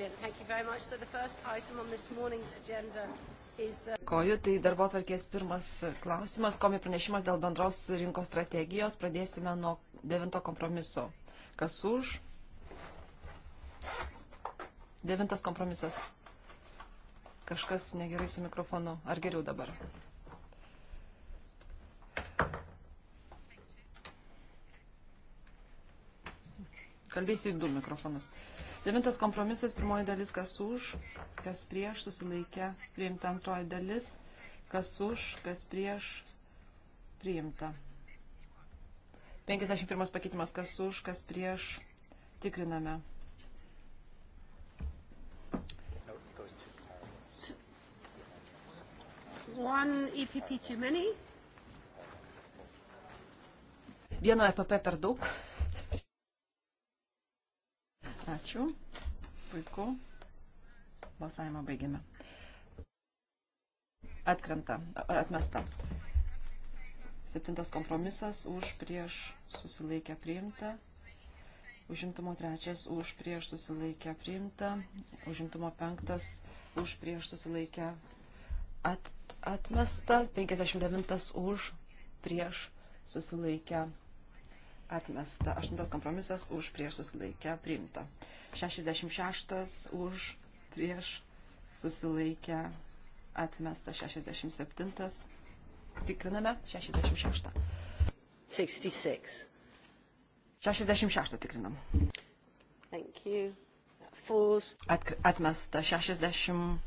Brilliant. Thank you very much. So the first item on this morning's agenda is the... Koju, tai darbo atvarkės pirmas klausimas, komi pranešimas dėl bendros rinkos strategijos. Pradėsime nuo devinto kompromiso. Kas už? Devintas kompromisas. Kažkas negerai su mikrofonu. Ar geriau dabar? Kalbėsiu į du mikrofonus. Devintas kompromisas, pirmoji dalis, kas už, kas prieš, susilaikė, priimta antroji dalis, kas už, kas prieš, priimta. 51 pakeitimas, kas už, kas prieš, tikriname. One EPP too many. Vieno EPP per daug. Ačiū. Puiku. Balsavimą baigiame. Atkrenta. Atmesta. Septintas kompromisas už prieš susilaikę priimta. Užimtumo trečias už prieš susilaikę priimta. Užimtumo penktas už prieš susilaikę at, atmesta. 59 už prieš susilaikę priimta atmesta. Aštuntas kompromisas už prieš susilaikę priimta. 66 už prieš susilaikę atmesta. 67 tikriname. 66. 66. 66 tikrinam. Thank you. Falls. At, atmesta 60.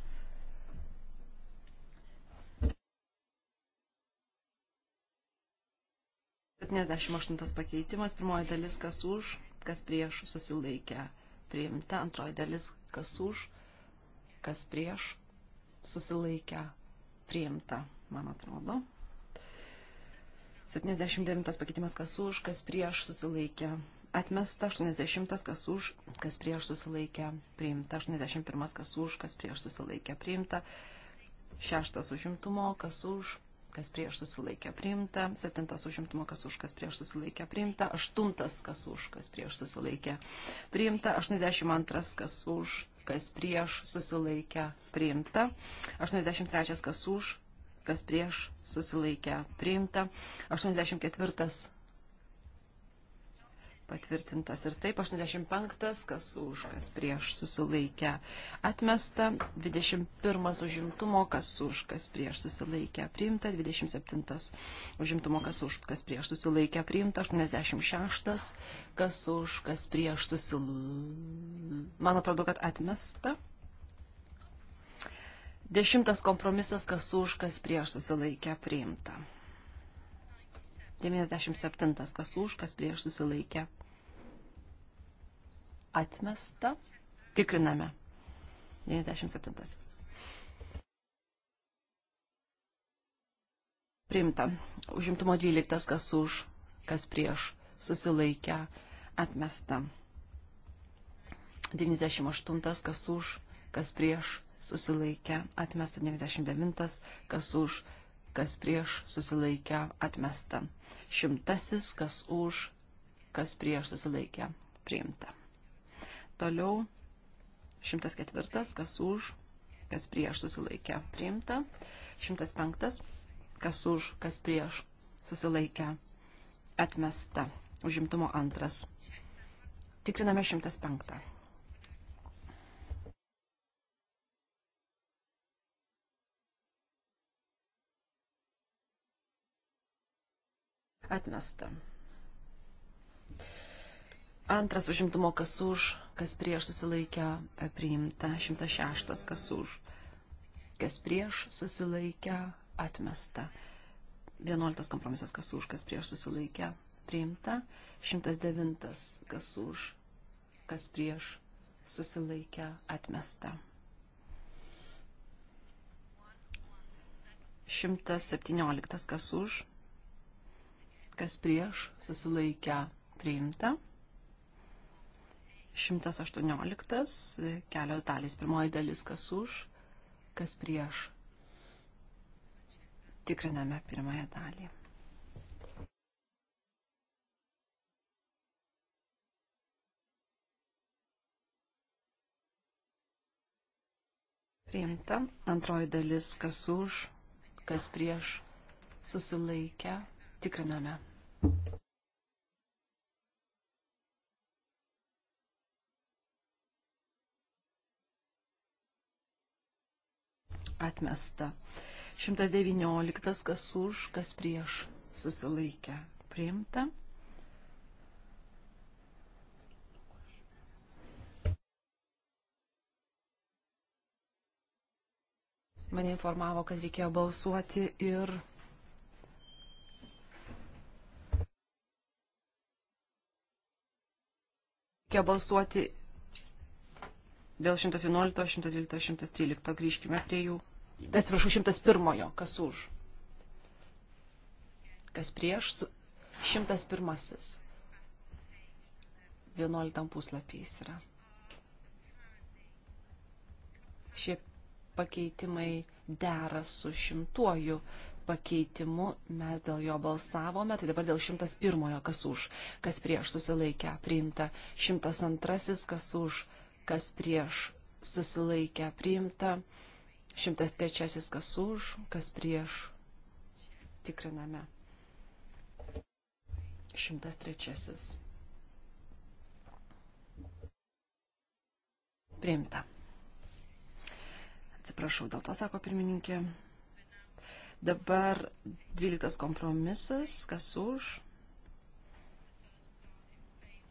78 pakeitimas, pirmoji dalis kas už, kas prieš susilaikę priimta, antroji dalis kas už, kas prieš susilaikę priimta, man atrodo. 79 pakeitimas kas už, kas prieš susilaikę. Atmesta 80 kas už, kas prieš susilaikę priimta. 81 kas už, kas prieš susilaikę priimta. Šeštas užimtumo, kas už, kas prieš susilaikė priimta, septintas užimtumo kas už, kas prieš susilaikė priimta, aštuntas kas už, kas prieš susilaikė priimta, 82 kas už, kas prieš susilaikė priimta, 83 kas už, kas prieš susilaikė priimta, 84 patvirtintas ir taip, 85, kas už, kas prieš susilaikę atmesta, 21 užimtumo, kas už, kas prieš susilaikę priimta, 27 užimtumo, kas už, kas prieš susilaikę priimta, 86, kas už, kas prieš susilaikę. Man atrodo, kad atmesta. Dešimtas kompromisas, kas už, kas prieš susilaikę priimta. 97. Kas už, kas prieš susilaikę atmesta. Tikriname. 97. Primta. Užimtumo 12. Kas už, kas prieš. Susilaikę. Atmesta. 98. Kas už, kas prieš. Susilaikę. Atmesta. 99. Kas už, kas prieš. Susilaikę. Atmesta. Šimtasis. Kas už, kas prieš. Susilaikę. Priimta. Toliau 104, kas už, kas prieš susilaikę priimta. 105, kas už, kas prieš susilaikę atmesta. Užimtumo antras. Tikriname 105. Atmesta. Antras užimtumo kas už, kas prieš susilaikę e, priimta, 106 kas už, kas prieš susilaikę atmesta, 11 kompromisas kas už, kas prieš susilaikę priimta, 109 kas už, kas prieš susilaikę atmesta. 117 kas už, kas prieš susilaikę priimta. 118, kelios dalys. Pirmoji dalis, kas už, kas prieš. Tikriname pirmąją dalį. Priimta. Antroji dalis, kas už, kas prieš, susilaikę, tikriname. atmesta. 119, kas už, kas prieš, susilaikę, priimta. Mane informavo, kad reikėjo balsuoti ir reikia balsuoti dėl 111, 112, 113. Grįžkime prie jų atsiprašau, 101, kas už, kas prieš, 101, 11 puslapys yra. Šie pakeitimai dera su šimtuoju pakeitimu, mes dėl jo balsavome, tai dabar dėl 101, kas už, kas prieš susilaikę, priimta 102, kas už, kas prieš susilaikę, priimta 102. 103 kas už, kas prieš. Tikriname. 103. Priimta. Atsiprašau, dėl to sako pirmininkė. Dabar 12 kompromisas, kas už,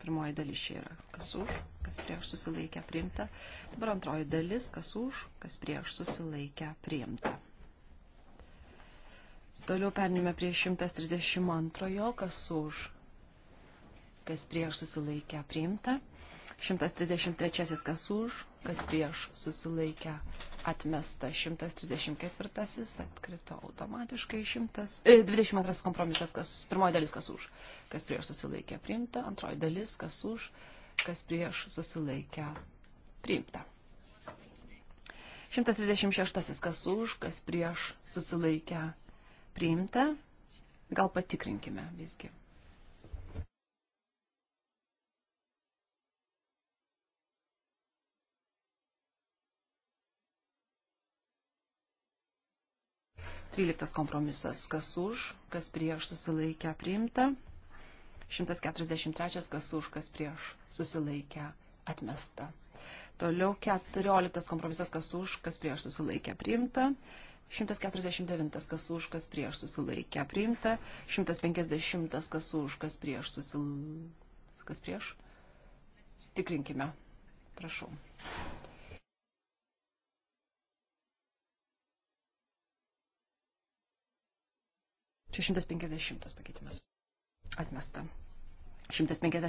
Pirmoji dalis čia yra kas už, kas prieš susilaikę priimta. Dabar antroji dalis kas už, kas prieš susilaikę priimta. Toliau perinime prie 132, kas už, kas prieš susilaikę priimta. 133 kas už, kas prieš susilaikę atmesta 134, atkrito automatiškai 122 e, kompromisas, kas, pirmoji dalis kas už, kas prieš susilaikę priimta, antroji dalis kas už, kas prieš susilaikę priimta. 136 kas už, kas prieš susilaikę priimta. Gal patikrinkime visgi. 13 kompromisas. Kas už, kas prieš susilaikę priimta. 143 kas už, kas prieš susilaikę atmesta. Toliau 14 kompromisas kas už, kas prieš susilaikę priimta. 149 kas už, kas prieš susilaikę priimta. 150 kas už, kas prieš susilaikę. Kas prieš? Tikrinkime. Prašau. Čia 150 pakeitimas. Atmesta. 151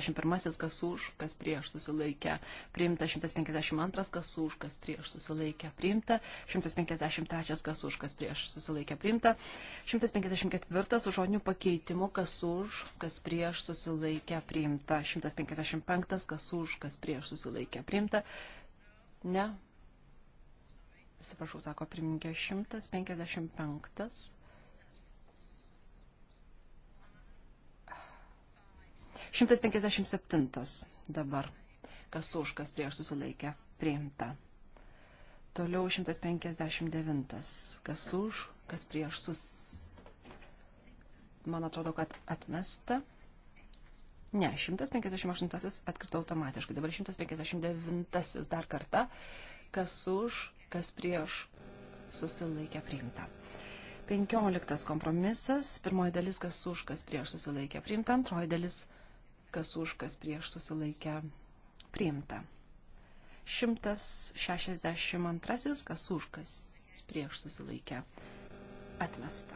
kas už, kas prieš susilaikę. Priimta 152 kas už, kas prieš susilaikę. Priimta 153 kas už, kas prieš susilaikę. Priimta 154 su žodiniu pakeitimu kas už, kas prieš susilaikę. Priimta 155 kas už, kas prieš susilaikę. Priimta. Ne. Atsiprašau, sako pirmininkė 155 157 dabar. Kas už, kas prieš susilaikė, priimta. Toliau 159. Kas už, kas prieš sus... Man atrodo, kad atmesta. Ne, 158 atkrito automatiškai. Dabar 159 dar kartą. Kas už, kas prieš susilaikė, priimta. 15 kompromisas, pirmoji dalis, kas už, kas prieš susilaikė priimta, antroji dalis, kas už, kas prieš susilaikę priimta. 162, kas už, kas prieš susilaikę atmesta.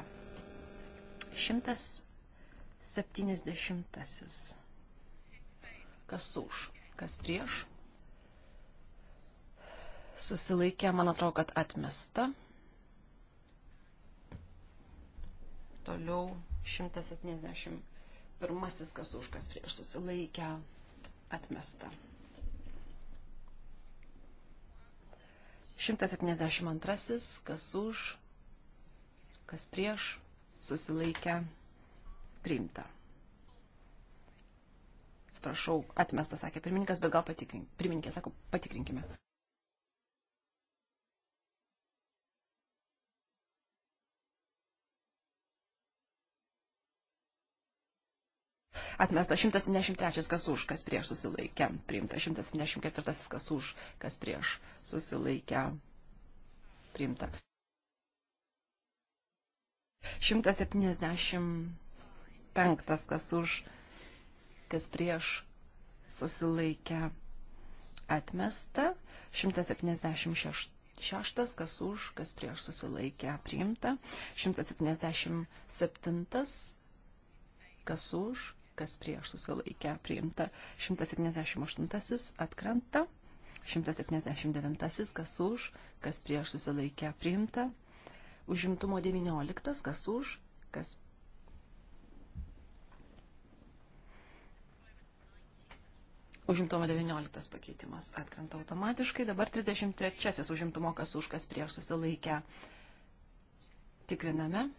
170, kas už, kas prieš susilaikė, man atrodo, kad atmesta. Toliau 170. Pirmasis, kas už, kas prieš susilaikę, atmesta. 172, kas už, kas prieš, susilaikę, priimta. Sprašau, atmestas, sakė pirmininkas, bet gal patikrink, pirmininkė, sako, patikrinkime. Atmesta 173 kas už, kas prieš susilaikę. Priimta 174 kas už, kas prieš susilaikę. Priimta. 175 kas už, kas prieš susilaikę atmesta, 176 kas už, kas prieš susilaikę priimta, 177 kas už, kas prieš susilaikę priimta. 178 atkrenta, 179 kas už, kas prieš susilaikę priimta, užimtumo 19 kas už, kas. Užimtumo 19 pakeitimas atkrenta automatiškai, dabar 33 užimtumo kas už, kas prieš susilaikę tikriname.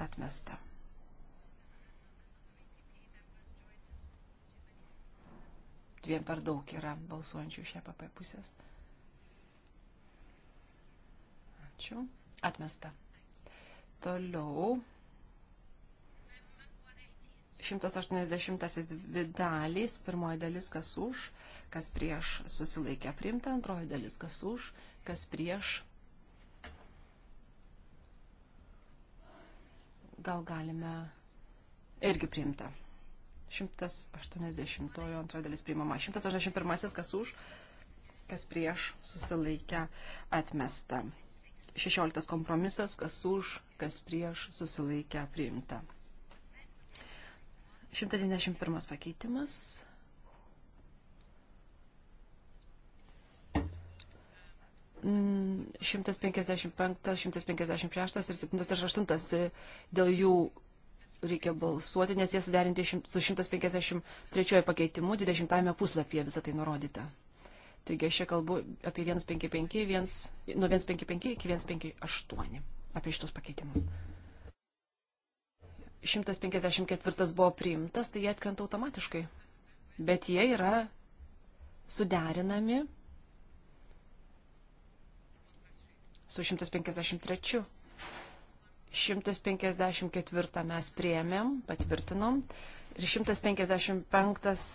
Atmesta. Dviem per daug yra balsuojančių šią e PP pusės. Ačiū. Atmesta. Toliau. 180 dvi dalys, pirmoji dalis kas už, kas prieš susilaikė primta, antroji dalis kas už, kas prieš gal galime irgi priimta. 180 antroji dalis priimama. 181 kas už, kas prieš susilaikę atmesta. 16 kompromisas, kas už, kas prieš susilaikę priimta. 191 pakeitimas. 155, 156 ir 78 dėl jų reikia balsuoti, nes jie suderinti su 153 pakeitimu 20 puslapyje visą tai nurodyta. Taigi aš čia kalbu apie 155, 1, nuo 155 iki 158, apie šitus pakeitimus. 154 buvo priimtas, tai jie atkrenta automatiškai. Bet jie yra suderinami su 153. 154 mes priėmėm, patvirtinom. Ir 155,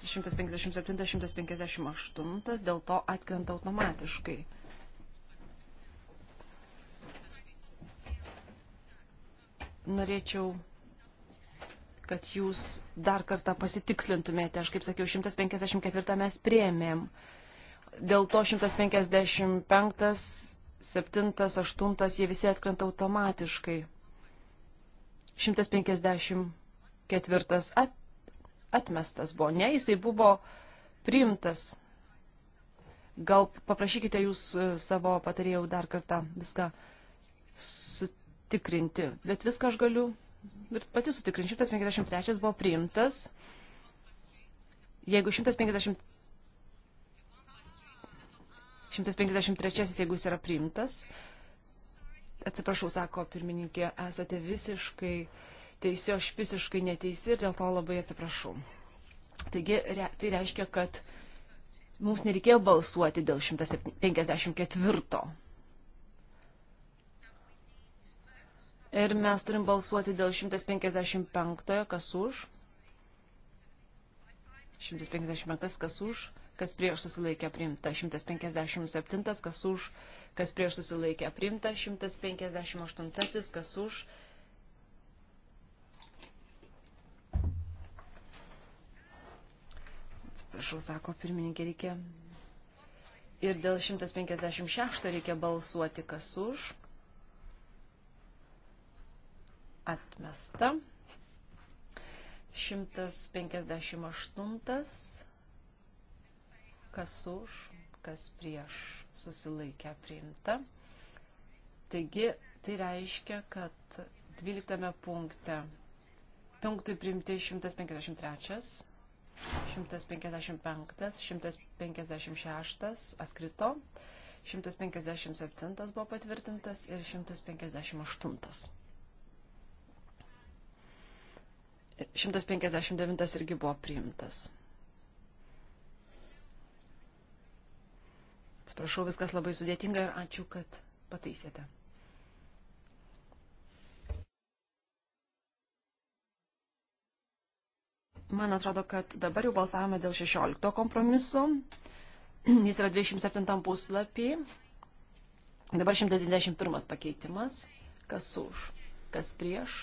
157, 158 dėl to atkrenta automatiškai. Norėčiau kad jūs dar kartą pasitikslintumėte. Aš kaip sakiau, 154 mes priėmėm. Dėl to 155 septintas, aštuntas, jie visi atkrenta automatiškai. 154 at, atmestas buvo, ne, jisai buvo priimtas. Gal paprašykite jūs e, savo patarėjų dar kartą viską sutikrinti, bet viską aš galiu ir pati sutikrinti. 153 buvo priimtas. Jeigu 153 153, jeigu jis yra priimtas. Atsiprašau, sako pirmininkė, esate visiškai teisi, aš visiškai neteisi ir dėl to labai atsiprašau. Taigi re, tai reiškia, kad mums nereikėjo balsuoti dėl 154. Ir mes turim balsuoti dėl 155, kas už. 155, kas už kas prieš susilaikė priimta 157, kas už, kas prieš susilaikė priimta 158, kas už. Atsiprašau, sako pirmininkė, reikia. Ir dėl 156 reikia balsuoti, kas už. Atmesta. 158 kas už, kas prieš susilaikę priimta. Taigi tai reiškia, kad 12 punkte punktui priimti 153, 155, 156 atkrito, 157 buvo patvirtintas ir 158. 159 irgi buvo priimtas. Atsiprašau, viskas labai sudėtinga ir ačiū, kad pataisėte. Man atrodo, kad dabar jau balsavome dėl 16 kompromiso. Jis yra 27 puslapį. Dabar 121 pakeitimas. Kas už, kas prieš.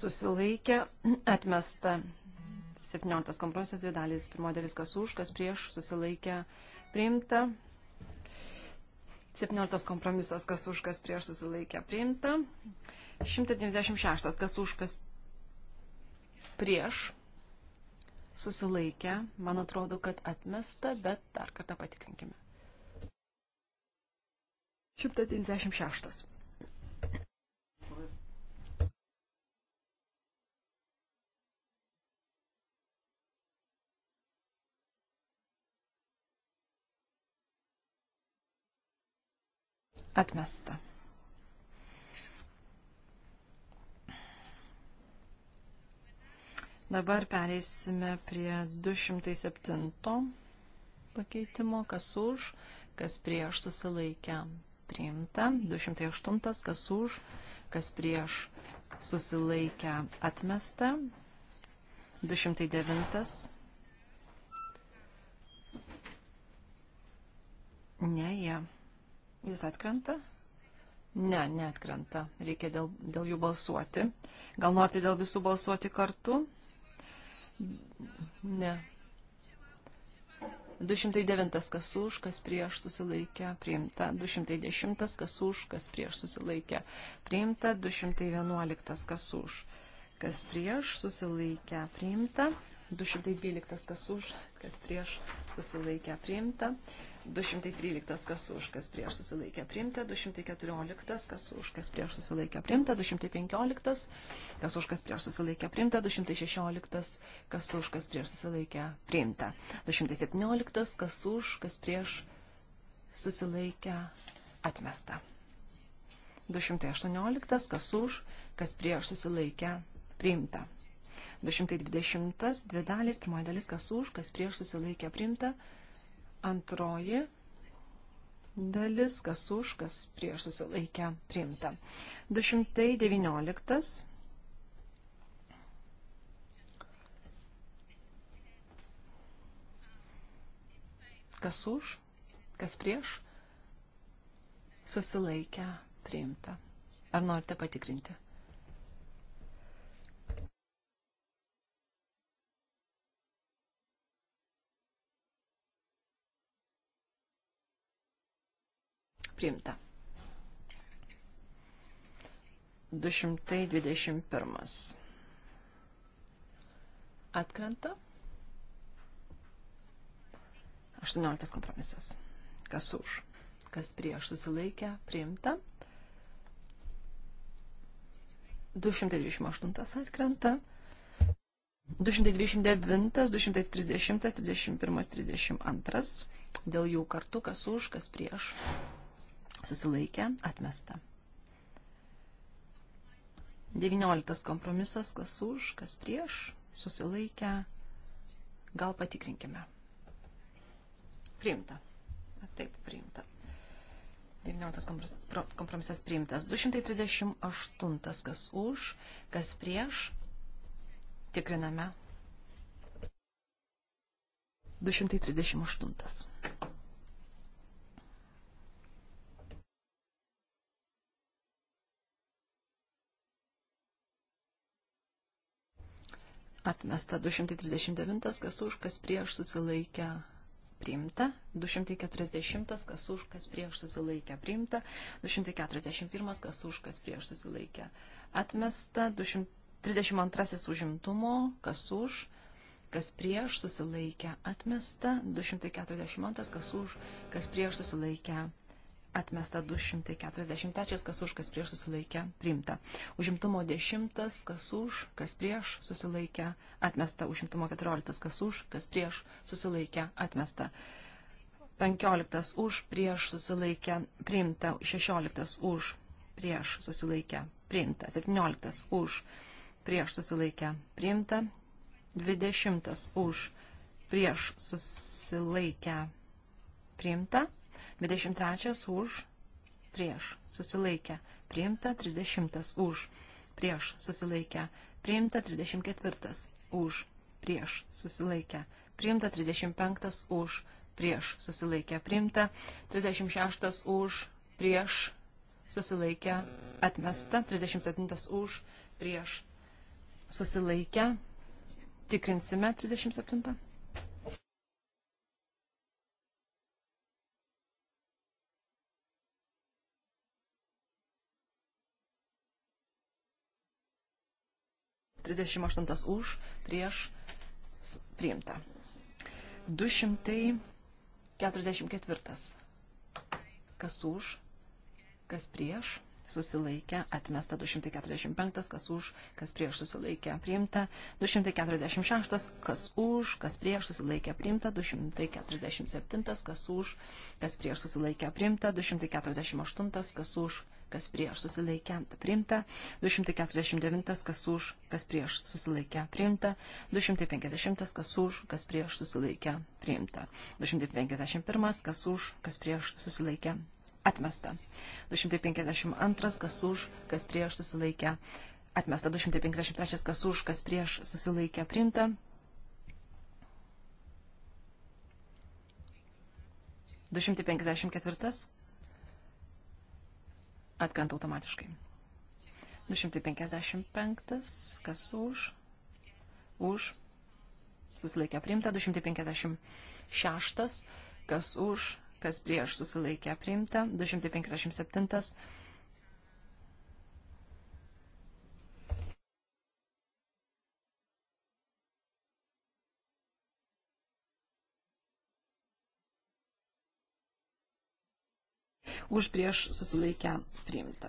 Susilaikė, atmesta 17 kompromisas, dvi dalys. Pirmo dalis kas už, kas prieš, susilaikė, priimta. 17 kompromisas, kas už, kas prieš susilaikė priimta. 196, kas už, kas prieš susilaikė. Man atrodo, kad atmesta, bet dar kartą patikrinkime. 196. Atmesta. Dabar pereisime prie 207 pakeitimo, kas už, kas prieš susilaikę priimta, 208 kas už, kas prieš susilaikę atmesta, 209 Ne, jie. Ja. Jis atkrenta? Ne, neatkrenta. Reikia dėl, dėl jų balsuoti. Gal norite dėl visų balsuoti kartu? Ne. 209 kas už, kas prieš susilaikė, priimta. 210 kas už, kas prieš susilaikė, priimta. 211 kas už, kas prieš susilaikė, priimta. 212 kas už, kas prieš susilaikė, priimta. 213 kas už, kas prieš susilaikė priimta, 214 kas už, kas prieš susilaikė priimta, 215 kas už, kas prieš susilaikė priimta, 216 kas už, kas prieš susilaikė priimta, 217 kas už, kas prieš susilaikė atmesta. 218 kas už, kas prieš susilaikė priimta. 220 dvi dalys, pirmoji dalis kas už, kas prieš susilaikė priimta. Antroji dalis, kas už, kas prieš susilaikę priimta. 219. Kas už, kas prieš susilaikę priimta. Ar norite patikrinti? Priimta. 221. Atkrenta. 18 kompromisas. Kas už? Kas prieš susilaikę? Priimta. 228 atkrenta. 229, 230, 31, 32. Dėl jų kartu, kas už, kas prieš susilaikė, atmesta. 19 kompromisas, kas už, kas prieš, susilaikę, gal patikrinkime. Priimta. Taip, priimta. 19 kompromisas priimtas. 238, kas už, kas prieš, tikriname. 238. Atmesta 239, kas už, kas prieš susilaikę priimta. 240, kas už, kas prieš susilaikę priimta. 241, kas už, kas prieš susilaikę atmesta. 232 užimtumo, kas už, kas prieš susilaikę atmesta. 242, kas už, kas prieš susilaikę atmesta 243, kas už, kas prieš susilaikė, priimta. Užimtumo 10, kas už, kas prieš susilaikė, atmesta. Užimtumo 14, kas už, kas prieš susilaikė, atmesta. 15 už, prieš susilaikė, priimta. 16 už, prieš susilaikė, priimta. 17 už, prieš susilaikė, priimta. 20 už, prieš susilaikė, priimta. 23 už, prieš, susilaikę, priimta 30 už, prieš, susilaikę, priimta 34 už, prieš, susilaikę, priimta 35 už, prieš, susilaikę, priimta 36 už, prieš, susilaikę, atmesta 37 už, prieš, susilaikę, tikrinsime 37. 38 už, prieš, priimta. 244. Kas už, kas prieš, susilaikė, atmesta 245, kas už, kas prieš susilaikė, priimta 246, kas už, kas prieš susilaikė, priimta 247, kas už, kas prieš susilaikė, priimta 248, kas už, kas prieš susilaikę priimta, 249 kas už, kas prieš susilaikę priimta, 250 kas už, kas prieš susilaikę priimta, 251 kas už, kas prieš susilaikę atmesta, 252 kas už, kas prieš susilaikę atmesta, 253 kas už, kas prieš susilaikę priimta. 254 atkrenta automatiškai. 255, kas už, už, susilaikė priimta, 256, kas už, kas prieš susilaikė priimta, 257, už prieš susilaikę priimta.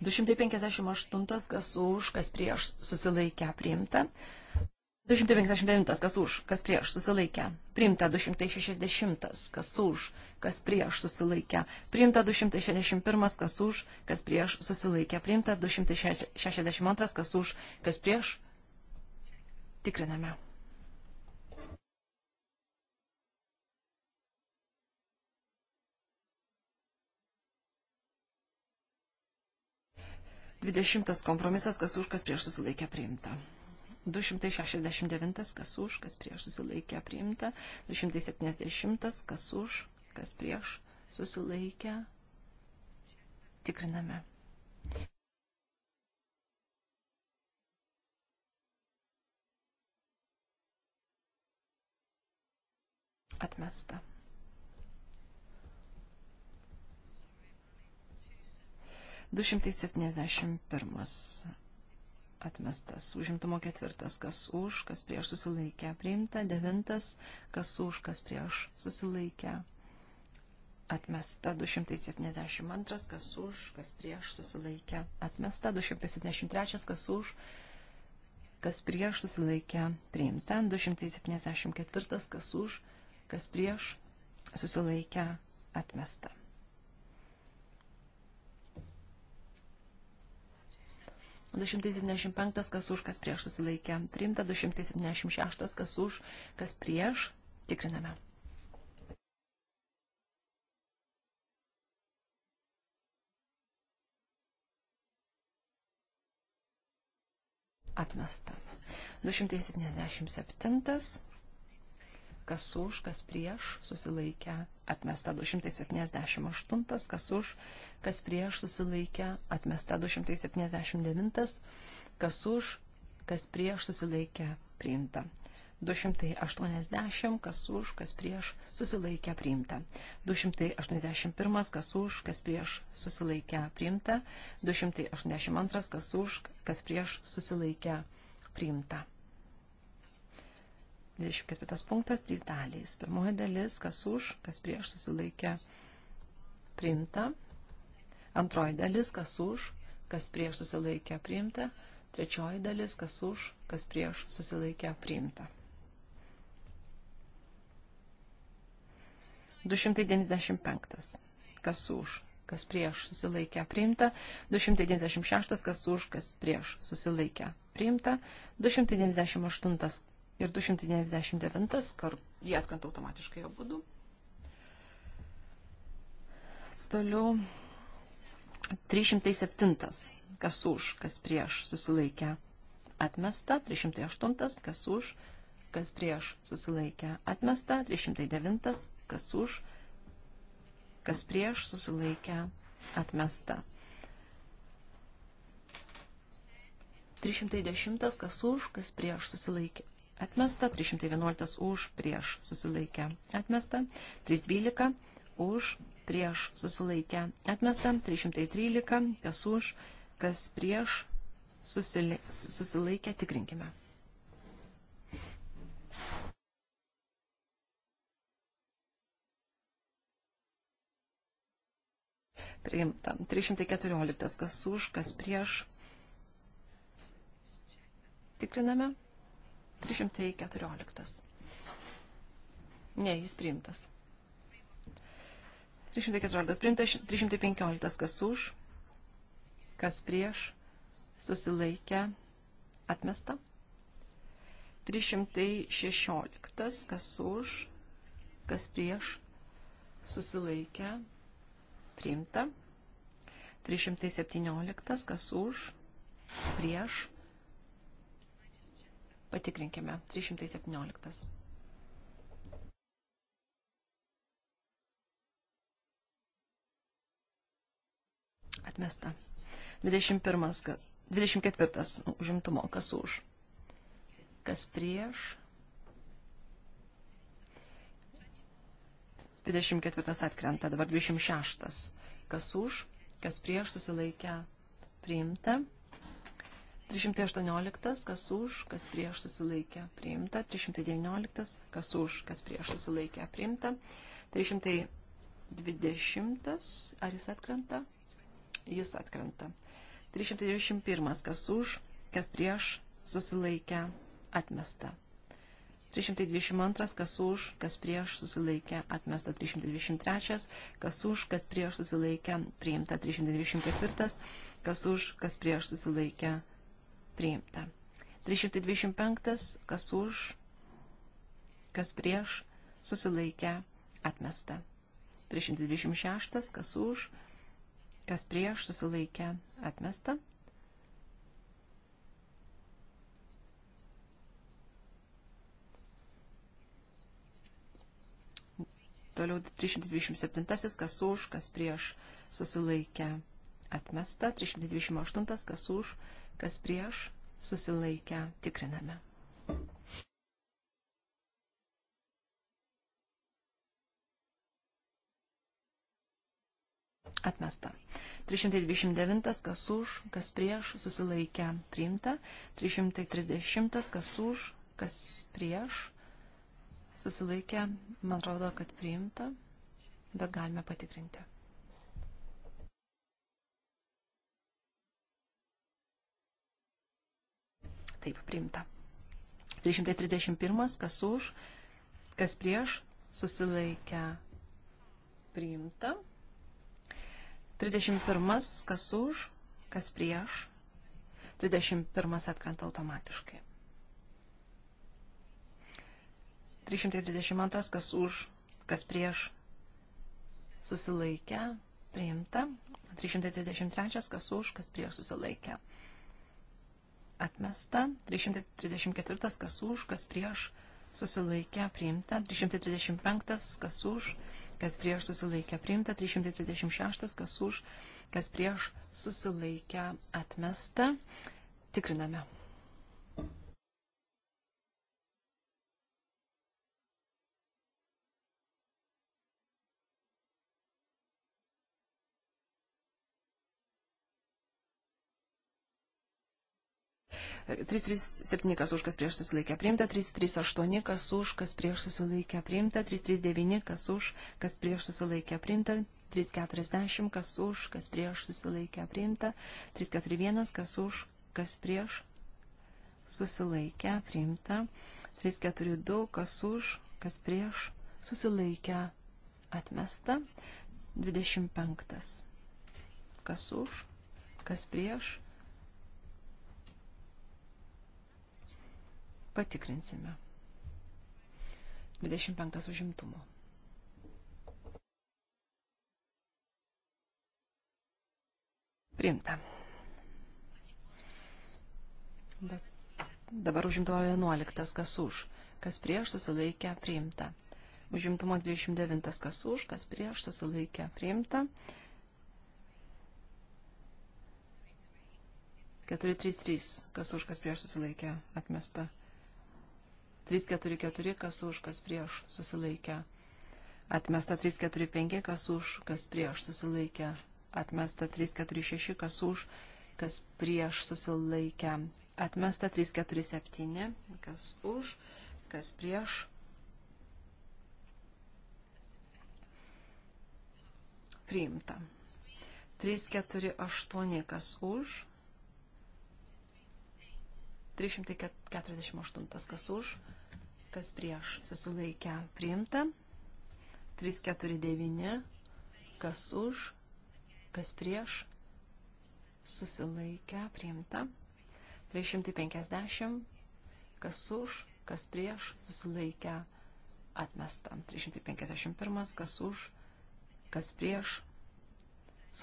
258 kas už, kas prieš susilaikę priimta. 259 kas už, kas prieš susilaikę. Priimta 260 kas už, kas prieš susilaikę. Priimta 261 kas už, kas prieš susilaikę. Priimta 262 kas už, kas prieš. Tikriname. 20 kompromisas, kas už, kas prieš susilaikė priimta. 269, kas už, kas prieš susilaikė priimta. 270, kas už, kas prieš susilaikė. Tikriname. Atmesta. 271 atmestas. Užimtumo ketvirtas, kas už, kas prieš susilaikę. Priimta. Devintas, kas už, kas prieš susilaikę. Atmesta 272, kas už, kas prieš susilaikę. Atmesta 273, kas už, kas prieš susilaikę. Priimta 274, kas už, kas prieš susilaikę. Atmesta. 275 kas už, kas prieš susilaikė. Priimta 276 kas už, kas prieš. Tikriname. Atmesta. 277 kas už, kas prieš, susilaikę, atmesta 278, kas už, kas prieš, susilaikę, atmesta 279, kas už, kas prieš, susilaikę, priimta. 280, kas už, kas prieš, susilaikę priimta. 281, kas už, kas prieš, susilaikę priimta. 282, kas už, kas prieš, susilaikę priimta. 24 punktas, 3 dalys. Pirmoji dalis, kas už, kas prieš susilaikė priimta. Antroji dalis, kas už, kas prieš susilaikė priimta. Trečioji dalis, kas už, kas prieš susilaikė priimta. 295. Kas už, kas prieš susilaikę priimta, 296, kas už, kas prieš susilaikę priimta, 298, ir 299 kartų. Jie atkanta automatiškai abudu. Toliau 307. Kas už, kas prieš susilaikę atmesta. 308. Kas už, kas prieš susilaikę atmesta. 309. Kas už, kas prieš susilaikę atmesta. 310, kas už, kas prieš susilaikė atmesta, 311 už, prieš susilaikę atmesta, 312 už, prieš susilaikę atmesta, 313 kas už, kas prieš susilaikę tikrinkime. priimta. 314. Kas už, kas prieš. Tikriname. 314. Ne, jis priimtas. 314 priimtas, 315 kas už, kas prieš, susilaikė, atmesta. 316 kas už, kas prieš, susilaikė, priimta. 317 kas už, prieš, susilaikė. Patikrinkime. 317. Atmesta. 21. 24. Užimtumo. Kas už? Kas prieš? 24 atkrenta, dabar 26. Kas už, kas prieš susilaikę priimta. 318, kas už, kas prieš susilaikė priimta. 319, kas už, kas prieš susilaikė priimta. 320, ar jis atkrenta? Jis atkrenta. 321, kas už, kas prieš susilaikė atmesta. 322, kas už, kas prieš susilaikė, atmesta 323, kas už, kas prieš susilaikė, priimta 324, kas už, kas prieš susilaikė, priimta. 325, kas už, kas prieš, susilaikę, atmesta. 326, kas už, kas prieš, susilaikę, atmesta. Toliau 327, kas už, kas prieš, susilaikę, atmesta. 328, kas už, kas prieš, susilaikę, atmesta kas prieš, susilaikę, tikriname. Atmesta. 329, kas už, kas prieš, susilaikę, priimta. 330, kas už, kas prieš, susilaikę, man atrodo, kad priimta, bet galime patikrinti. Taip, priimta. 331, kas už, kas prieš, susilaikę, priimta. 31, kas už, kas prieš. 31 atkrenta automatiškai. 332, kas už, kas prieš, susilaikę, priimta. 333, kas už, kas prieš, susilaikę, atmesta, 334 kas už, kas prieš susilaikę priimta, 335 kas už, kas prieš susilaikę priimta, 336 kas už, kas prieš susilaikę atmesta. Tikriname. 337 kas už, kas prieš susilaikę priimta, 338 kas už, kas prieš susilaikę priimta, 339 kas už, kas prieš susilaikę priimta, 340 kas už, kas prieš susilaikę priimta, 341 kas už, kas prieš susilaikę priimta, 342 kas už, kas prieš susilaikę atmesta, 25 kas už, kas prieš Patikrinsime. 25 užimtumo. Priimta. Bet dabar užimtumo 11, kas už, kas prieš susilaikę, priimta. Užimtumo 29, kas už, kas prieš susilaikę, priimta. 433, kas už, kas prieš susilaikę, atmesta. 344, kas už, kas prieš susilaikę. Atmesta 345, kas už, kas prieš susilaikę. Atmesta 346, kas už, kas prieš susilaikę. Atmesta 347, kas už, kas prieš. Priimta. 348, kas už, 348 kas už, kas prieš susilaikę priimta. 349 kas už, kas prieš susilaikę priimta. 350 kas už, kas prieš susilaikę atmesta. 351 kas už, kas prieš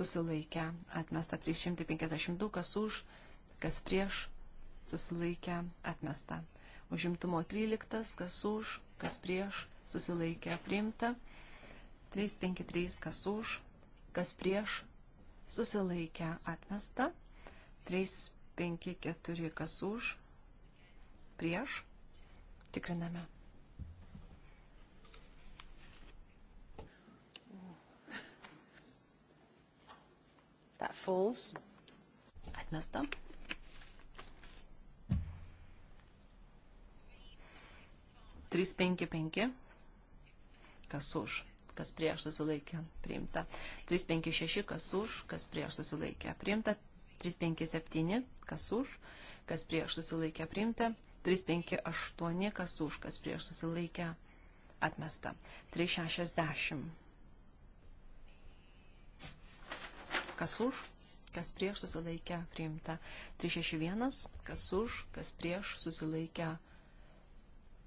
susilaikę atmesta. 352 kas už, kas prieš susilaikė, atmesta. Užimtumo 13, kas už, kas prieš, susilaikė, priimta. 353, kas už, kas prieš, susilaikė, atmesta. 354, kas už, prieš, tikriname. That falls. Atmesta. 355. Kas už, kas prieš susilaikė, priimta. 356, kas už, kas prieš susilaikė, priimta. 357, kas už, kas prieš susilaikė, priimta. 358, kas už, kas prieš susilaikė, atmesta. 360. Kas už, kas prieš susilaikė, priimta. 361, kas už, kas prieš susilaikė, priimta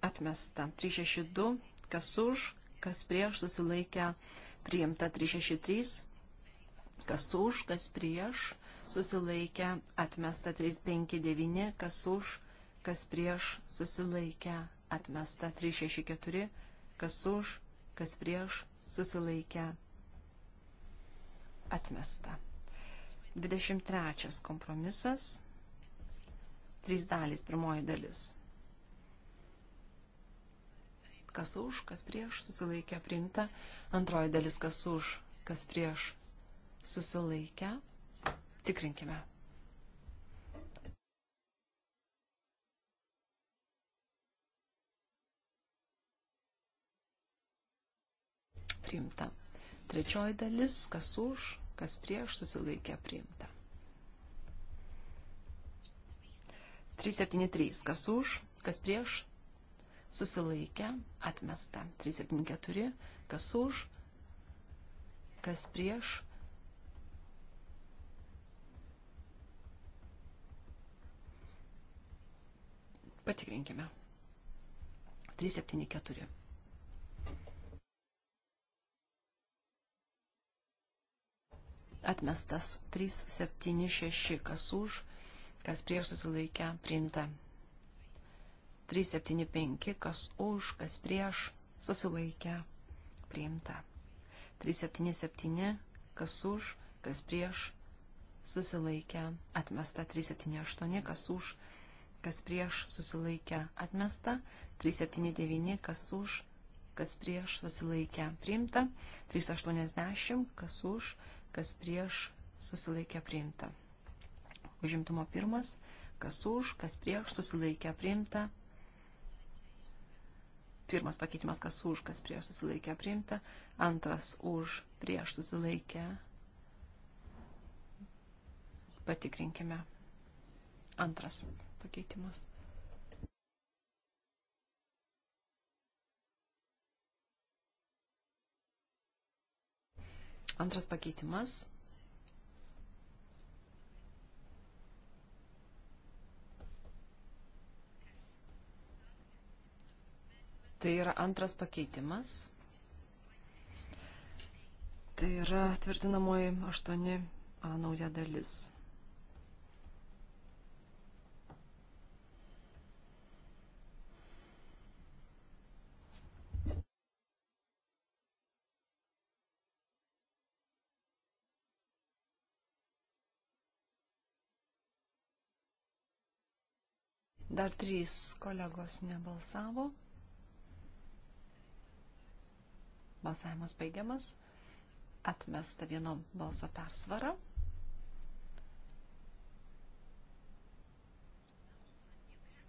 atmesta. 362, kas už, kas prieš susilaikę priimta. 363, kas už, kas prieš susilaikę atmesta. 359, kas už, kas prieš susilaikę atmesta. 364, kas už, kas prieš susilaikę atmesta. 23 kompromisas. Trys dalys, pirmoji dalis kas už, kas prieš, susilaikę priimta. Antroji dalis, kas už, kas prieš, susilaikę. Tikrinkime. Priimta. Trečioji dalis, kas už, kas prieš, susilaikę priimta. 373, kas už, kas prieš, susilaikę, atmesta. 374, kas už, kas prieš. Patikrinkime. 374. Atmestas 376, kas už, kas prieš susilaikę, priimta 375, kas už, kas prieš, susilaikę, priimta. 377, kas už, kas prieš, susilaikę, atmesta. 378, kas už, kas prieš, susilaikę, atmesta. 379, kas už, kas prieš, susilaikę, priimta. 380, kas už, kas prieš, susilaikę, priimta. Užimtumo pirmas, kas už, kas prieš, susilaikę, priimta. Pirmas pakeitimas, kas už, kas prieš susilaikę priimta. Antras už, prieš susilaikę. Patikrinkime. Antras pakeitimas. Antras pakeitimas. Tai yra antras pakeitimas. Tai yra tvirtinamoji 8a nauja dalis. Dar trys kolegos nebalsavo. Balsavimas baigiamas. Atmesta vieno balso persvara.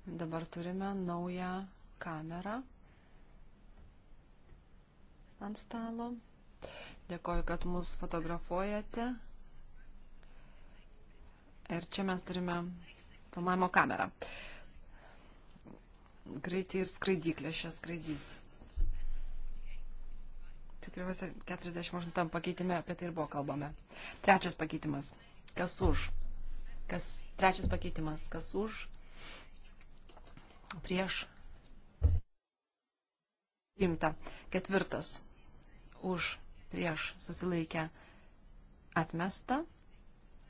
Dabar turime naują kamerą ant stalo. Dėkoju, kad mus fotografuojate. Ir čia mes turime filmavimo kamerą. Greitį ir skraidyklę šią skraidys. 48 pakeitime apie tai ir buvo kalbame. Trečias pakeitimas. Kas už? Kas, trečias pakeitimas. Kas už? Prieš. Rimta. Ketvirtas. Už. Prieš. Susilaikę. Atmesta.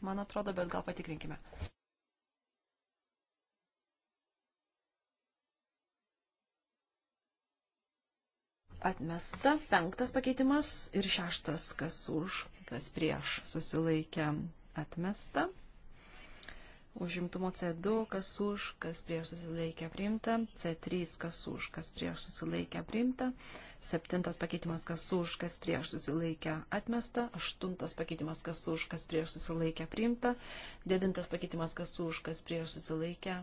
Man atrodo, bet gal patikrinkime. atmesta, penktas pakeitimas ir šeštas, kas už, kas prieš, susilaikė atmesta. Užimtumo C2, kas už, kas prieš susilaikė priimta, C3, kas už, kas prieš susilaikė priimta, septintas pakeitimas, kas už, kas prieš susilaikė atmesta, aštuntas pakeitimas, kas už, kas prieš susilaikė priimta, devintas pakeitimas, kas už, kas prieš susilaikė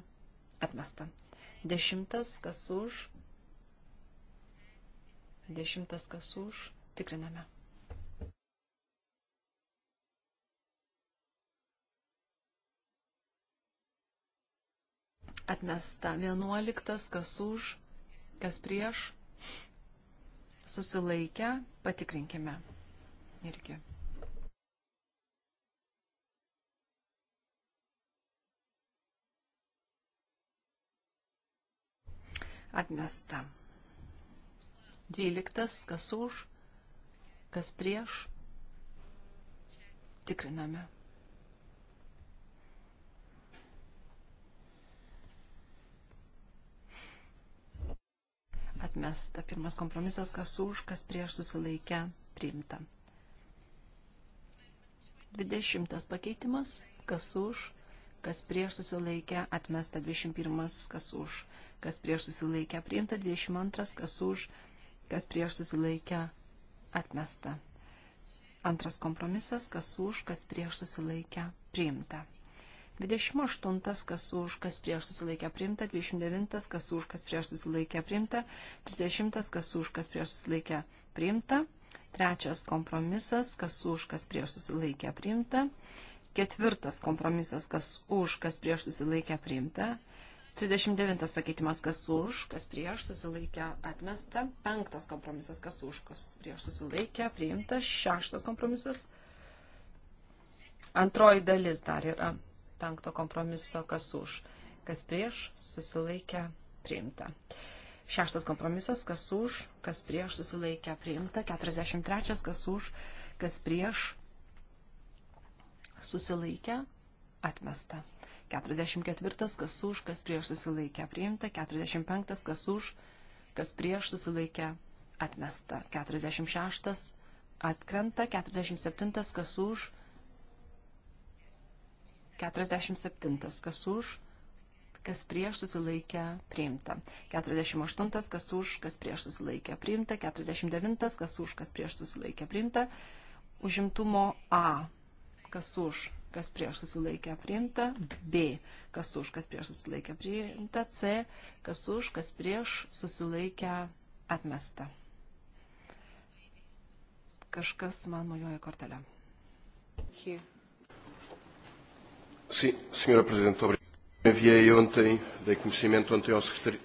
atmesta, dešimtas, kas už, Dešimtas kas už. Tikriname. Atmesta vienuoliktas kas už, kas prieš. Susilaikę patikrinkime irgi. Atmesta. 12, kas už, kas prieš. Tikriname. Atmesta pirmas kompromisas, kas už, kas prieš susilaikę, priimta. 20 pakeitimas, kas už, kas prieš susilaikę, atmesta 21, kas už, kas prieš susilaikę, priimta 22, kas už, kas prieš susilaikę atmesta. Antras kompromisas, kas už, kas prieš susilaikę priimta. 28, kas už, kas prieš susilaikę priimta, 29, kas už, kas prieš susilaikę priimta, 30, kas už, kas prieš susilaikę priimta, trečias kompromisas, kas už, kas prieš susilaikę priimta, ketvirtas kompromisas, kas už, kas prieš susilaikę priimta, 39 pakeitimas kas už, kas prieš susilaikę atmesta. 5 kompromisas kas už, kas prieš susilaikę priimtas. 6 kompromisas. Antroji dalis dar yra 5 kompromiso kas už, kas prieš susilaikę priimta. Šeštas kompromisas, kas už, kas prieš susilaikę priimta. 43, kas už, kas prieš susilaikę atmesta. 44, kas už, kas prieš susilaikę priimta, 45, kas už, kas prieš susilaikę atmesta, 46, atkrenta, 47, kas už, 47, kas už, kas prieš susilaikę priimta, 48, kas už, kas prieš susilaikę priimta, 49, kas už, kas prieš susilaikę priimta, užimtumo A, kas už, kas prieš susilaikę priimta, B, kas už, kas prieš susilaikę priimta, C, kas už, kas prieš susilaikę atmesta. Kažkas man mojoja kortelę. Sim, senhora Presidente, obrigado. Enviei ontem, dei conhecimento ontem ao secretário.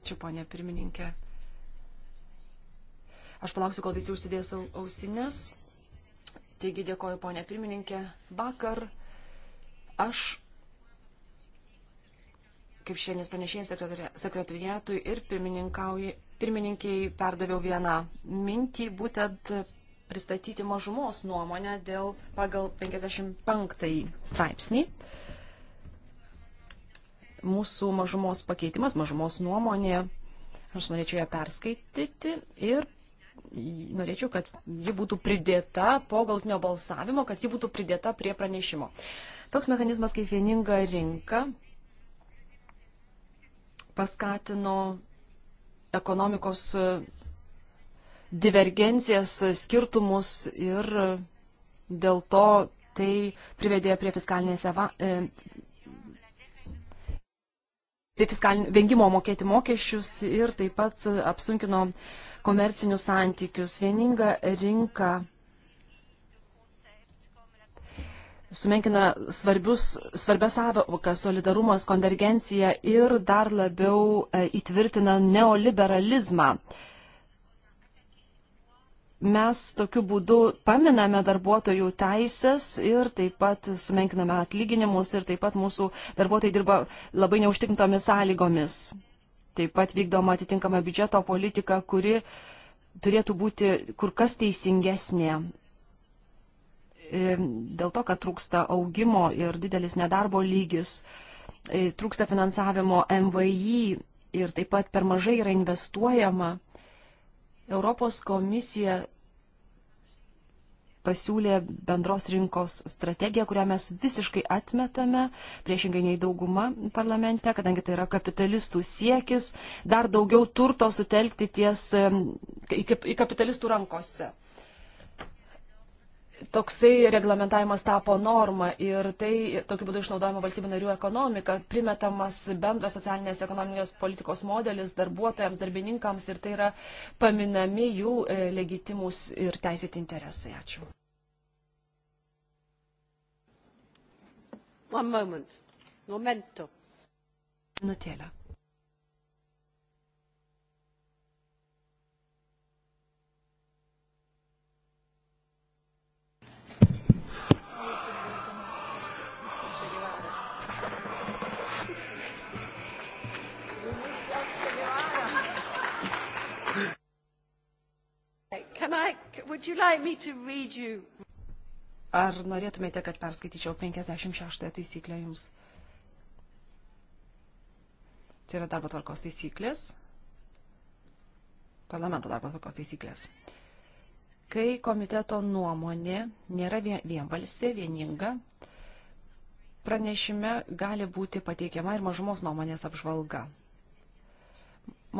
Ačiū, ponė pirmininkė. Aš palauksiu, kol visi užsidės ausinės Taigi dėkoju, ponė pirmininkė. Vakar aš, kaip šiandien pranešėjai sekretariatui ir pirmininkiai, perdaviau vieną mintį, būtent pristatyti mažumos nuomonę dėl pagal 55 straipsnį. Mūsų mažumos pakeitimas, mažumos nuomonė, aš norėčiau ją perskaityti ir norėčiau, kad ji būtų pridėta po galtinio balsavimo, kad ji būtų pridėta prie pranešimo. Toks mechanizmas kaip vieninga rinka paskatino ekonomikos divergencijas, skirtumus ir dėl to tai privedė prie fiskalinės eva, e, fiskalinio vengimo mokėti mokesčius ir taip pat apsunkino komercinius santykius, vieninga rinka sumenkina svarbius, svarbias savokas solidarumas, konvergencija ir dar labiau e, įtvirtina neoliberalizmą. Mes tokiu būdu paminame darbuotojų teisės ir taip pat sumenkiname atlyginimus ir taip pat mūsų darbuotojai dirba labai neužtikrintomis sąlygomis. Taip pat vykdoma atitinkama biudžeto politika, kuri turėtų būti kur kas teisingesnė. Dėl to, kad trūksta augimo ir didelis nedarbo lygis, e, trūksta finansavimo MVI ir taip pat per mažai yra investuojama, Europos komisija pasiūlė bendros rinkos strategiją, kurią mes visiškai atmetame, priešingai nei dauguma parlamente, kadangi tai yra kapitalistų siekis dar daugiau turto sutelkti ties į kapitalistų rankose. Toksai reglamentavimas tapo norma ir tai tokiu būdu išnaudojama valstybių narių ekonomika, primetamas bendros socialinės ekonominės politikos modelis darbuotojams, darbininkams ir tai yra paminami jų e, legitimus ir teisėti interesai. Ačiū. One moment. Momento. Minutėlę. Can I, would you like me to read you? Ar norėtumėte, kad perskaityčiau 56 taisyklę jums? Tai yra darbo tvarkos taisyklės, parlamento darbo tvarkos taisyklės. Kai komiteto nuomonė nėra vienvalsė, vieninga, pranešime gali būti pateikiama ir mažumos nuomonės apžvalga.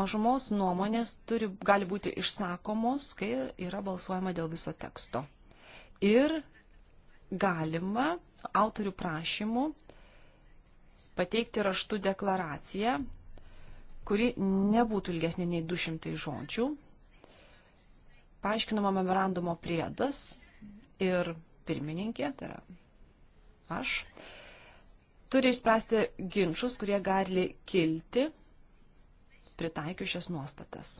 Mažumos nuomonės turi, gali būti išsakomos, kai yra balsuojama dėl viso teksto. Ir galima autorių prašymų pateikti raštų deklaraciją, kuri nebūtų ilgesnė nei 200 žodžių. Paaiškinama memorandumo priedas ir pirmininkė, tai yra aš, turi išspręsti ginčius, kurie gali kilti pritaikius šias nuostatas.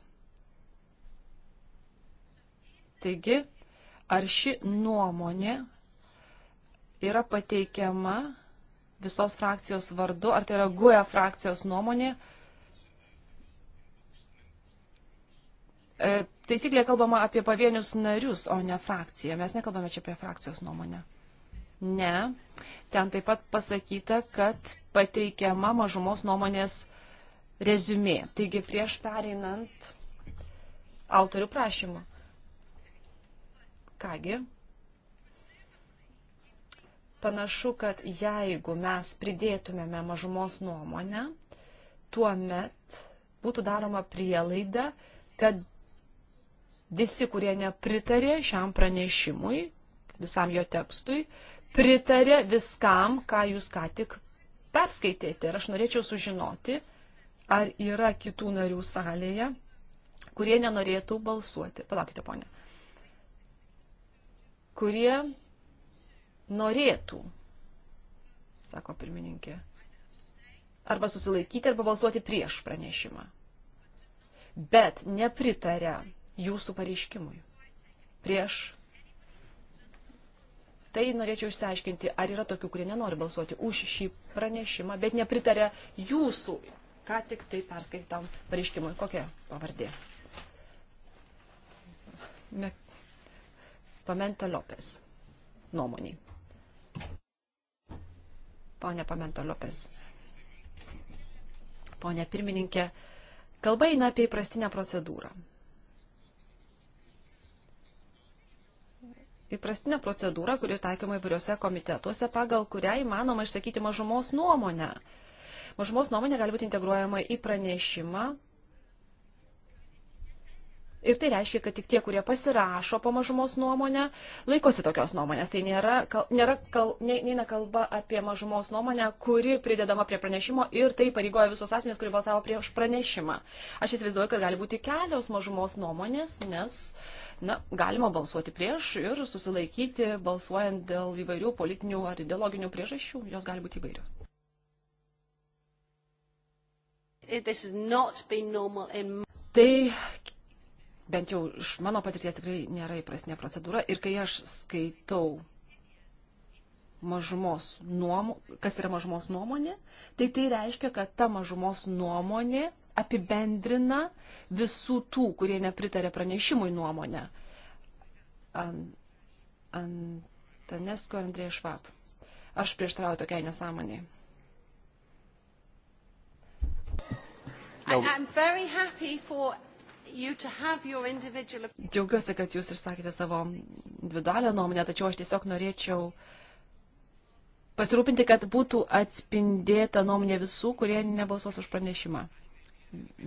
Taigi, ar ši nuomonė yra pateikiama visos frakcijos vardu, ar tai yra GUE frakcijos nuomonė. E, taisyklė kalbama apie pavienius narius, o ne frakciją. Mes nekalbame čia apie frakcijos nuomonę. Ne. Ten taip pat pasakyta, kad pateikiama mažumos nuomonės rezumė. Taigi prieš pereinant autorių prašymą. Kągi, Panašu, kad jeigu mes pridėtumėme mažumos nuomonę, tuomet būtų daroma prielaida, kad visi, kurie nepritarė šiam pranešimui, visam jo tekstui, pritarė viskam, ką jūs ką tik perskaitėte. Ir aš norėčiau sužinoti, ar yra kitų narių salėje, kurie nenorėtų balsuoti. Palaukite, ponė. Kurie norėtų, sako pirmininkė. Arba susilaikyti, arba balsuoti prieš pranešimą. Bet nepritaria jūsų pareiškimui. Prieš. Tai norėčiau išsiaiškinti, ar yra tokių, kurie nenori balsuoti už šį pranešimą, bet nepritaria jūsų ką tik tai perskaitytam pareiškimui. Kokia pavardė? Pamente Lopes nuomoniai. Pone Pamento Liopės. Pone pirmininkė, kalba eina apie įprastinę procedūrą. Įprastinė procedūra, kuri taikoma įvairiuose komitetuose, pagal kurią įmanoma išsakyti mažumos nuomonę. Mažumos nuomonė gali būti integruojama į pranešimą Ir tai reiškia, kad tik tie, kurie pasirašo po mažumos nuomonę, laikosi tokios nuomonės. Tai nėra, kal, nėra kal, ne, neina kalba apie mažumos nuomonę, kuri pridedama prie pranešimo ir tai pareigoja visus asmenys, kurie balsavo prieš pranešimą. Aš įsivaizduoju, kad gali būti kelios mažumos nuomonės, nes na, galima balsuoti prieš ir susilaikyti balsuojant dėl įvairių politinių ar ideologinių priežasčių. Jos gali būti įvairios. In... Tai bent jau iš mano patirties tikrai nėra įprasnė procedūra. Ir kai aš skaitau mažumos nuomonė, kas yra mažumos nuomonė, tai tai reiškia, kad ta mažumos nuomonė apibendrina visų tų, kurie nepritarė pranešimui nuomonę. An, Antanesko Andrėja Švab. Aš prieštrauju tokiai nesąmoniai. No individual... Džiaugiuosi, kad jūs išsakėte savo individualią nuomonę, tačiau aš tiesiog norėčiau pasirūpinti, kad būtų atspindėta nuomonė visų, kurie nebalsos už pranešimą.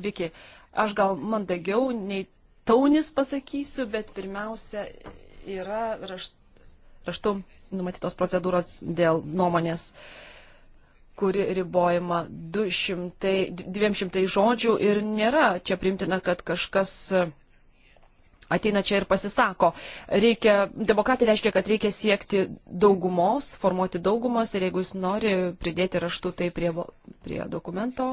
Viki, aš gal mandagiau nei taunis pasakysiu, bet pirmiausia yra rašt, raštu numatytos procedūros dėl nuomonės uh, kuri ribojama 200, 200 žodžių ir nėra čia primtina, kad kažkas e, ateina čia ir pasisako. Reikia, demokratija reiškia, kad reikia siekti daugumos, formuoti daugumas ir jeigu jis nori pridėti raštų tai prie, prie dokumento,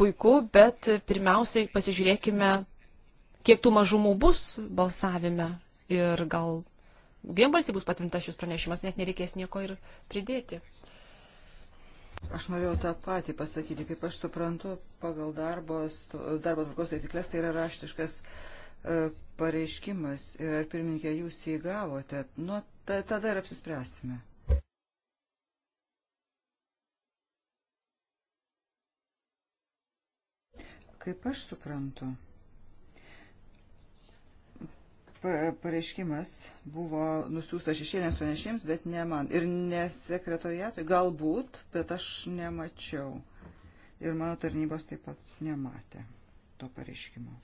puiku, bet pirmiausiai pasižiūrėkime, kiek tų mažumų bus balsavime ir gal vienbalsiai bus patvirtintas šis pranešimas, net nereikės nieko ir pridėti. Uh, Aš norėjau tą patį pasakyti, kaip aš suprantu, pagal darbos, darbo tvarkos taisyklės tai yra raštiškas e, pareiškimas ir ar pirmininkė jūs jį gavote, nu, ta, tada ir apsispręsime. Kaip aš suprantu, pareiškimas buvo nusiųstas šešėlėms pranešėjams, bet ne man. Ir ne sekretoriatui, galbūt, bet aš nemačiau. Ir mano tarnybos taip pat nematė to pareiškimo.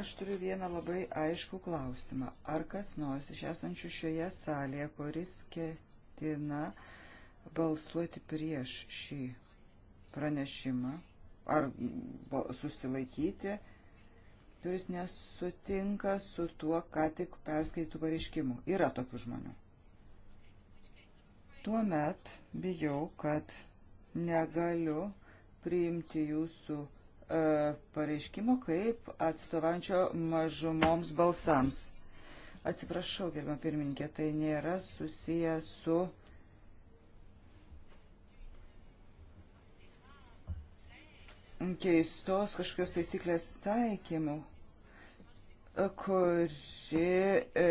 Aš turiu vieną labai aiškų klausimą. Ar kas nors iš esančių šioje salėje, kuris ketina balsuoti prieš šį pranešimą, ar susilaikyti, kuris nesutinka su tuo, ką tik perskaitų pareiškimų. Yra tokių žmonių. Tuomet bijau, kad negaliu priimti jūsų e, pareiškimo kaip atstovančio mažumoms balsams. Atsiprašau, gerbama pirmininkė, tai nėra susiję su keistos kažkokios taisyklės taikymu, kuri e,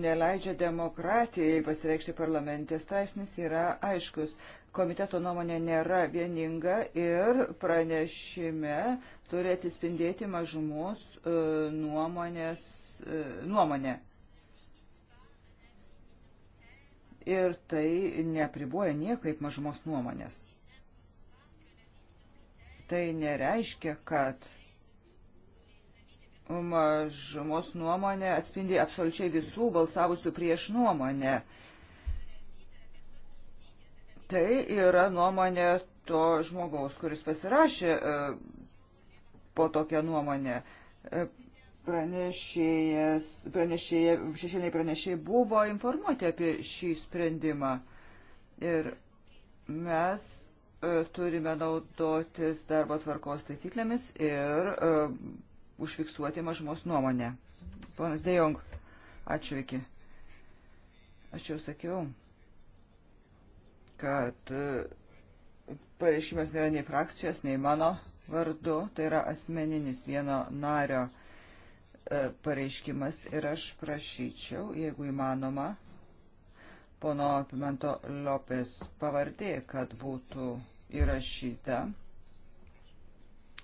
neleidžia demokratijai pasireikšti parlamente. Straipsnis yra aiškus. Komiteto nuomonė nėra vieninga ir pranešime turi atsispindėti mažumos e, nuomonės, e, nuomonė. Ir tai nepribuoja niekaip mažumos nuomonės tai nereiškia, kad mažumos nuomonė atspindi absoliučiai visų balsavusių prieš nuomonę. Tai yra nuomonė to žmogaus, kuris pasirašė e, po tokią nuomonę. E, pranešėjas, pranešėja, šešėliniai pranešėjai buvo informuoti apie šį sprendimą. Ir mes E, turime naudotis darbo tvarkos taisyklėmis ir uh, užfiksuoti mažumos nuomonę. Ponas Dejong, ačiū iki. Aš jau sakiau, kad uh, pareiškimas nėra nei frakcijos, nei mano vardu, tai yra asmeninis vieno nario uh, pareiškimas ir aš prašyčiau, jeigu įmanoma, pono Pimento Lopės pavardė, kad būtų įrašyta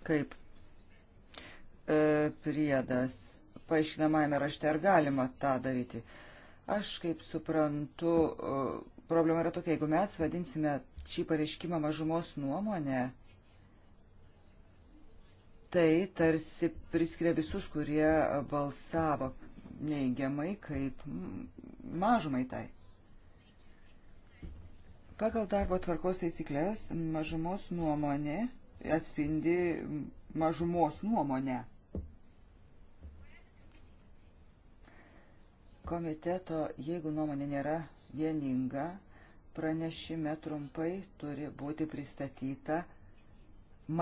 kaip e, priedas paaiškinamajame rašte, ar galima tą daryti. Aš kaip suprantu, e, problema yra tokia, jeigu mes vadinsime šį pareiškimą mažumos nuomonę, tai tarsi priskiria visus, kurie balsavo neigiamai kaip mažumai tai. Pagal darbo tvarkos taisyklės mažumos nuomonė atspindi mažumos nuomonę. Komiteto, jeigu nuomonė nėra vieninga, pranešime trumpai turi būti pristatyta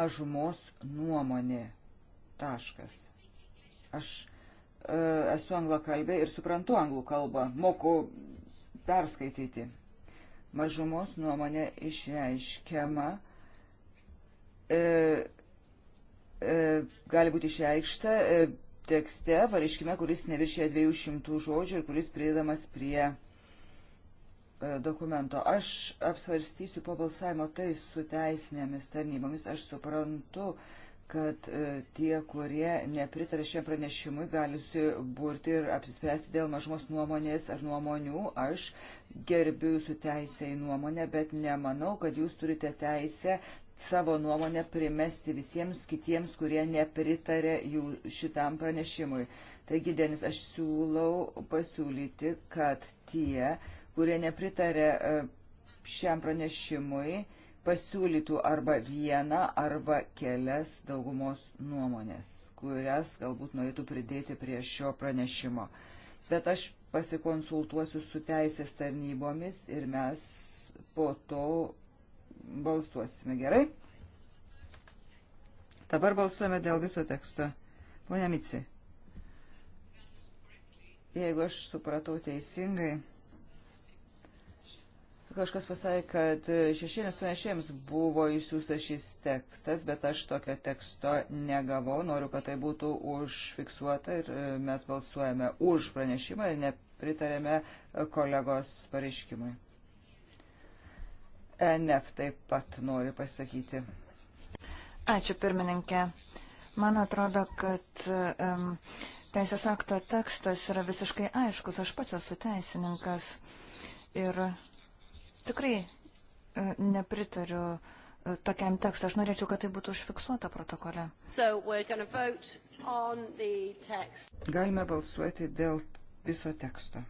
mažumos nuomonė. Taškas. Aš e, esu anglakalbė ir suprantu anglų kalbą, moku perskaityti mažumos nuomonė išreiškiama, e, e, gali būti išreikšta e, tekste, pareiškime, kuris neviršė 200 žodžių ir kuris pridedamas prie e, dokumento. Aš apsvarstysiu po balsavimo tai su teisinėmis tarnybomis. Aš suprantu, e, kad e, tie, kurie nepritarė šiam pranešimui, gali susiburti ir apsispręsti dėl mažumos nuomonės ar nuomonių. Aš gerbiu jūsų teisę į nuomonę, bet nemanau, kad jūs turite teisę savo nuomonę primesti visiems kitiems, kurie nepritarė jų šitam pranešimui. Taigi, Denis, aš siūlau pasiūlyti, kad tie, kurie nepritarė e, šiam pranešimui, pasiūlytų arba vieną arba kelias daugumos nuomonės, kurias galbūt norėtų pridėti prie šio pranešimo. Bet aš pasikonsultuosiu su teisės tarnybomis ir mes po to balsuosime. Gerai? Dabar balsuojame dėl viso teksto. Pone Mici, jeigu aš supratau teisingai, Kažkas pasakė, kad šešėlėms panešėjams buvo išsiųstas šis tekstas, bet aš tokio teksto negavau. Noriu, kad tai būtų užfiksuota ir e, mes balsuojame už pranešimą ir nepritarėme e, kolegos pareiškimui. E NF taip pat nori pasakyti. Ačiū pirmininkė. Man atrodo, kad um, teisės akto tekstas yra visiškai aiškus. Aš pats esu teisininkas. Ir tikrai e, nepritariu e, tokiam tekstui. Aš norėčiau, kad tai būtų užfiksuota protokole. So Galime balsuoti dėl viso teksto.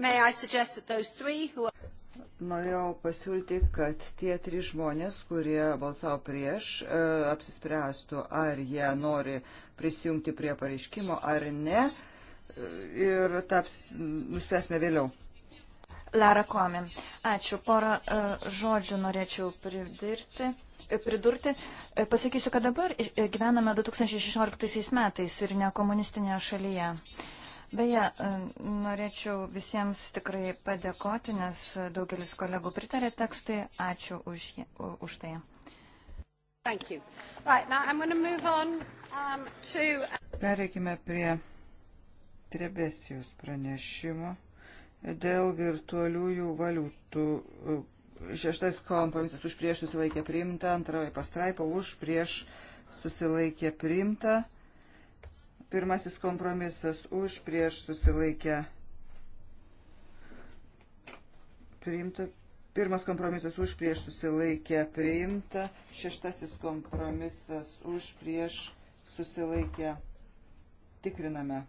Who... Norėjau pasiūlyti, kad tie trys žmonės, kurie balsavo prieš, e, apsispręstų, ar jie nori prisijungti prie pareiškimo ar ne e, ir taps, nuspręsime vėliau. Lara Komi. Ačiū. Porą e, žodžių norėčiau pridirti pridurti. Pasakysiu, kad dabar gyvename 2016 metais ir ne komunistinėje šalyje. Beje, norėčiau visiems tikrai padėkoti, nes daugelis kolegų pritarė tekstui. Ačiū už, jį, už tai. Thank you. Right, now I'm going to move on um, to... Pereikime prie Trebesijos pranešimo dėl virtualiųjų valiutų. Šeštas kompromisas už prieš susilaikė priimta, antroji pastraipa už prieš susilaikė priimta. Pirmasis kompromisas už prieš susilaikę priimta. Pirmas kompromisas už prieš susilaikę priimta. Šeštasis kompromisas už prieš susilaikę tikriname.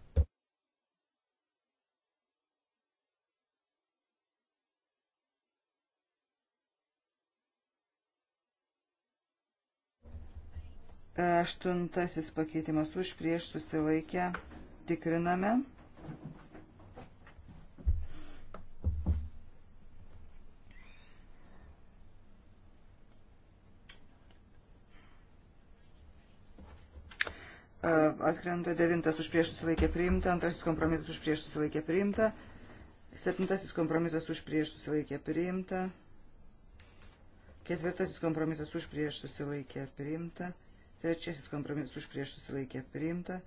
Aštuntasis pakeitimas už prieš susilaikę tikriname. Atkrenta devintas už prieš susilaikė priimta, antrasis kompromisas už prieš susilaikė priimta, septintasis kompromisas už prieš susilaikė priimta, ketvirtasis kompromisas už prieš susilaikė priimta. Trečiasis kompromisas už prieš susilaikė priimta.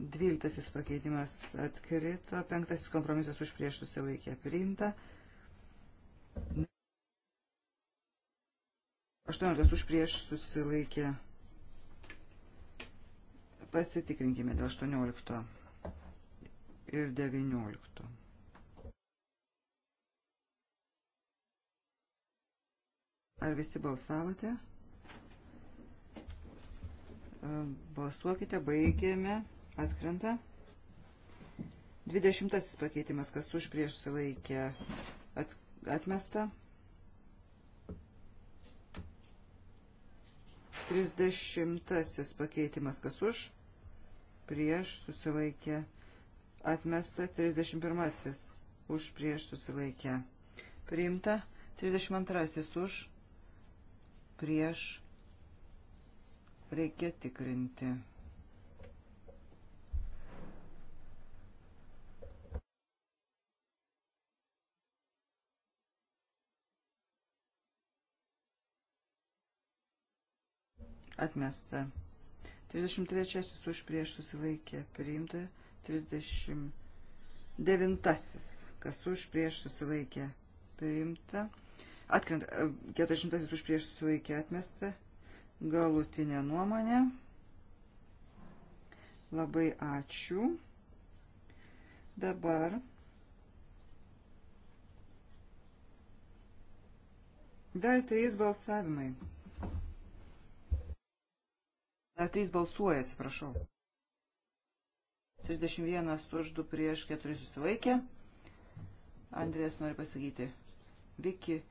Dvyliktasis pakeitimas atkrito. Penktasis kompromisas už prieš susilaikė priimta. Aštuonioliktas už prieš susilaikė. Pasitikrinkime dėl aštuoniolikto ir devyniolikto. Ar visi balsavote? E, balsuokite, baigėme, atkrenta. 20 pakeitimas, kas už prieš susilaikė at, atmesta. 30 pakeitimas, kas už prieš susilaikė atmesta. 31 už prieš susilaikė priimta. 32 už prieš reikia tikrinti. Atmesta. 33 už prieš susilaikė priimta. 39 kas už prieš susilaikė priimta. Atkrent 400 e, už prieš susilaikė atmesta. Galutinė nuomonė. Labai ačiū. Dabar dar trys balsavimai. Dar trys balsuoja, atsiprašau. 31 už 2 prieš 4 susilaikė. Andrės nori pasakyti. Viki,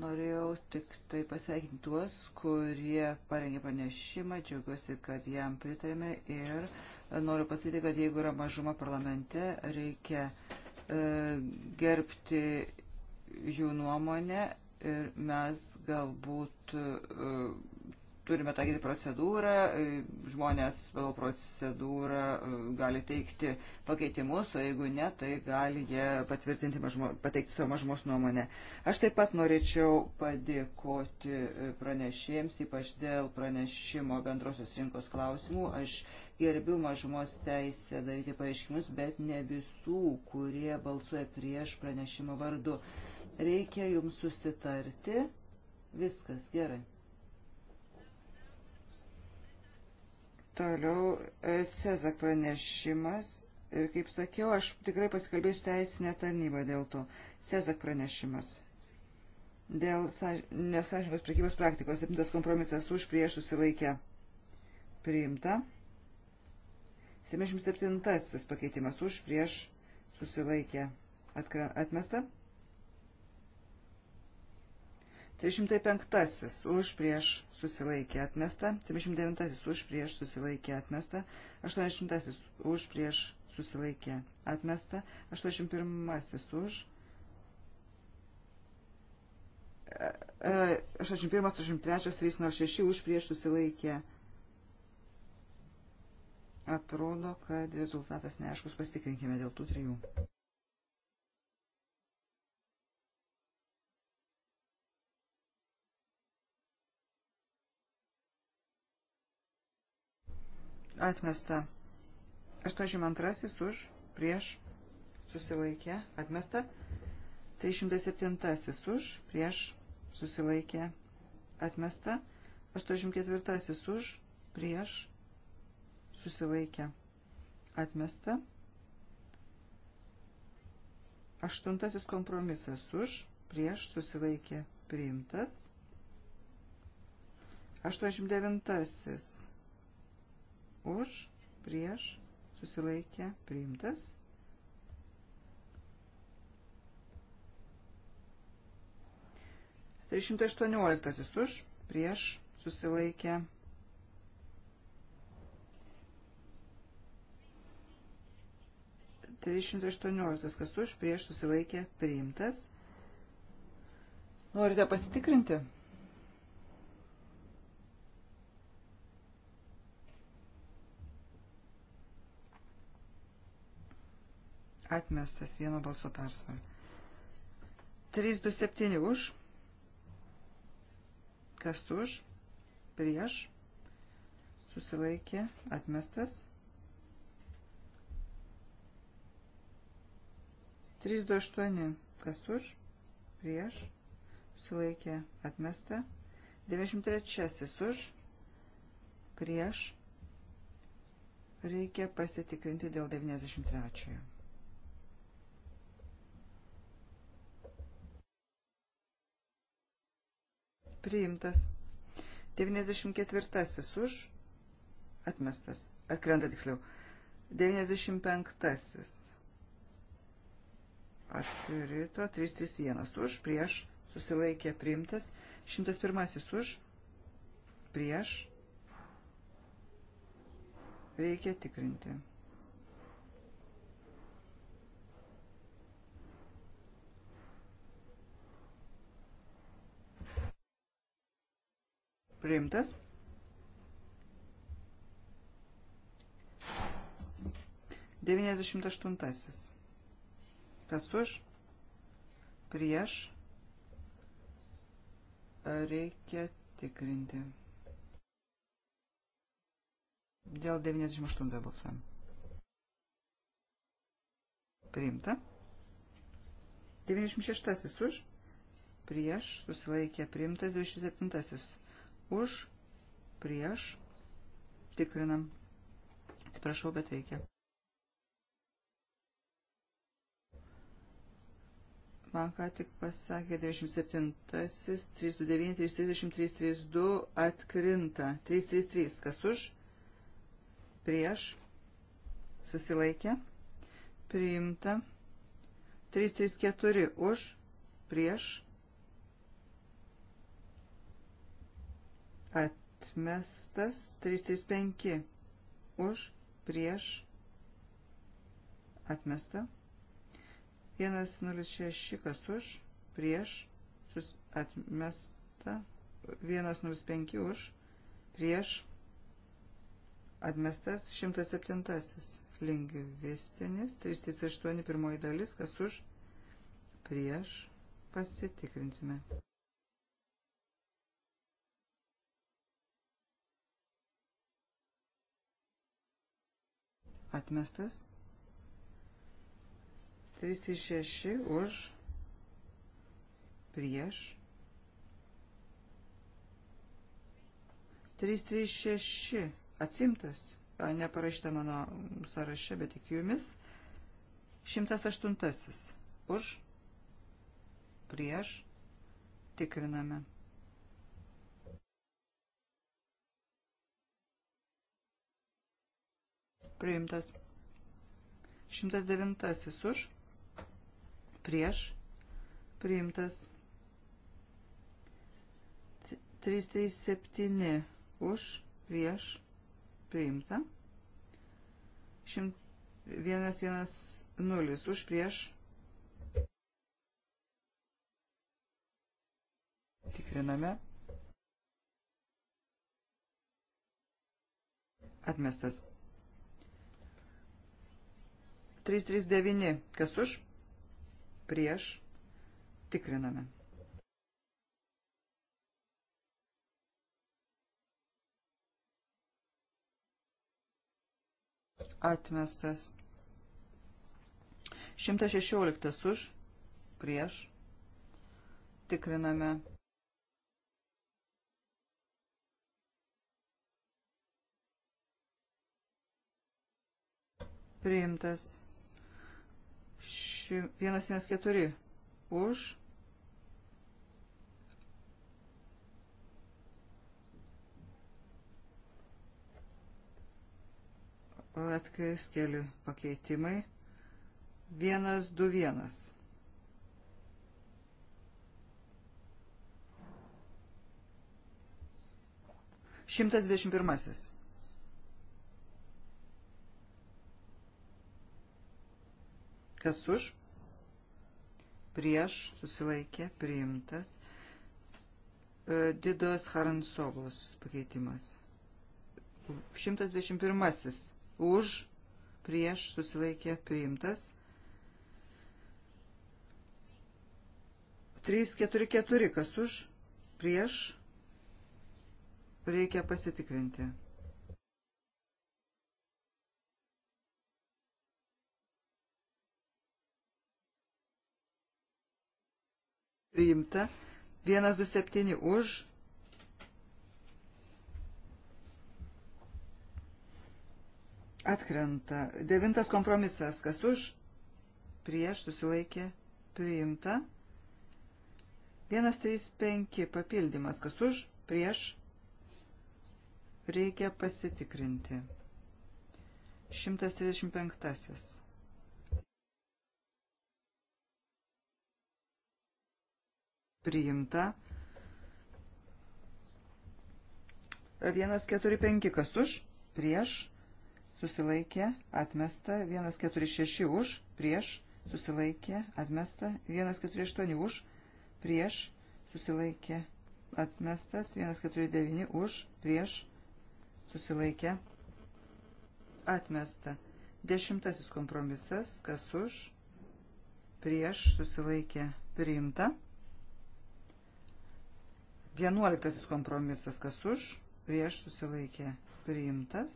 Norėjau tik tai pasveikinti tuos, kurie parengė pranešimą, džiaugiuosi, kad jam pritarėme ir noriu pasakyti, kad jeigu yra mažuma parlamente, reikia e, gerbti jų nuomonę ir mes galbūt e, turime taikyti procedūrą, e, žmonės pagal procedūrą e, gali teikti pakeitimus, o jeigu ne, tai gali jie patvirtinti, mažmo, pateikti savo mažumos nuomonę. Aš taip pat norėčiau padėkoti e, pranešėjams, ypač dėl pranešimo bendrosios rinkos klausimų. Aš gerbiu mažumos teisę daryti paaiškimus, bet ne visų, kurie balsuoja prieš pranešimo vardu. Reikia jums susitarti. Viskas gerai. Toliau e, Cezak pranešimas. Ir kaip sakiau, aš tikrai pasikalbėsiu teisinę tarnybą dėl to. Cezak pranešimas. Dėl nesąžininkos prekybos praktikos septintas kompromisas už prieš susilaikę priimta. 77 pakeitimas už prieš susilaikę atmesta. 305 už prieš susilaikė atmesta, 79 už prieš susilaikė atmesta, 80 už prieš susilaikė atmesta, 81 už 81, 83, 306 už prieš susilaikė. Atrodo, kad rezultatas neaiškus. Pasitikrinkime dėl tų trijų. atmesta. 82 už, prieš, susilaikė, atmesta. 307 už, prieš, susilaikė, atmesta. 84 už, prieš, susilaikė, atmesta. Aštuntasis kompromisas už, prieš, susilaikė, priimtas. 89 už, prieš, susilaikė, priimtas. Trišimtai aštuonioliktasis už, prieš, susilaikė. Trišimtai aštuonioliktas kas už, prieš, susilaikė, priimtas. Norite pasitikrinti? Atmestas vieno balso persvara. 327 už. Kas už? Prieš. Susilaikė. Atmestas. 328. Kas už? Prieš. Susilaikė. Atmesta. 93. Už. Prieš. Reikia pasitikrinti dėl 93. priimtas. 94 už, atmestas, atkrenta tiksliau. 95 atkrito, 331 už, prieš, susilaikė priimtas, 101 už, prieš, reikia tikrinti. priimtas. Devyniasdešimt aštuntasis. Kas už? Prieš. Reikia tikrinti. Dėl 98 balsuojam. Priimta. 96 už. Prieš susilaikė priimtas 27. Už, prieš, tikrinam. Atsiprašau, bet reikia. Man ką tik pasakė 97, 329, 330, 332 atkrinta. 333, kas už, prieš, susilaikė, priimta. 334 už, prieš, atmestas 335 už prieš atmesta 106 kas už prieš atmesta 105 už prieš atmestas 107 lingvistinis 308 pirmoji dalis kas už prieš pasitikrinsime atmestas. 36 už prieš. 336 atsimtas, neparašyta mano sąraše, bet tik jumis. 108 už prieš tikriname. priimtas. 109 už, prieš, priimtas. 337 už, prieš, priimta. 110 už, prieš. Tikriname. Atmestas. 339. Kas už? Prieš. Tikriname. Atmestas. 116 už. Prieš. Tikriname. priimtas. 114 už. Atkris keli pakeitimai. 121. Šimtas dvidešimt pirmasis. Kas už? Prieš susilaikė priimtas. E, Didos Harantsovos pakeitimas. 121. Už prieš susilaikė priimtas. 344. Kas už prieš reikia pasitikrinti. priimta, 127 už, atkrenta, 9 kompromisas, kas už, prieš susilaikė priimta, 135 papildymas, kas už, prieš, reikia pasitikrinti. 135. priimta. 145 kas už, prieš, susilaikė, atmesta. 146 už, prieš, susilaikė, atmesta. 148 už, prieš, susilaikė, atmestas. 149 už, prieš, susilaikė, atmesta. Dešimtasis kompromisas, kas už, prieš, susilaikė, priimta. Vienuoliktasis kompromisas, kas už, prieš susilaikė priimtas.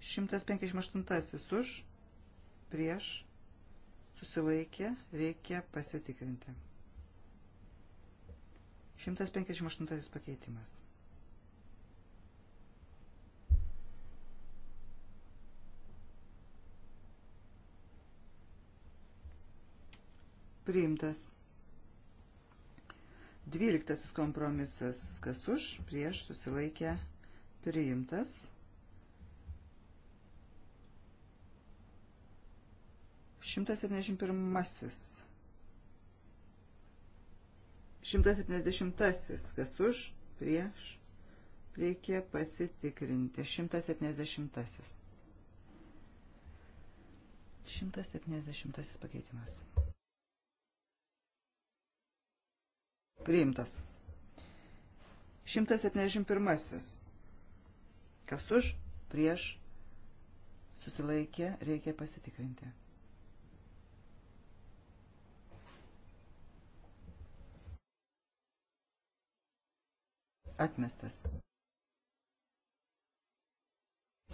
158 už, prieš susilaikė, reikia pasitikrinti. 158 pakeitimas. Priimtas. Dvyliktasis kompromisas, kas už, prieš, susilaikė, priimtas. Šimtas septyniasdešimt pirmasis. Šimtas septyniasdešimtasis, kas už, prieš, reikia pasitikrinti. Šimtas septyniasdešimtasis. Šimtas septyniasdešimtasis pakeitimas. Priimtas. 171. Kas už, prieš, susilaikė, reikia pasitikrinti. Atmestas.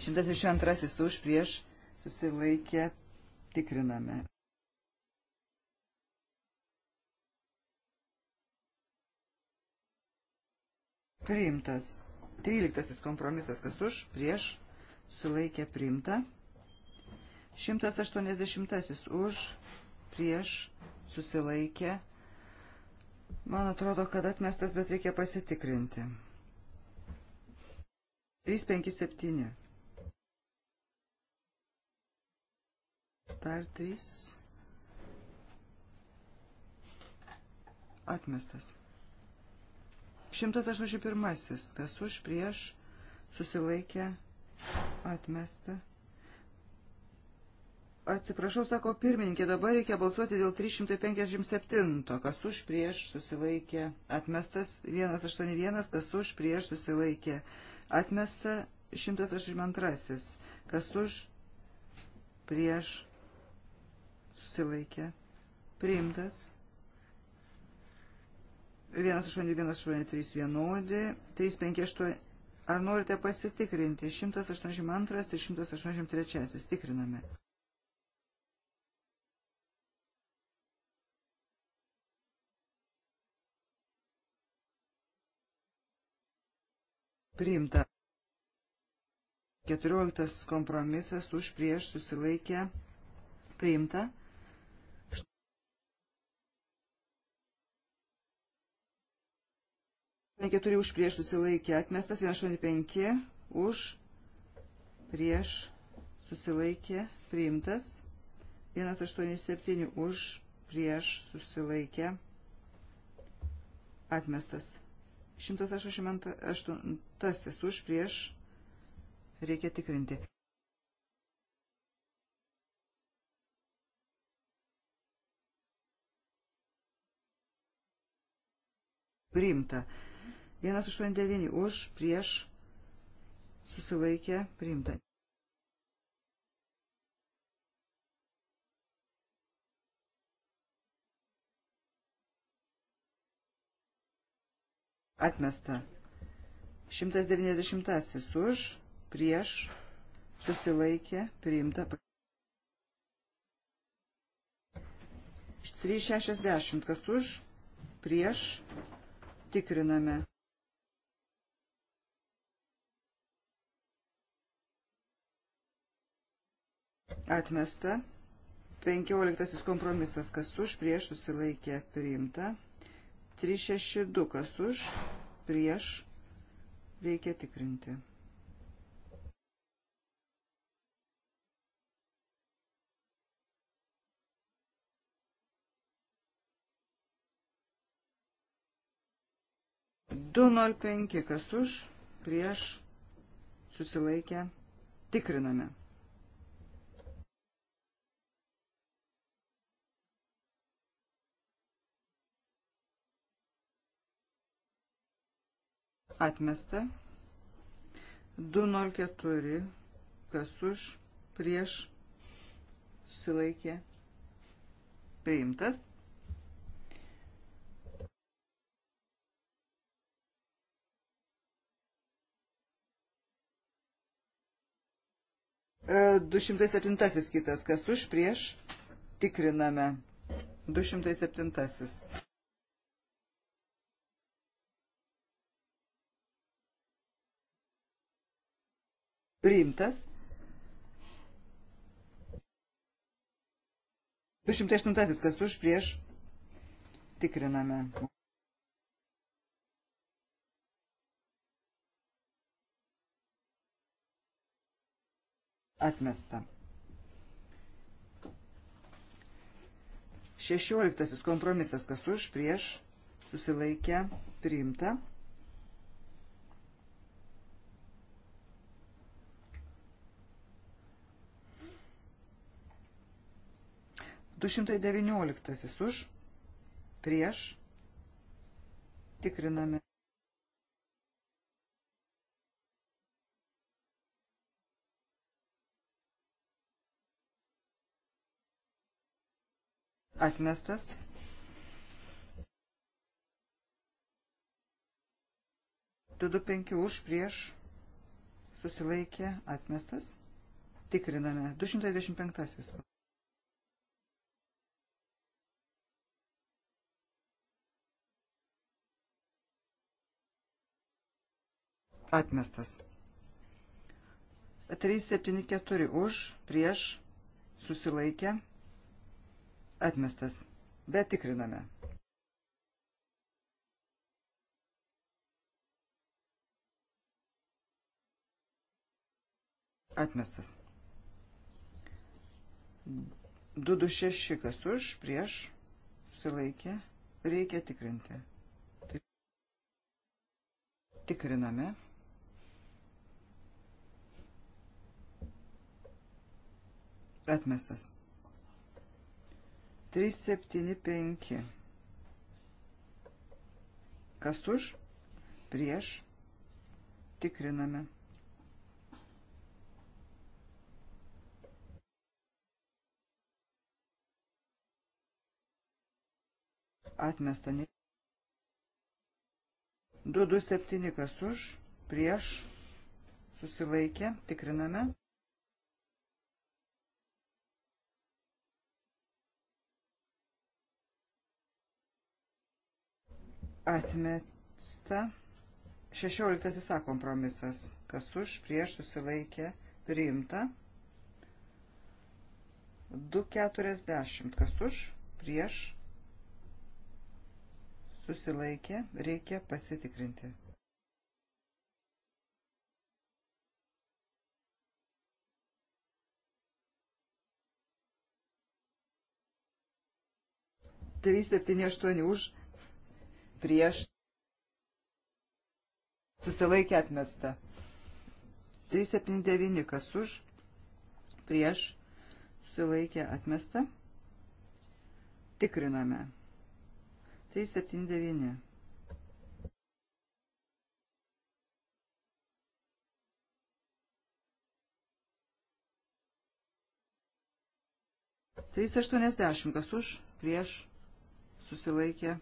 122 už, prieš, susilaikė, tikriname. priimtas. 13 kompromisas, kas už, prieš, sulaikė priimta. 180 už, prieš, susilaikė. Man atrodo, kad atmestas, bet reikia pasitikrinti. 357. Dar 3. Atmestas. 181. Kas už prieš susilaikė atmesta. Atsiprašau, sako pirmininkė, dabar reikia balsuoti dėl 357. Kas už prieš susilaikė atmestas 181. Kas už prieš susilaikė atmesta 182. Kas už prieš susilaikė priimtas 18183 vienodi, 358. Ar norite pasitikrinti? 182 ir 183. Tikriname. Priimta. 14 kompromisas už prieš susilaikę priimta. 4 už prieš susilaikė atmestas, 185 už prieš susilaikė priimtas, 187 už prieš susilaikė atmestas, 188 už prieš reikia tikrinti. priimta. 189 už, prieš, susilaikė, priimta. Atmesta. 190 už, prieš, susilaikė, priimta. 360 kas už, prieš, tikriname. Atmesta. 15 kompromisas, kas už, prieš, susilaikė, priimta. 362, kas už, prieš, reikia tikrinti. Du nol penki, kas už, prieš, susilaikę, tikriname. Atmesta. 204. Kas už, prieš, susilaikė, priimtas. E, 207 kitas, kas už, prieš, tikriname. 207. priimtas. 208. Kas už prieš? Tikriname. Atmesta. 16. Kompromisas. Kas už prieš? Susilaikę. Priimta. 219 už, prieš, tikriname. Atmestas. Tu du penki už prieš susilaikė atmestas. Tikriname. 225. atmestas. 374 už, prieš, susilaikę, atmestas. Bet tikriname. Atmestas. 226 kas už, prieš, susilaikė, reikia tikrinti. Tikriname. Atmestas. 375. Kas už? Prieš. Tikriname. Atmesta. 227 kas už, prieš, susilaikė, tikriname. atmesta. 16 A kompromisas. Kas už, prieš susilaikė, priimta. 240. Kas už, prieš susilaikė, reikia pasitikrinti. Trys, septyni, aštuoni už, prieš susilaikė atmesta. 379 kas už, prieš susilaikė atmesta. Tikriname. 379. Trys aštuoniasdešimt, kas už, prieš, susilaikė,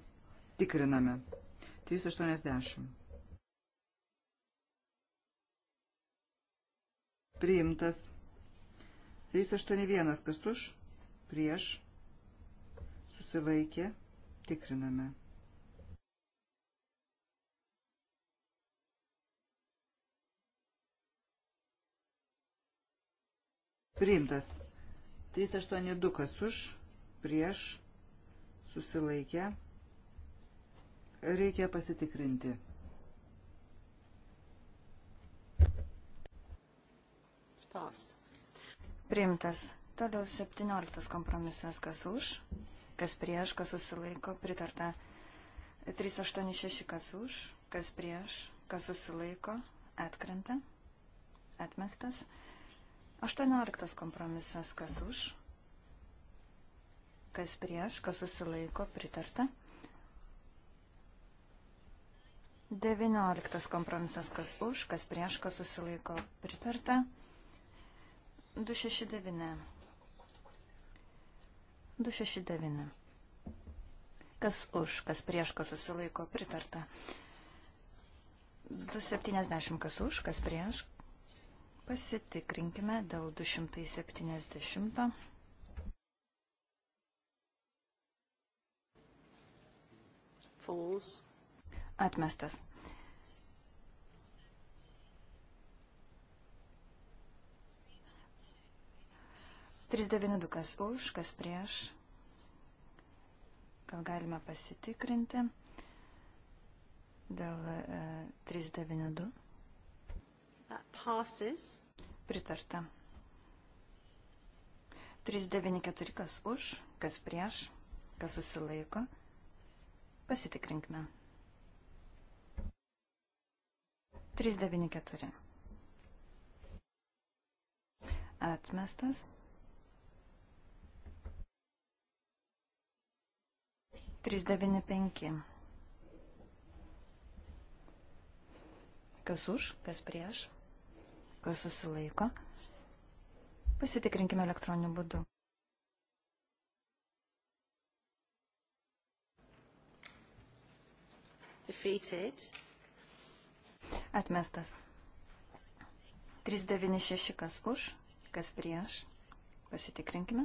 Tikriname. 380. Priimtas. 381. Kas už? Prieš. Susilaikė. Tikriname. Priimtas. 382 kas už, prieš, susilaikę, Reikia pasitikrinti. Past. Priimtas. Toliau 17 kompromisas, kas už, kas prieš, kas susilaiko, pritarta. 386, kas už, kas prieš, kas susilaiko, atkrenta, atmestas. 18 kompromisas, kas už, kas prieš, kas susilaiko, pritarta. 19 kompromisas, kas už, kas prieš, kas susilaiko pritarta. 269. 269. Kas už, kas prieš, kas susilaiko pritarta. 270 kas už, kas prieš. Pasitikrinkime dėl 270. Falls atmestas. Tris devynidu, kas už, kas prieš. Gal galime pasitikrinti dėl e, 392. Passes. Pritarta. 394 kas už, kas prieš, kas susilaiko. Pasitikrinkime. 394. Atmestas. 395. Kas už, kas prieš, kas susilaiko. Pasitikrinkime elektroniniu būdu. Defeated. Atmestas. 396 kas už, kas prieš. Pasitikrinkime.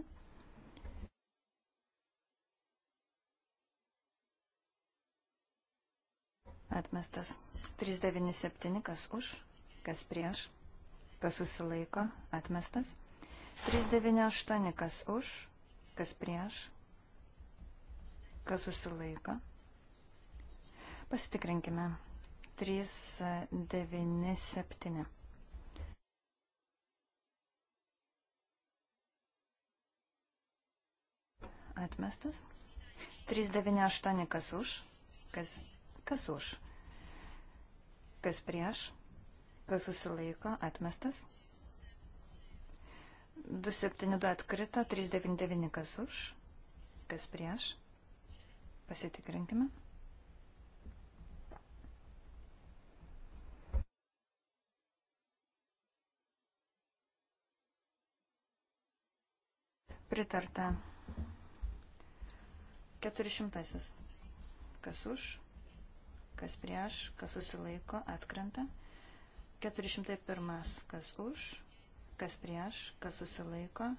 Atmestas. 397 kas už, kas prieš. Kas susilaiko. Atmestas. 398 kas už, kas prieš. Kas susilaiko. Pasitikrinkime. 397. E, atmestas. 398 kas už, kas, kas už, kas prieš, kas susilaiko, atmestas. 272 atkrito, 399 kas už, kas prieš. Pasitikrinkime. 399. Pritarta. 400. Kas už, kas prieš, kas susilaiko, atkrenta. 401. Kas už, kas prieš, kas susilaiko,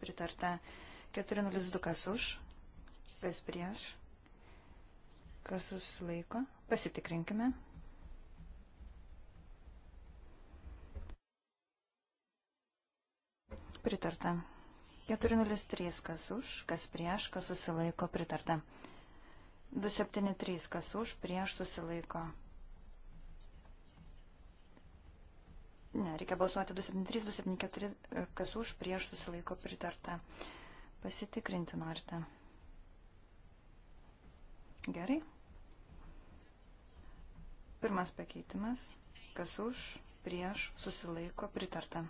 pritarta. 402. Kas už, kas prieš, kas susilaiko. Pasitikrinkime. Pritarta. 403, kas už, kas prieš, kas susilaiko pritarta. 273, kas už, prieš susilaiko. Ne, reikia balsuoti 273, 274, kas už, prieš susilaiko pritarta. Pasitikrinti norite. Gerai. Pirmas pakeitimas, kas už, prieš susilaiko pritarta.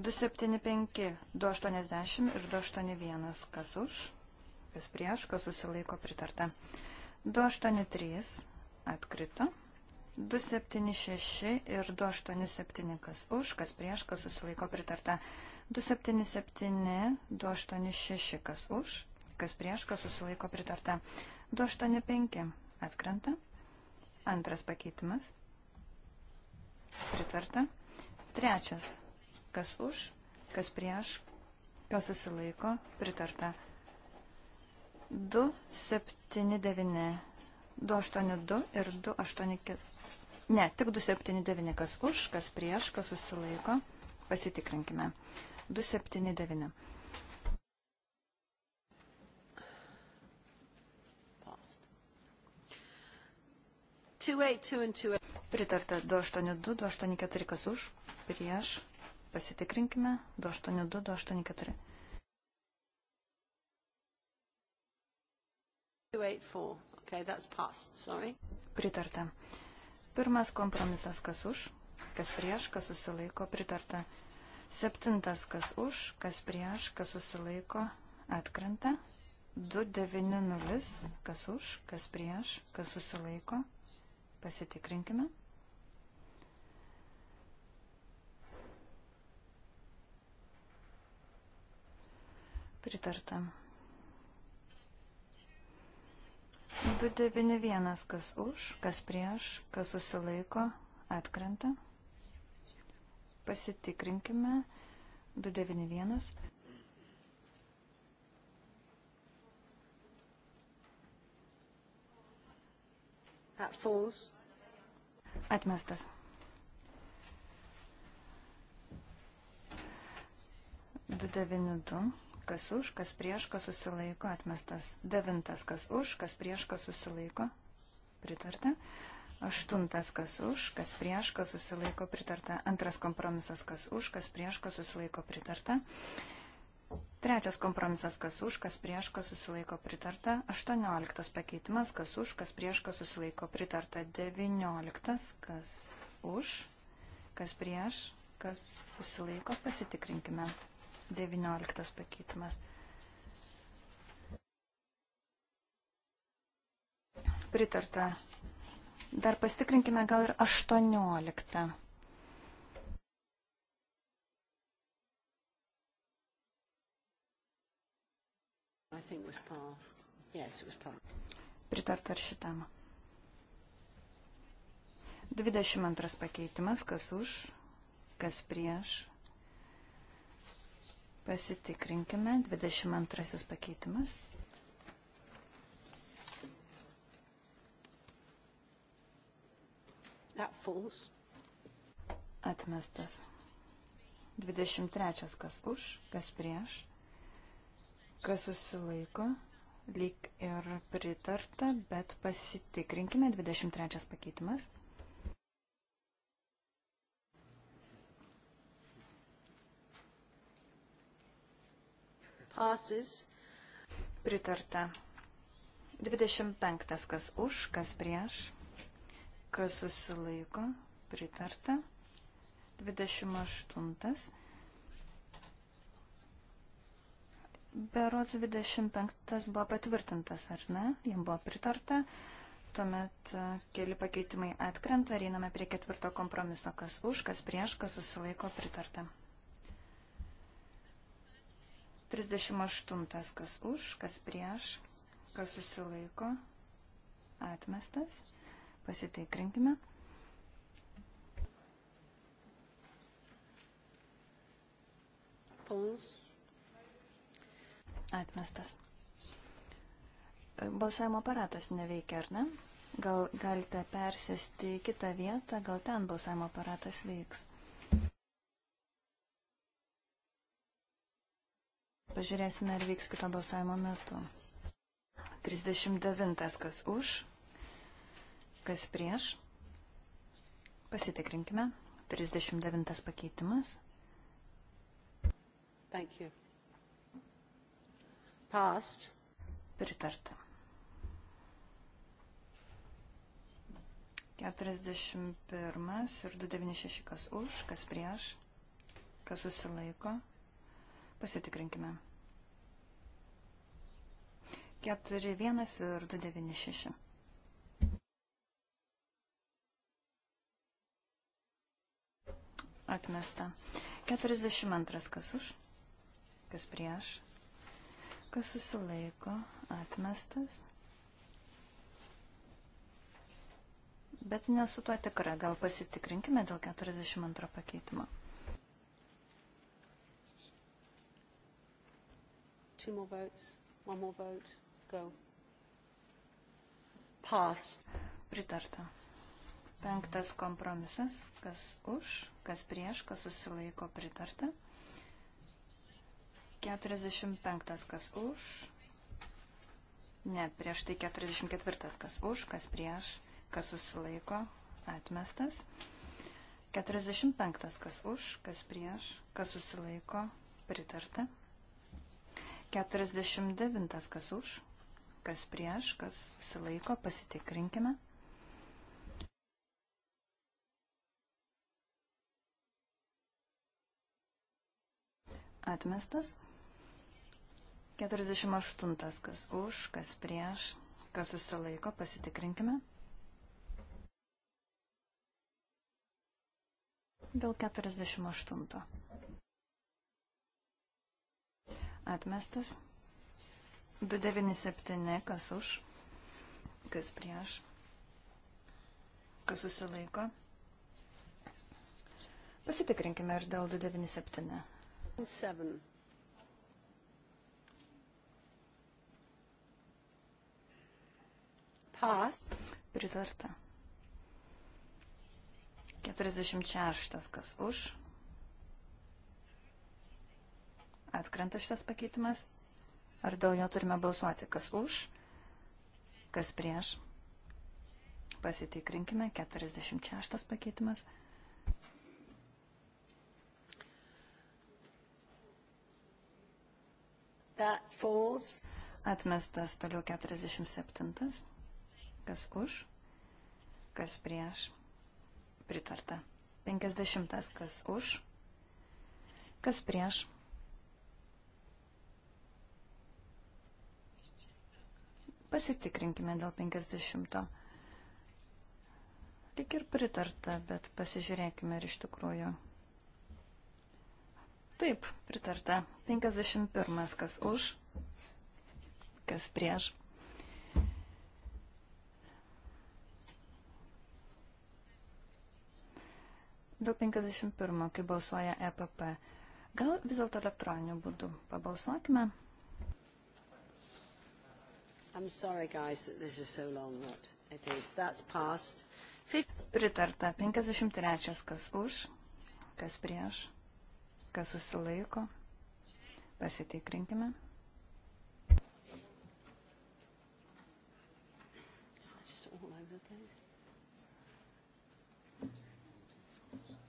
275, 280 ir 281. Kas už, kas prieš, kas susilaiko pritarta. 283 atkrito. 276 ir 287, kas už, kas prieš, kas susilaiko pritarta. 277, 286, kas už, kas prieš, kas susilaiko pritarta. 285 atkrenta. Antras pakeitimas. Pritarta. Trečias Kas už, kas prieš, kas susilaiko, pritarta. 2, 7, 9, 2, 8, 2 ir 2, 8, 4. Ne, tik 2, 7, 9, kas už, kas prieš, kas susilaiko, pasitikrinkime. 2, 7, 9. Pritarta 282, 284 kas už, prieš, Pasitikrinkime 282, 284. 284. Okay, that's passed. Sorry. Pritarta. Pirmas kompromisas, kas už, kas prieš, kas susilaiko, pritarta. Septintas, kas už, kas prieš, kas susilaiko, atkrenta. 290, kas už, kas prieš, kas susilaiko. Pasitikrinkime. 290. Pritarta. 291, kas už, kas prieš, kas susilaiko, atkrenta. Pasitikrinkime. 291. Atmestas. Du devini du kas už, kas prieš, kas susilaiko, atmestas. Devintas, kas už, kas prieš, kas susilaiko, pritarta. Aštuntas, kas už, kas prieš, kas susilaiko, pritarta. Antras kompromisas, kas už, kas prieš, kas susilaiko, pritarta. Trečias kompromisas, kas už, kas prieš, kas susilaiko pritarta. Aštuonioliktas pakeitimas, kas už, kas prieš, kas susilaiko pritarta. Devinioliktas, kas už, kas prieš, kas susilaiko, pasitikrinkime. 19 pakeitimas. Pritarta. Dar pastikrinkime gal ir 18. Pritarta ir šitam. 22 pakeitimas, kas už, kas prieš, Pasitikrinkime. 22 pakeitimas. Atmestas. 23 kas už, kas prieš, kas susilaiko, lyg ir pritarta, bet pasitikrinkime. 23 pakeitimas. passes. Pritarta. 25. Kas už, kas prieš, kas susilaiko. Pritarta. 28. Berots 25 buvo patvirtintas, ar ne? Jam buvo pritarta. Tuomet e, keli pakeitimai atkrenta ir einame prie ketvirto kompromiso. Kas už, kas prieš, kas susilaiko pritarta. 38. Kas už, kas prieš, kas susilaiko, atmestas. Pasitikrinkime. Polls. Atmestas. Balsavimo aparatas neveikia, ar ne? Gal galite persėsti į kitą vietą, gal ten balsavimo aparatas veiks. Pažiūrėsime, ar vyks kito balsavimo metu. 39. Kas už, kas prieš. Pasitikrinkime. 39 pakeitimas. Thank you. Passed. Pritarta. 41 ir 296 kas už, kas prieš, kas susilaiko. Pasitikrinkime. 41 ir 296. Atmesta. 42. Kas už? Kas prieš? Kas susilaiko? Atmestas. Bet nesu tuo tikra. Gal pasitikrinkime dėl 42 pakeitimo. Two more votes. One more vote. Go. Passed. Pritarta. Penktas kompromisas. Kas už, kas prieš, kas susilaiko pritarta. 45. Kas už. Ne, prieš tai 44. Kas už, kas prieš, kas susilaiko atmestas. 45. Kas už, kas prieš, kas susilaiko pritarta. 49. Kas už, kas prieš, kas susilaiko, pasitikrinkime. Atmestas. 48. Kas už, kas prieš, kas susilaiko, pasitikrinkime. Dėl 48. Atmestas. 297, kas už, kas prieš, kas susilaiko. Pasitikrinkime ir dėl 297. 7. Pas. Pritarta. 46, kas už, Atkrenta šitas pakeitimas. Ar dėl jo turime balsuoti? Kas už? Kas prieš? Pasitikrinkime. 46 pakeitimas. Atmestas toliau 47. Kas už? Kas prieš? Pritarta. 50. Kas už? Kas prieš? Pasitikrinkime dėl 50. Tik ir pritarta, bet pasižiūrėkime ir iš tikrųjų. Taip, pritarta. 51. Kas už, kas prieš. Dėl 51, kai balsuoja EPP. Gal vis dėlto elektroniniu būdu pabalsuokime. I'm sorry, guys, that this is so long, but it is. That's passed. Pritarta 53, kas už, kas prieš, kas susilaiko. Pasitikrinkime.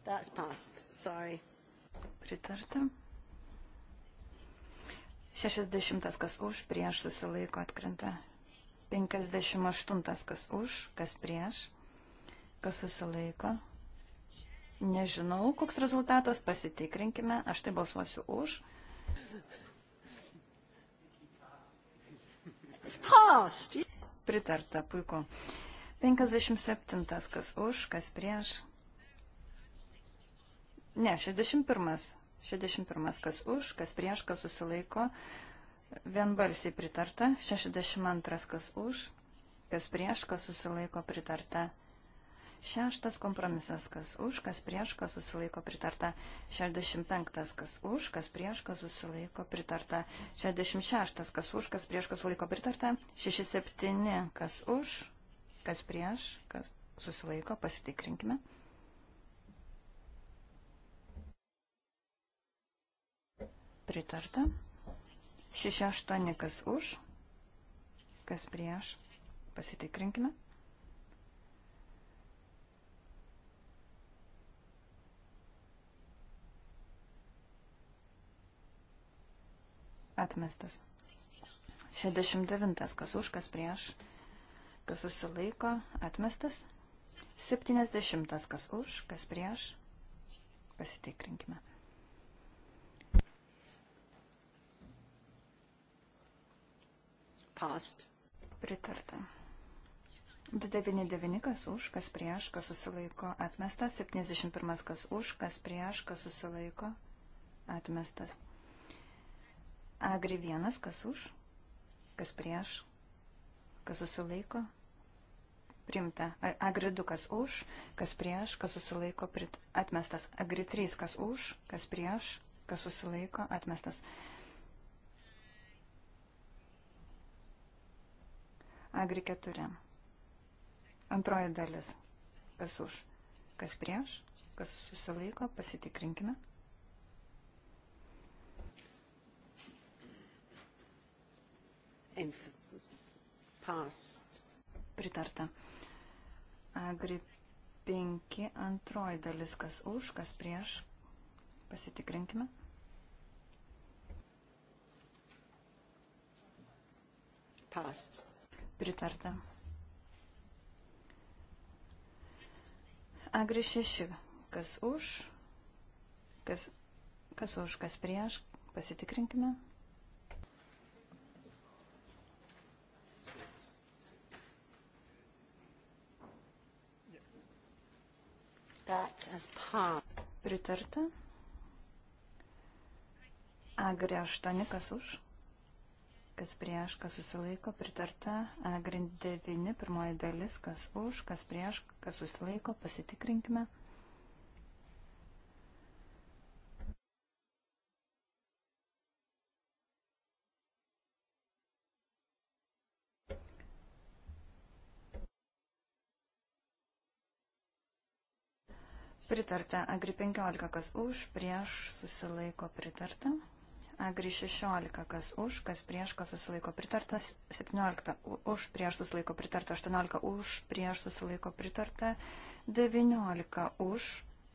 That's passed. Sorry. Pritarta. 60 kas už, prieš susilaiko atkrenta. 58 kas už, kas prieš, kas susilaiko. Nežinau, koks rezultatas, pasitikrinkime. Aš tai balsuosiu už. Pritarta, puiku. 57 kas už, kas prieš. Ne, 61 61. Kas už, kas prieš, kas susilaiko. Vienbalsiai pritarta. 62. Kas už, kas prieš, kas susilaiko pritarta. Šeštas kompromisas, kas už, kas prieš, kas susilaiko pritarta. 65, kas už, kas prieš, kas susilaiko pritarta. 66, kas už, kas prieš, kas susilaiko pritarta. 67, kas už, kas prieš, kas susilaiko, pasitikrinkime. pritarta. 6-8 kas už, kas prieš, pasitikrinkime. Atmestas. 69 kas už, kas prieš, kas susilaiko, atmestas. 70 kas už, kas prieš, pasitikrinkime. passed. Pritarta. 299 kas už, kas prieš, kas susilaiko, atmestas. 71 kas už, kas prieš, kas susilaiko, atmestas. Agri 1 kas už, kas prieš, kas susilaiko, primta. Agri 2 kas už, kas prieš, kas susilaiko, atmestas. Agri 3 kas už, kas prieš, kas susilaiko, atmestas. Agri 4. Antroji dalis. Kas už, kas prieš, kas susilaiko, pasitikrinkime. Pritarta. Agri 5. Antroji dalis. Kas už, kas prieš, pasitikrinkime. Passed pritarta. Agri 6. Kas už, kas, kas už, kas prieš, pasitikrinkime. Pritarta. Agri 8. Kas už kas prieš, kas susilaiko, pritarta. Agrin 9, pirmoji dalis, kas už, kas prieš, kas susilaiko, pasitikrinkime. Pritarta. Agri 15, kas už, prieš, susilaiko, pritarta. Agri 16, kas už, kas prieš, kas susilaiko pritarta, 17 už, prieš susilaiko pritarta, 18 už, prieš susilaiko pritarta, 19 už,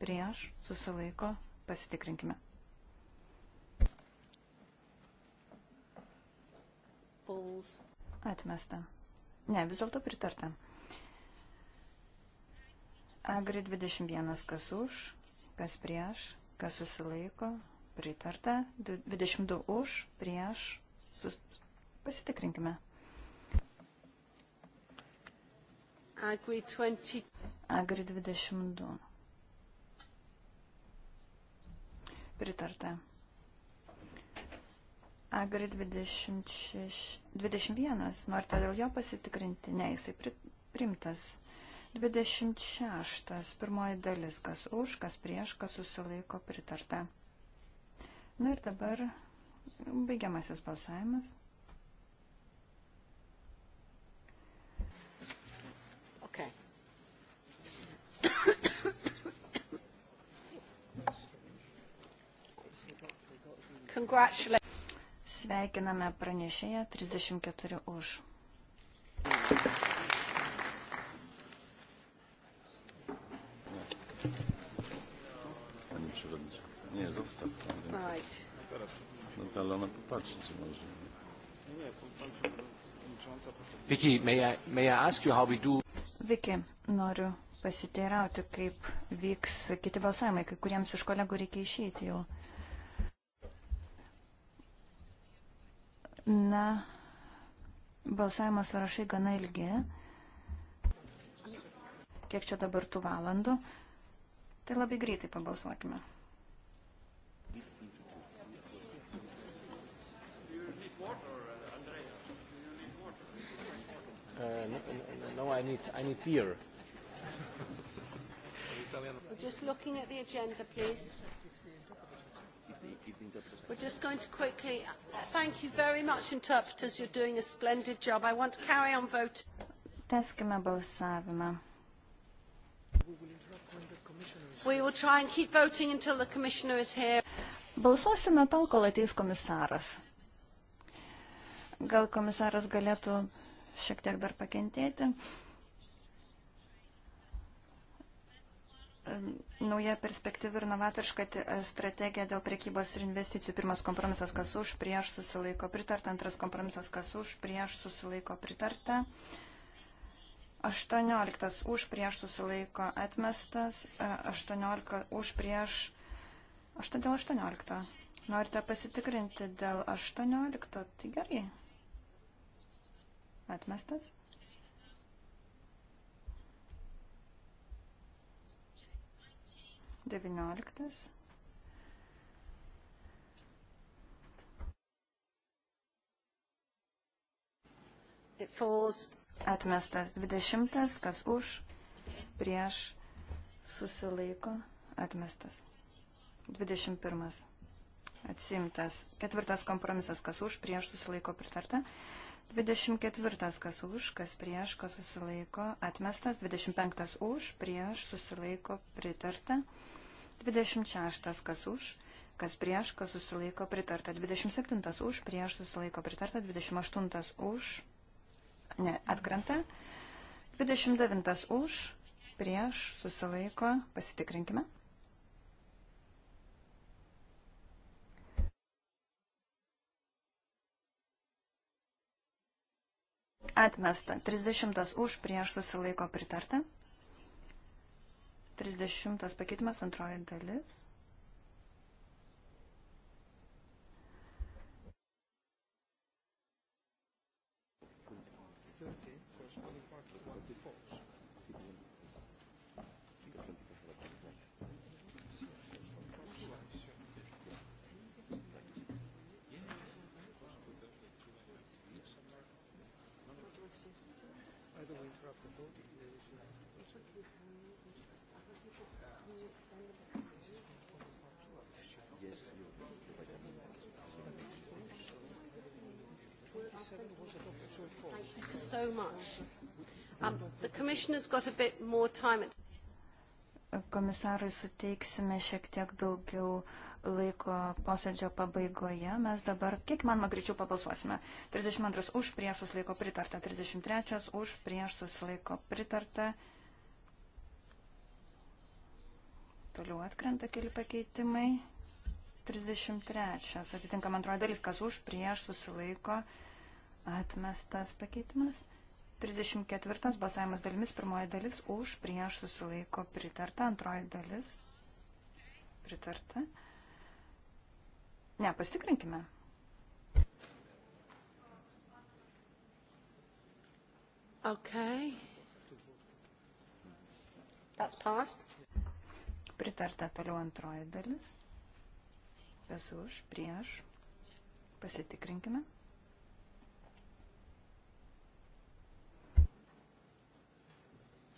prieš susilaiko, pasitikrinkime. Balls. Atmesta. Ne, vis dėlto pritarta. Agri 21, kas už, kas prieš, kas susilaiko, pritarta, 22 už, prieš, sus... pasitikrinkime. Agri 20. Agri 22. Pritarta. Agri 26, 21. Norite dėl jo pasitikrinti? Ne, jisai primtas. 26. Pirmoji dalis, kas už, kas prieš, kas susilaiko pritarta. Na ir dabar baigiamasis balsavimas. Okay. Sveikiname pranešėją 34 už. Nie, zostaw tam. No to ale ona popatrzy, czy może. Vicky, may I, may I ask you how we do? Vicky, noriu pasiteirauti, kaip vyks kiti balsavimai, kai kuriems iš kolegų reikia išeiti jau. Na, balsavimo sąrašai gana ilgi. Kiek čia dabar tų valandų? Tai labai greitai pabalsuokime. Uh, no, no, I need, I need beer. We're just looking at the agenda, please. We're just going to quickly... Uh, thank you very much, interpreters. You're doing a splendid job. I want to carry on voting. Tęskime balsavimą. We will try and keep voting until the commissioner is here. Balsuosime tol, kol ateis komisaras. Gal komisaras galėtų šiek tiek dar pakentėti. Nauja perspektyva ir novatoriška strategija dėl prekybos ir investicijų. Pirmas kompromisas, kas už, prieš susilaiko pritarta. Antras kompromisas, kas už, prieš susilaiko pritarta. 18 už, prieš susilaiko atmestas. 18 e, už, prieš. Aš todėl 18. Norite pasitikrinti dėl 18? Tai gerai. Atmestas. Devynioliktas. Atmestas dvidešimtas, kas už, prieš, susilaiko, atmestas. Dvidešimt pirmas, atsimtas. Ketvirtas kompromisas, kas už, prieš, susilaiko, pritarta. Dvidešimt 24 kas už, kas prieš, kas susilaiko, atmestas. 25 už, prieš, susilaiko, pritarta. 26 kas už, kas prieš, kas susilaiko, pritarta. 27 už, prieš, susilaiko, pritarta. 28 už, ne, atkrenta. 29 už, prieš, susilaiko, pasitikrinkime. atmesta. 30 už prieš susilaiko pritarta. 30 pakeitimas antroji dalis. so much. Um, the Commissioner's got a bit more time. Komisarui suteiksime šiek tiek daugiau laiko posėdžio pabaigoje. Mes dabar, kiek man greičiau pabalsuosime. 32 už prieš susilaiko pritarta, 33 už prieš susilaiko pritarta. Toliau atkrenta keli pakeitimai. 33. Atitinkam antroji dalis, kas už prieš susilaiko atmestas pakeitimas. 34 balsavimas dalimis, pirmoji dalis už, prieš susilaiko pritarta, antroji dalis pritarta. Ne, pasitikrinkime. Okay. That's passed. Pritarta toliau antroji dalis. Kas už, prieš. Pasitikrinkime.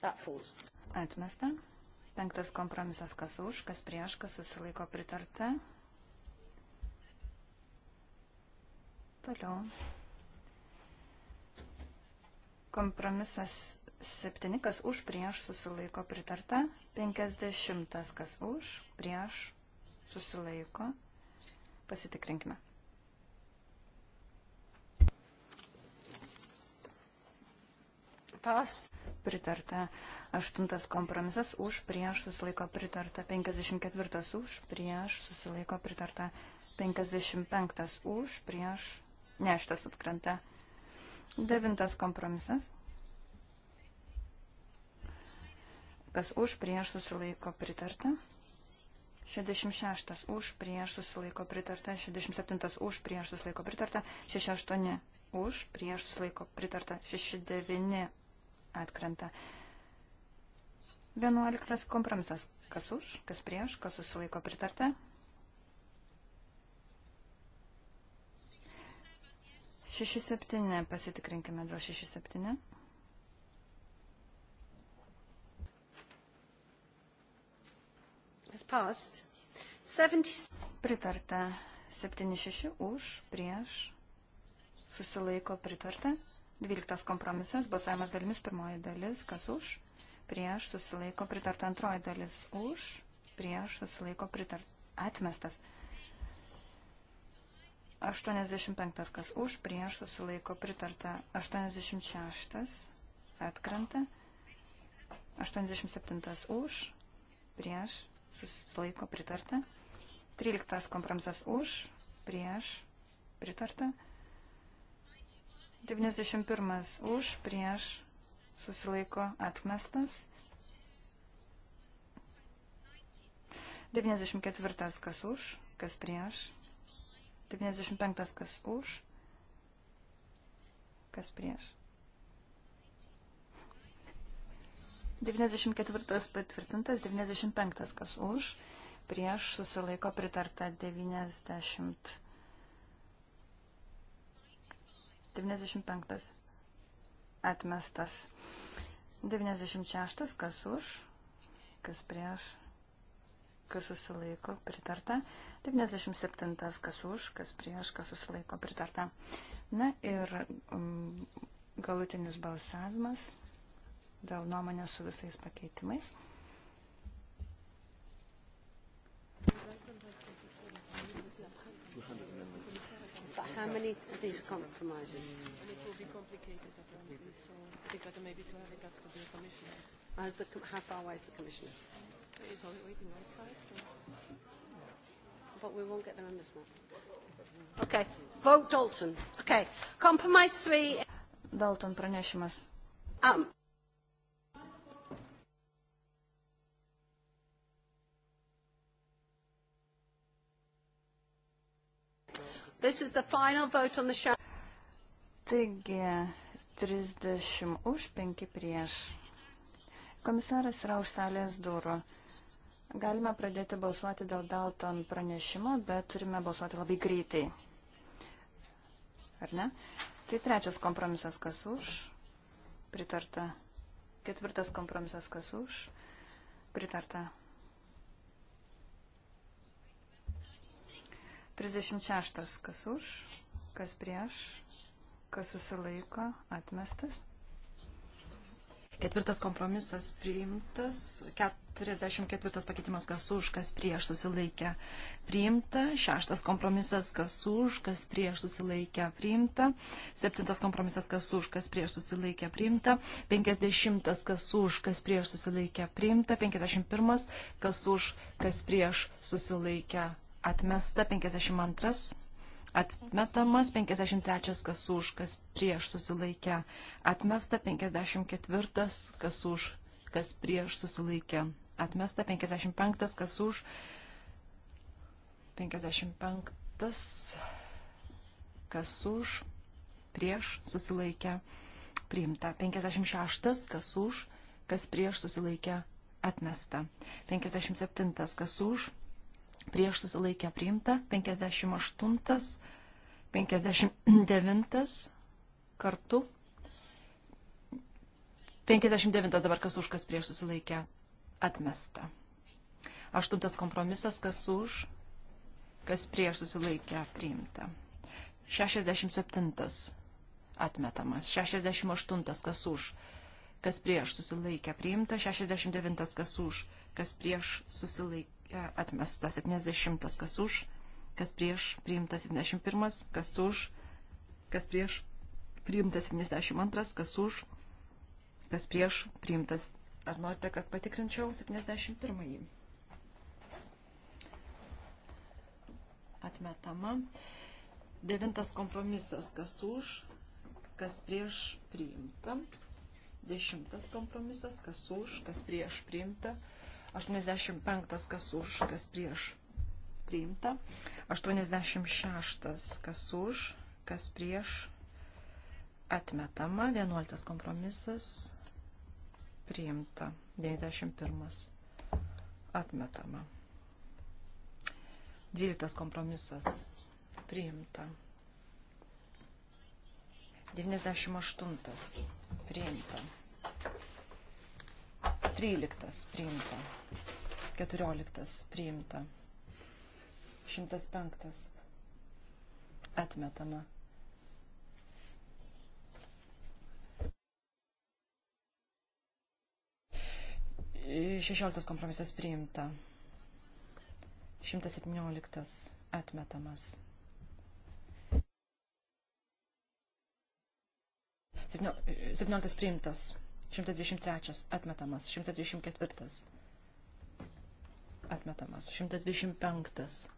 That falls. Atmesta. Penktas kompromisas kas už, kas prieš, kas susilaiko pritarta. Toliau. Kompromisas septyni, kas už, prieš, susilaiko pritarta. Penkiasdešimtas, kas už, prieš, susilaiko. Pasitikrinkime. Pas pritarta. Aštuntas kompromisas už prieš susilaiko pritarta. 54 už prieš susilaiko pritarta. 55 už prieš neštas atkrenta. Devintas kompromisas. Kas už prieš susilaiko pritarta. 66 už prieš susilaiko pritarta, 67 už prieš susilaiko pritarta, 68 už prieš susilaiko pritarta, 69 atkrenta. 11 kompromisas. Kas už, kas prieš, kas susilaiko pritarta. 6-7, pasitikrinkime dėl 6-7. Pritarta 7-6 už, prieš, susilaiko pritarta. 12 kompromisas, balsavimas dalimis, pirmoji dalis, kas už, prieš, susilaiko pritarta, antroji dalis už, prieš, susilaiko pritarta, atmestas. 85, kas už, prieš, susilaiko pritarta, 86, atkrenta, 87 už, prieš, susilaiko pritarta, 13 kompromisas už, prieš, pritarta, 13 91 už, prieš, susilaiko atmestas. 94 kas už, kas prieš. 95 kas už, kas prieš. 94 patvirtintas, 95 kas už, prieš susilaiko pritarta 90. 95 atmestas. 96 kas už, kas prieš, kas susilaiko, pritarta. 97 kas už, kas prieš, kas susilaiko, pritarta. Na ir um, galutinis balsavimas dėl nuomonės su visais pakeitimais. How many of these compromises? And it will be complicated, apparently, so I think better maybe to have it after the commissioner. As the com how far away is the commissioner? He's only waiting outside, so... But we won't get the members now. Okay. Vote Dalton. Okay. Compromise three. Dalton pranešimas. Um. Taigi, 30 už, 5 prieš. Komisaras yra už salės durų. Galime pradėti balsuoti dėl Dalton pranešimo, bet turime balsuoti labai greitai. Ar ne? Tai trečias kompromisas, kas už. Pritarta. Ketvirtas kompromisas, kas už. Pritarta. 36. Kas už, kas prieš, kas susilaiko, atmestas. Ketvirtas kompromisas priimtas, 44 pakeitimas kas už, kas prieš susilaikę priimta, šeštas kompromisas kas už, kas prieš susilaikę priimta, septintas kompromisas kas už, kas prieš susilaikę priimta, penkisdešimtas kas už, kas prieš susilaikę priimta, penkisdešimt pirmas kas už, kas prieš susilaikę atmesta 52, atmetamas 53, kas už, kas prieš susilaikę, atmesta 54, kas už, kas prieš susilaikę, atmesta 55, kas už, 55, kas už, prieš susilaikę, priimta, 56, kas už, kas prieš susilaikę, atmesta, 57, kas už, prieš susilaikę priimta, 58, 59 kartu. 59 dabar kas už, kas prieš susilaikę atmesta. Aštuntas kompromisas, kas už, kas prieš susilaikę priimta. 67 atmetamas, 68 kas už, kas prieš susilaikę priimta, 69 kas už, kas prieš susilaikę E, atmesta 70, kas už, kas prieš, priimta 71, kas už, kas prieš, priimta 72, kas už, kas prieš, priimtas. Ar norite, kad patikrinčiau 71? Atmetama. Devintas kompromisas, kas už, kas prieš, priimta. Dešimtas kompromisas, kas už, kas prieš, priimta. Priimta. 85 kas už, kas prieš priimta. 86 kas už, kas prieš atmetama. 11 kompromisas priimta. 91 atmetama. 12 kompromisas priimta. 98 priimta. 13 priimta. 14 priimta. 105 atmetama. Šešioliktas kompromisas priimta. 117 atmetamas. 17 priimtas. 123 atmetamas, 124 atmetamas, 125.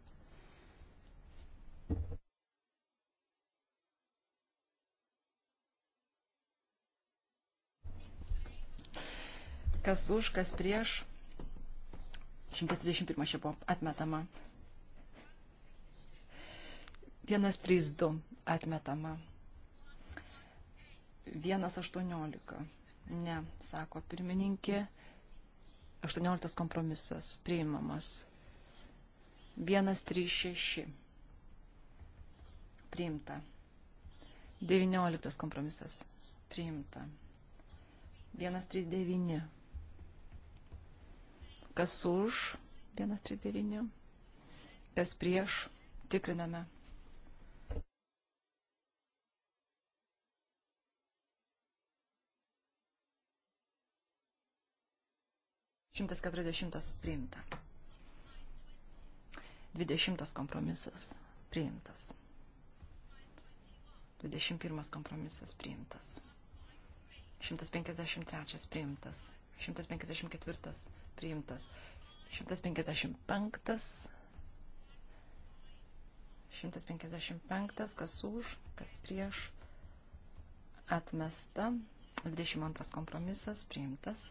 Kas už, kas prieš. 131 čia buvo atmetama. 132 atmetama. 118 Ne, sako pirmininkė. 18 kompromisas priimamas. 136. Priimta. 19 kompromisas. Priimta. 139. Kas už? 139. Kas prieš? Tikriname. 140 priimta. 20 kompromisas priimtas. 21 kompromisas priimtas. 153 priimtas. 154 priimtas. 155. 155, kas už, kas prieš, atmesta. 22 kompromisas priimtas.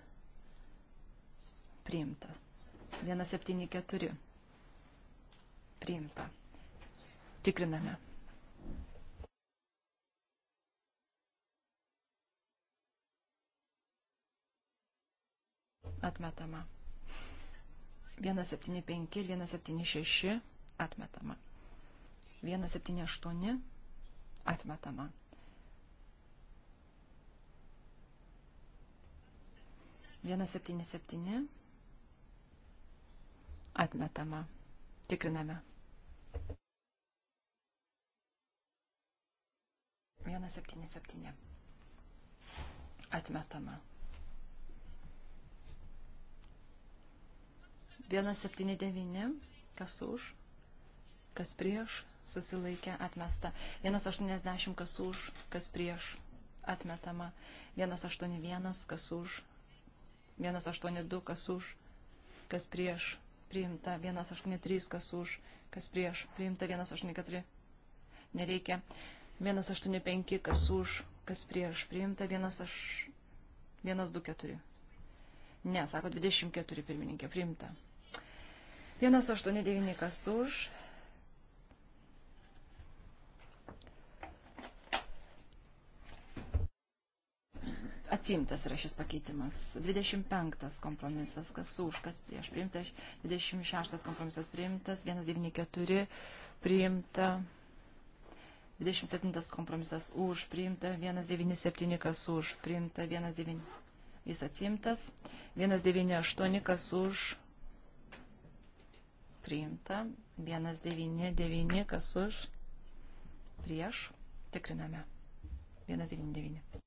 priimta. 174 priimta. Tikriname. Atmetama. 175 ir 176 atmetama. 178 atmetama. 177 atmetama. Tikriname. Vienas septyni septyni. Atmetama. Vienas septyni devyni. Kas už? Kas prieš? Susilaikė atmesta. Vienas aštuoniasdešimt. Kas už? Kas prieš? Atmetama. Vienas aštuoni vienas. Kas už? Vienas aštuoni du. Kas už? Kas prieš? priimta 183, kas už, kas prieš, priimta 184, nereikia, 185, kas už, kas prieš, priimta 124. Ne, sako 24 pirmininkė, priimta. 189, kas už, Atsimtas yra šis pakeitimas. 25 kompromisas, kas už, kas prieš priimtas. 26 kompromisas priimtas, 194 priimta. 27 kompromisas už priimta, 197 kas už priimta, 19 jis atsimtas, 198 kas už priimta, 199 kas už prieš tikriname. 199.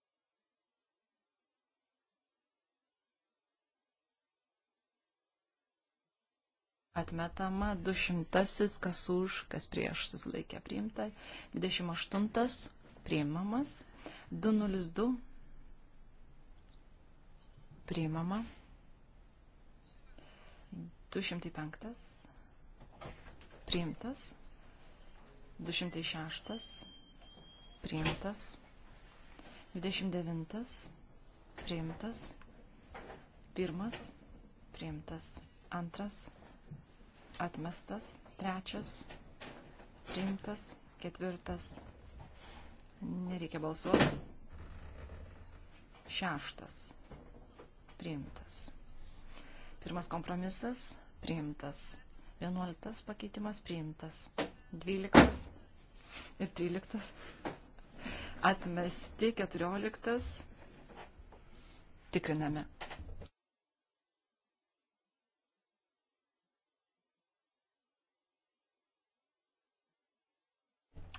atmetama, 200 kas už, kas prieš susilaikė priimta, 28 priimamas, 202 priimama, 205 priimtas, 206 priimtas, 29 priimtas, pirmas priimtas, antras priimtas atmestas, trečias, priimtas, ketvirtas, nereikia balsuoti, šeštas, priimtas. Pirmas kompromisas, priimtas. Vienuoliktas pakeitimas, priimtas. Dvyliktas ir tryliktas, atmesti, keturioliktas, tikriname.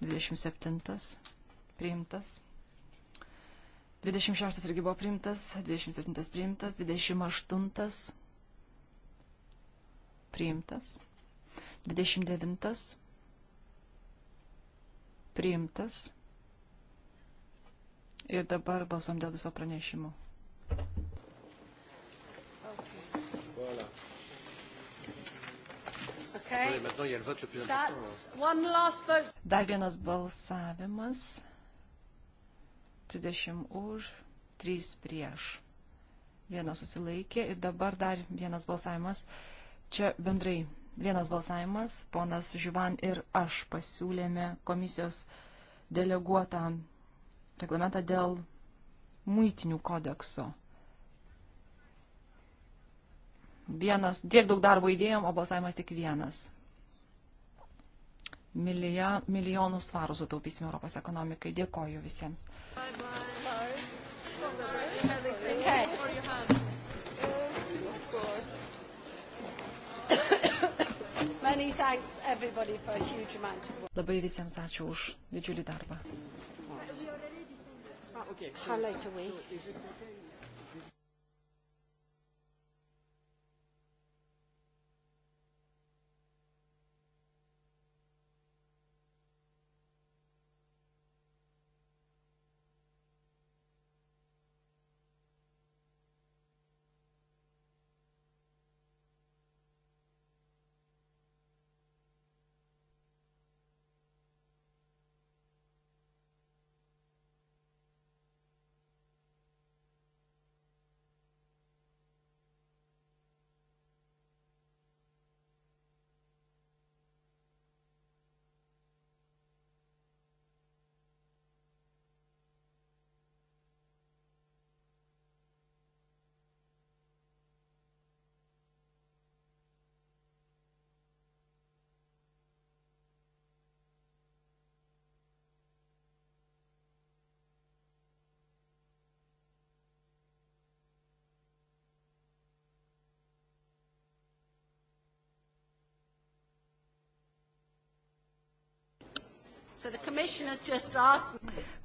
27 priimtas. 26 irgi buvo priimtas, 27 priimtas, 28 priimtas, 29 priimtas. Ir dabar balsom dėl viso pranešimo. Okay. Dar vienas balsavimas. 30 už, 3 prieš. Vienas susilaikė ir dabar dar vienas balsavimas. Čia bendrai vienas balsavimas. Ponas Žyvan ir aš pasiūlėme komisijos deleguotą reglamentą dėl muitinių kodekso. vienas, tiek daug darbo įdėjom, o balsavimas tik vienas. Milija, milijonų svarų sutaupysime Europos ekonomikai. Dėkoju visiems. Labai visiems ačiū už didžiulį darbą. Ah, okay. so, How late are we? So is it okay?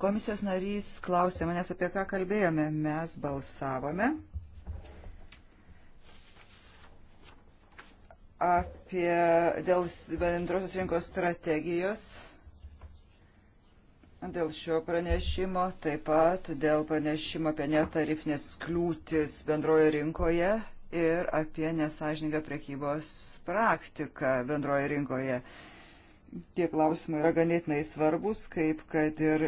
Komisijos narys klausė manęs, apie ką kalbėjome. Mes balsavome apie dėl bendrosios rinkos strategijos, dėl šio pranešimo, taip pat dėl pranešimo apie netarifinės kliūtis bendroje rinkoje ir apie nesažininką prekybos praktiką bendroje rinkoje tie klausimai yra ganėtinai svarbus, kaip kad ir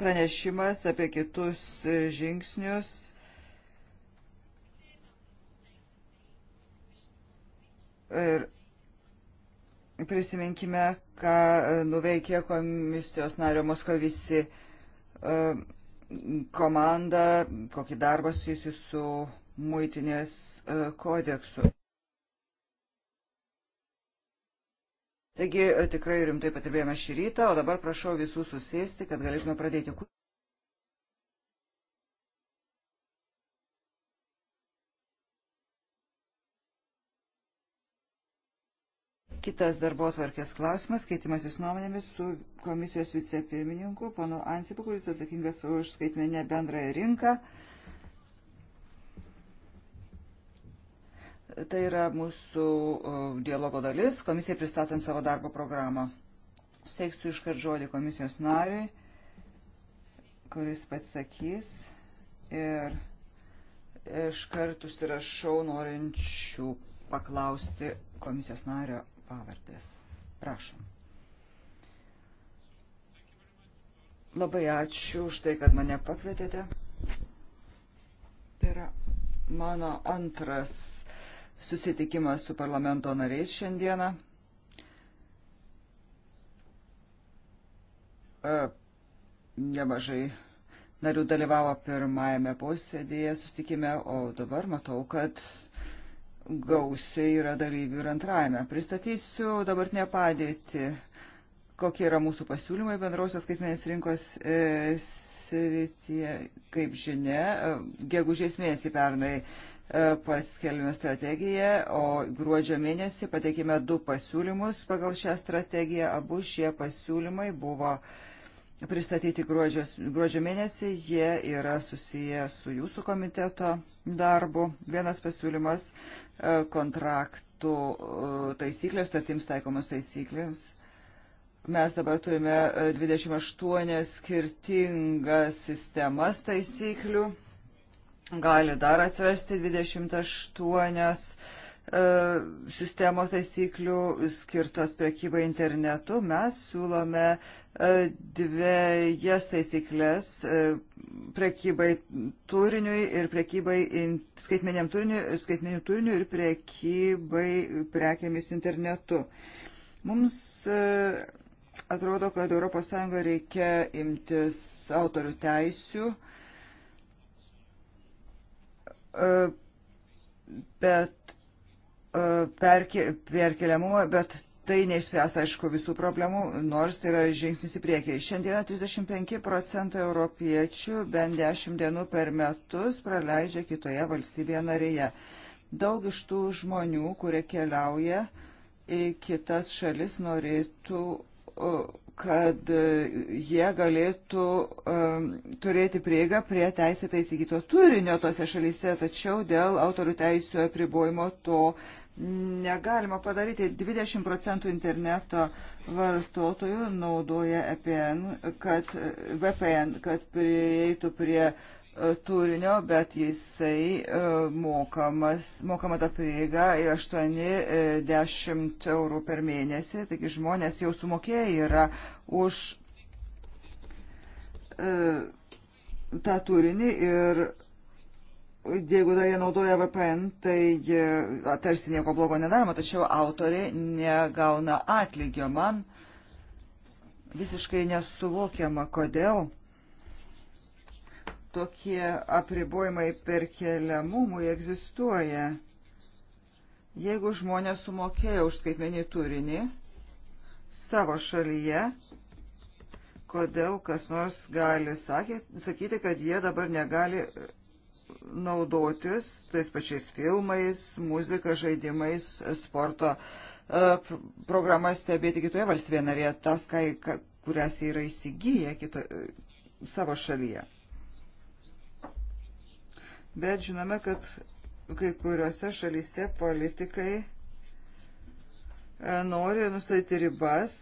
pranešimas apie kitus žingsnius. Ir prisiminkime, ką nuveikė komisijos nario Moskovisi e, komanda, kokį darbą susijusi su muitinės e, kodeksu. Taigi e, tikrai rimtai patirbėjome šį rytą, o dabar prašau visų susėsti, kad galėtume pradėti. Kitas darbo tvarkės klausimas, keitimasis nuomonėmis su komisijos vicepirmininku, panu Ansipu, kuris atsakingas už skaitmenę bendrąją rinką. Tai yra mūsų dialogo dalis, komisija pristatant savo darbo programą. Seiksiu iškart žodį komisijos nariui, kuris pats sakys. Ir iškart užsirašau norinčių paklausti komisijos nario pavardės. Prašom. Labai ačiū už tai, kad mane pakvietėte. Tai yra mano antras susitikimas su parlamento nariais šiandieną. E, nemažai narių dalyvavo pirmajame posėdėje sustikime, o dabar matau, kad gausiai yra dalyvių ir antrajame. Pristatysiu dabartinę padėtį, kokie yra mūsų pasiūlymai bendrosios skaitmenės rinkos e, srityje. Kaip žinia, e, gegužės mėnesį pernai E, paskelbėme strategiją, o gruodžio mėnesį pateikėme du pasiūlymus pagal šią strategiją. Abu šie pasiūlymai buvo pristatyti gruodžio, gruodžio mėnesį, jie yra susiję su jūsų komiteto darbu. Vienas pasiūlymas e, kontraktų e, taisyklės, statims taikomus taisyklėms. Mes dabar turime 28 skirtingas sistemas taisyklių gali dar atsirasti 28 e, sistemos taisyklių skirtos prekybai internetu, mes siūlome e, dviejas taisyklės e, prekybai turiniui ir prekybai skaitmeniam turiniui, skaitmeniu turiniui ir prekybai prekiamis internetu. Mums atrodo, kad ES reikia imtis autorių teisių E, bet e, perkeliamumą, bet tai neišspręs, aišku, visų problemų, nors tai yra žingsnis į priekį. Šiandieną 35 procentai europiečių bent 10 dienų per metus praleidžia kitoje valstybėje narėje. Daug iš tų žmonių, kurie keliauja į kitas šalis, norėtų uh, kad e, jie galėtų um, turėti prieigą prie teisėtai įsigyto turinio tose šalyse, tačiau dėl autorių teisų apribojimo to negalima padaryti. 20 procentų interneto vartotojų naudoja EPN, kad, VPN, kad prieitų prie uh, turinio, bet jisai e, mokamas, mokama ta prieiga 8-10 e, eurų per mėnesį, taigi žmonės jau sumokėję yra už e, tą turinį ir jeigu dar jie naudoja VPN, tai tarsi nieko blogo nedaroma, tačiau autoriai negauna atlygio. Man visiškai nesuvokiama, kodėl tokie apribojimai perkeliamumui egzistuoja. Jeigu žmonės sumokėjo už skaitmenį turinį savo šalyje, kodėl kas nors gali sakyti, kad jie dabar negali e, naudotis tais pačiais filmais, muzika, žaidimais, sporto e, programas stebėti kitoje valstybėje narėje, tas, kai, kurias yra įsigiję kito, e, savo šalyje bet žinome, kad kai kuriuose šalyse politikai e, nori nustatyti ribas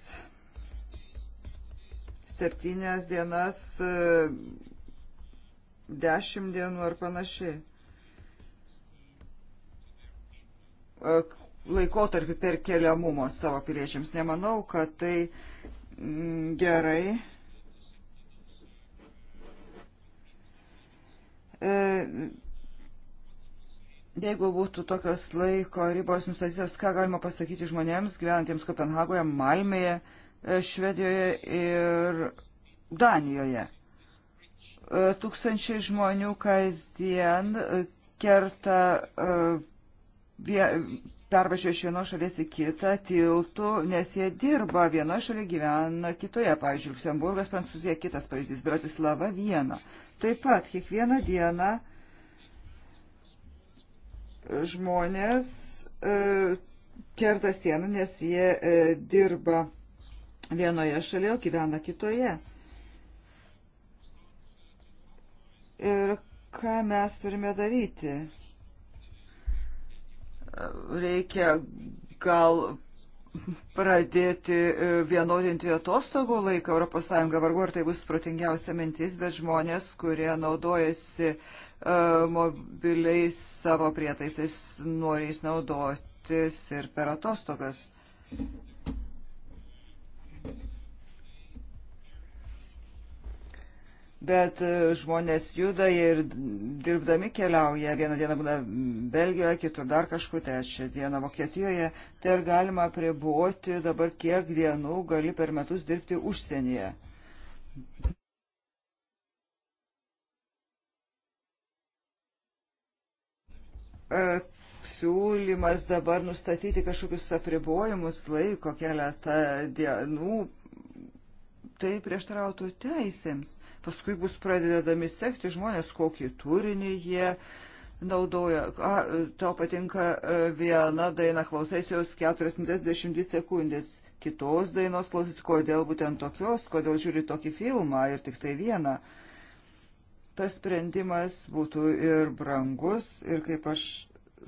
septynias dienas, e, dešimt dienų ar panašiai. E, laikotarpį per keliamumo savo piliečiams. Nemanau, kad tai gerai E, jeigu būtų tokios laiko ribos nustatytos, ką galima pasakyti žmonėms gyvenantiems Kopenhagoje, Malmėje, e, Švedijoje ir Danijoje. E, tūkstančiai žmonių kasdien kerta pervažiuoja iš vienos šalies į kitą tiltų, nes jie dirba vienoje šalyje, gyvena kitoje, pavyzdžiui, Luksemburgas, Prancūzija, kitas pavyzdys, Bratislava viena. Taip pat kiekvieną dieną e, žmonės e, kerta sieną, nes jie e, dirba vienoje šalyje, o gyvena kitoje. Ir ką mes turime daryti? reikia gal pradėti e, vienodinti atostogų laiką ES, vargu ar tai bus protingiausia mintis, bet žmonės, kurie naudojasi e, mobiliais savo prietaisais, nori jais naudotis ir per atostogas. bet e, žmonės juda ir dirbdami keliauja. Vieną dieną būna Belgijoje, kitur dar kažkur, trečią dieną Vokietijoje. Tai ar galima priboti dabar, kiek dienų gali per metus dirbti užsienyje? E, siūlymas dabar nustatyti kažkokius apribojimus laiko keletą dienų tai prieštarautų teisėms. Paskui bus pradedami sekti žmonės, kokį turinį jie naudoja. A, tau patinka e, viena daina, klausaisi jos 40 sekundės, kitos dainos klausaisi, kodėl būtent tokios, kodėl žiūri tokį filmą ir tik tai vieną. Tas sprendimas būtų ir brangus, ir kaip aš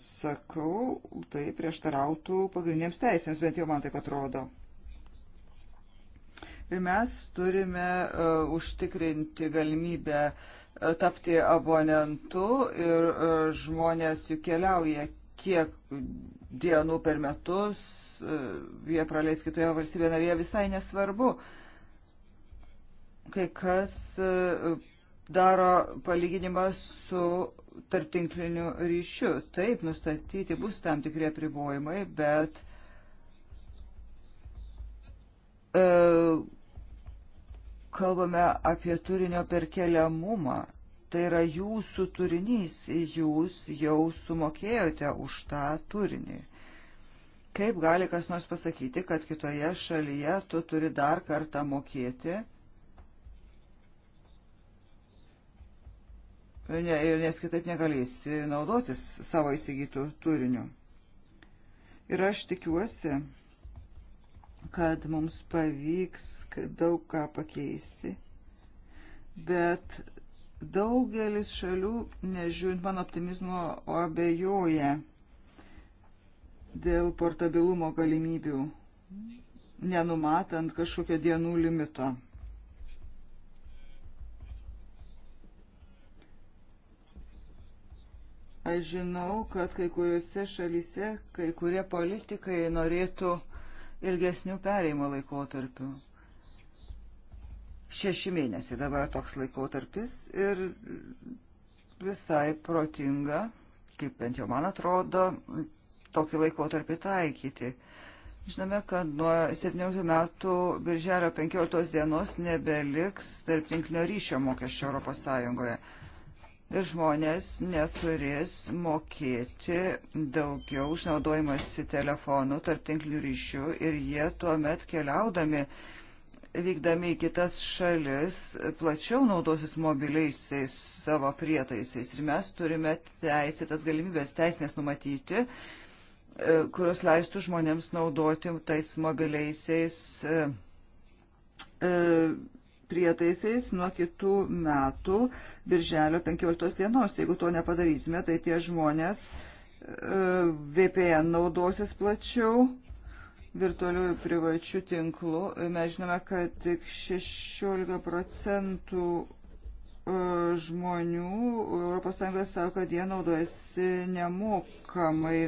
sakau, tai prieštarautų pagrindiniams teisėms, bent jau man taip atrodo. Ir tai mes turime uh, užtikrinti galimybę e, tapti abonentu ir uh, žmonės juk keliauja kiek dienų per metus jie praleis kitoje valstybėje narėje, visai nesvarbu. Kai kas daro palyginimą su tarptinkliniu ryšiu. Taip, nustatyti bus tam tikrie pribojimai, bet e, kalbame apie turinio perkeliamumą. Tai yra jūsų turinys, jūs jau sumokėjote už tą turinį. Kaip gali kas nors pasakyti, kad kitoje šalyje tu turi dar kartą mokėti? Ne, nes kitaip negalėsi naudotis savo įsigytų turiniu. Ir aš tikiuosi, kad mums pavyks daug ką pakeisti. Bet daugelis šalių, nežiūrint mano optimizmo, abejoja dėl portabilumo galimybių, nenumatant kažkokio dienų limito. Aš žinau, kad kai kuriuose šalyse kai kurie politikai norėtų uh, ilgesnių pereimo laikotarpių. Šeši mėnesiai dabar toks laikotarpis ir visai protinga, kaip bent jau man atrodo, tokį laikotarpį taikyti. Žinome, kad nuo 17 metų birželio 15 dienos nebeliks tarp tinklinio ryšio mokesčio Europos Sąjungoje žmonės neturės mokėti daugiau išnaudojimasi telefonų tarp tinklių ryšių ir jie tuomet keliaudami, vykdami į kitas šalis, plačiau naudosis mobiliaisiais savo prietaisiais. Ir mes turime teisėtas galimybės teisinės numatyti, e, kurios leistų žmonėms naudoti tais mobiliaisiais e, e, prietaisais nuo kitų metų, birželio 15 dienos. Jeigu to nepadarysime, tai tie žmonės e, VPN naudosis plačiau virtualiųjų privačių tinklų. Mes žinome, kad tik 16 procentų e, žmonių ES sako, kad jie naudojasi nemokamai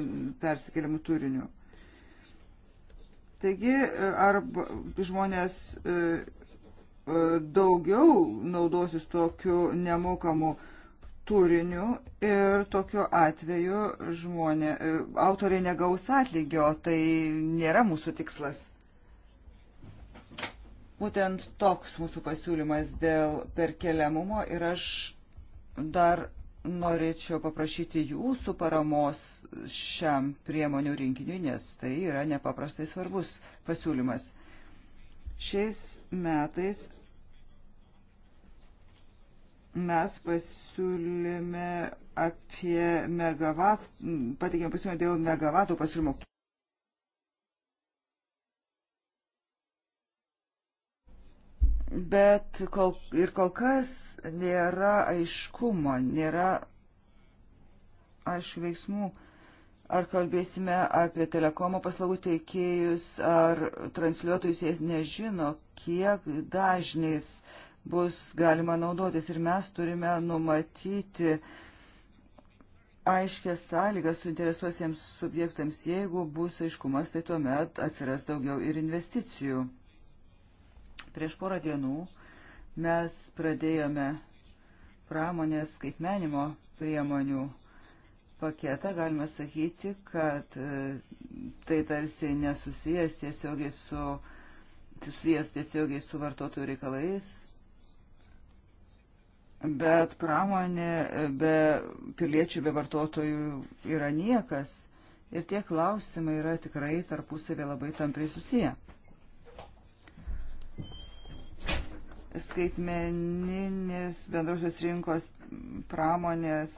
persikeliamų turinių. Taigi, e, ar žmonės E, daugiau naudosis tokiu nemokamu turiniu ir tokiu atveju žmonė, e, autoriai negaus atlygio, tai nėra mūsų tikslas. Būtent toks mūsų pasiūlymas dėl perkeliamumo ir aš dar norėčiau paprašyti jūsų paramos šiam priemonių rinkiniui, nes tai yra nepaprastai svarbus pasiūlymas. Šiais metais mes pasiūlėme apie megavat, pateikėme pasiūlymą dėl megavatų pasiūlymo. Bet kol, ir kol kas nėra aiškumo, nėra aišku veiksmų Ar kalbėsime apie telekomo paslaugų teikėjus, ar transliuotojus, jie nežino, kiek dažniais bus galima naudotis. Ir mes turime numatyti aiškę sąlygą suinteresuosiems subjektams. Jeigu bus aiškumas, tai tuomet atsiras daugiau ir investicijų. Prieš porą dienų mes pradėjome pramonės skaitmenimo priemonių paketą, galima sakyti, kad e, tai tarsi nesusijęs tiesiogiai su, susijęs tiesiogiai su vartotojų reikalais, bet pramonė e, be piliečių, be vartotojų yra niekas. Ir tie klausimai yra tikrai tarpusavė labai tampriai susiję. Skaitmeninis bendrosios rinkos pramonės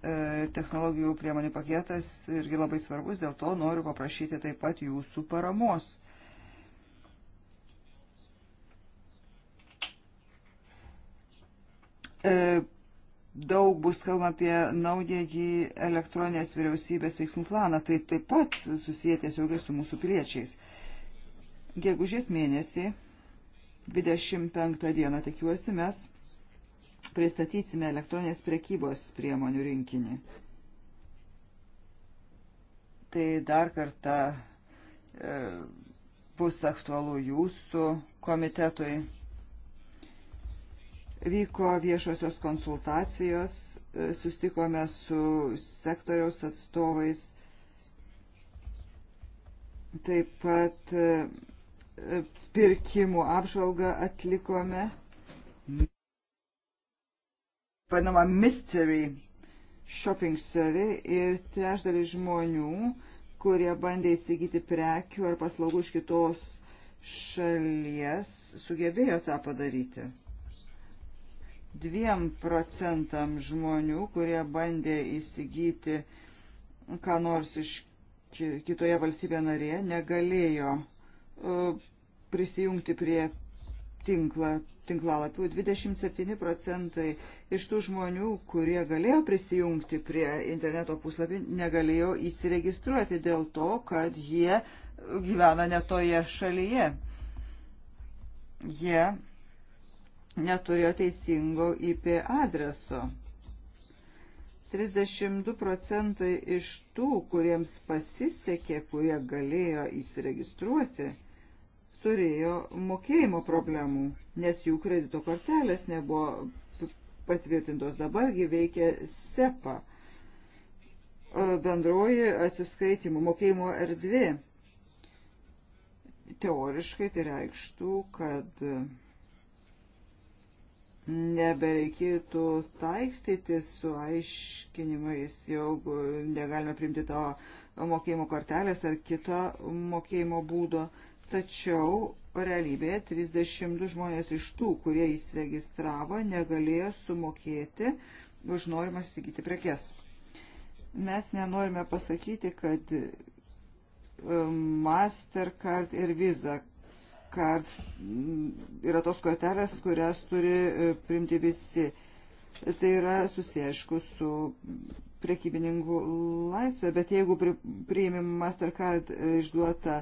E, technologijų priemonių paketas irgi labai svarbus, dėl to noriu paprašyti taip pat jūsų paramos. E, daug bus kalbama apie naująjį elektroninės vyriausybės veiksmų planą, tai taip pat susiję tiesiogiai su mūsų piliečiais. Gegužės mėnesį, 25 dieną tikiuosi, mes pristatysime elektroninės prekybos priemonių rinkinį. Tai dar kartą e, bus aktualu jūsų komitetui. Vyko viešosios konsultacijos, e, sustikome su sektoriaus atstovais, taip pat e, pirkimų apžvalgą atlikome. E, vadinamą mystery shopping survey ir trešdalis žmonių, kurie bandė įsigyti prekių ar paslaugų iš kitos šalies, sugebėjo tą padaryti. Dviem procentam žmonių, kurie bandė įsigyti ką nors iš kitoje valstybėje narėje, negalėjo e, prisijungti prie tinklą tinklalapių 27 procentai iš tų žmonių, kurie galėjo prisijungti prie interneto puslapį, negalėjo įsiregistruoti dėl to, kad jie gyvena netoje šalyje. Jie neturėjo teisingo IP adreso. 32 procentai iš tų, kuriems pasisekė, kurie galėjo įsiregistruoti, turėjo mokėjimo problemų, nes jų kredito kortelės nebuvo patvirtintos. Dabargi veikia SEPA e, bendroji atsiskaitimo mokėjimo erdvė. Teoriškai tai reikštų, kad nebereikėtų taikstyti su aiškinimais, jog negalime priimti to mokėjimo kortelės ar kito mokėjimo būdo. Uh, Tačiau realybėje 32 žmonės iš tų, kurie įsiregistravo, negalėjo sumokėti už norimą įsigyti prekes. Mes nenorime pasakyti, kad um, Mastercard ir Visa Card mm, yra tos kortelės, kurias turi e, primti visi. Tai yra susiešku su prekybininkų laisvė, bet jeigu priimim Mastercard e, išduotą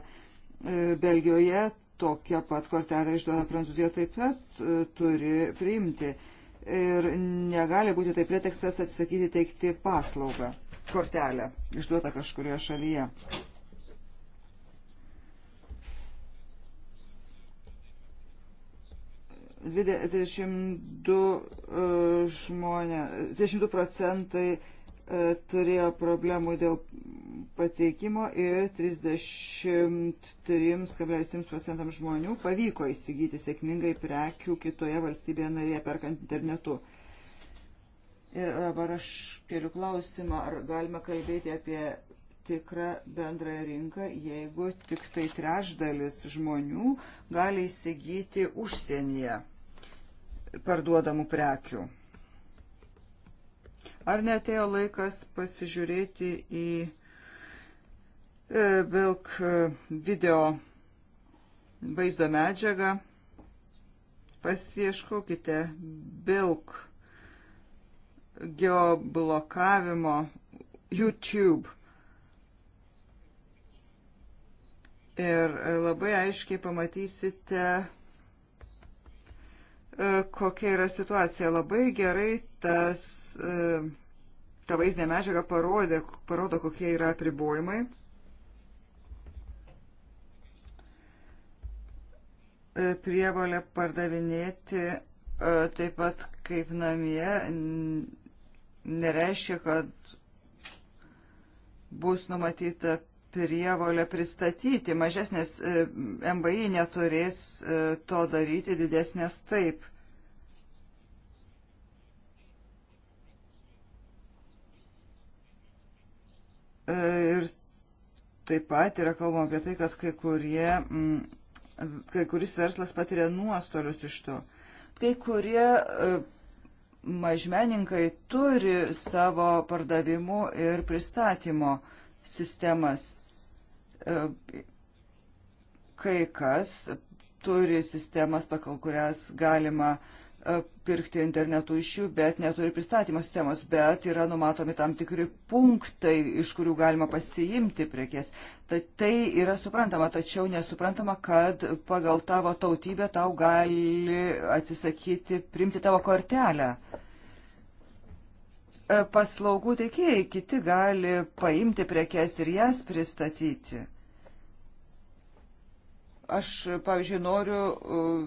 E, Belgijoje tokią pat kortelę išduoda Prancūzija taip pat e, turi priimti. Ir negali būti tai pretekstas atsisakyti teikti paslaugą, kortelę išduotą kažkurioje šalyje. Dvide, 32 e, žmonė, 32 procentai E, turėjo problemų dėl pateikimo ir 33,3 procentams žmonių pavyko įsigyti sėkmingai prekių kitoje valstybėje narėje perkant internetu. Ir dabar aš keliu klausimą, ar galime kalbėti apie tikrą bendrąją rinką, jeigu tik tai trešdalis žmonių gali įsigyti užsienyje parduodamų prekių. Ar netėjo laikas pasižiūrėti į Bilk e, e, video vaizdo medžiagą? Pasieškokite Bilk geoblokavimo YouTube. Ir labai aiškiai pamatysite, e, kokia yra situacija. Labai gerai tas, e, ta vaizdinė medžiaga parodė, parodo, kokie yra apribojimai. E, prievolė pardavinėti e, taip pat kaip namie nereiškia, kad bus numatyta prievolę pristatyti, mažesnės MVI neturės to daryti, didesnės taip. Ir taip pat yra kalbama apie tai, kad kai, kurie, mm, kai kuris verslas patiria nuostolius iš to. Kai kurie e, mažmeninkai turi savo pardavimų ir pristatymo sistemas. E, kai kas turi sistemas, pakal kurias galima uh, pirkti internetu iš jų, bet neturi pristatymo sistemos, bet yra numatomi tam tikri punktai, iš kurių galima pasiimti prekes. Tai, tai yra suprantama, tačiau nesuprantama, kad pagal tavo tautybę tau gali atsisakyti primti tavo kortelę. E, paslaugų teikėjai kiti gali paimti prekes ir jas pristatyti Aš, pavyzdžiui, noriu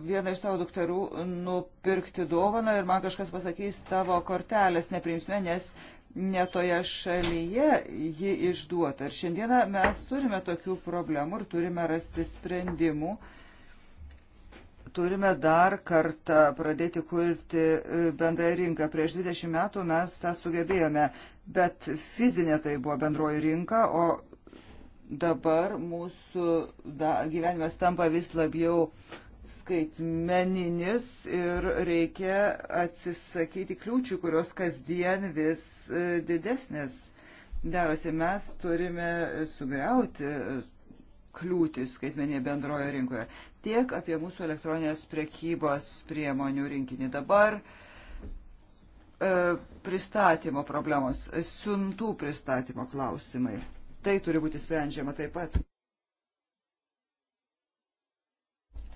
vieną iš savo dukterų nupirkti dovaną ir man kažkas pasakys, tavo kortelės neprimsime, nes ne toje šalyje ji išduota. Ir šiandieną mes turime tokių problemų ir turime rasti sprendimų. Turime dar kartą pradėti kurti e, bendrąją rinką. Prieš 20 metų mes tą sugebėjome, bet fizinė tai buvo bendroji rinka, o dabar mūsų da, gyvenimas tampa vis labiau skaitmeninis ir reikia atsisakyti kliūčių, kurios kasdien vis e, didesnės darosi. Mes turime sugriauti kliūtis skaitmenėje bendroje rinkoje. Tiek apie mūsų elektroninės prekybos priemonių rinkinį dabar e, pristatymo problemos, siuntų pristatymo klausimai. Tai turi būti sprendžiama taip pat.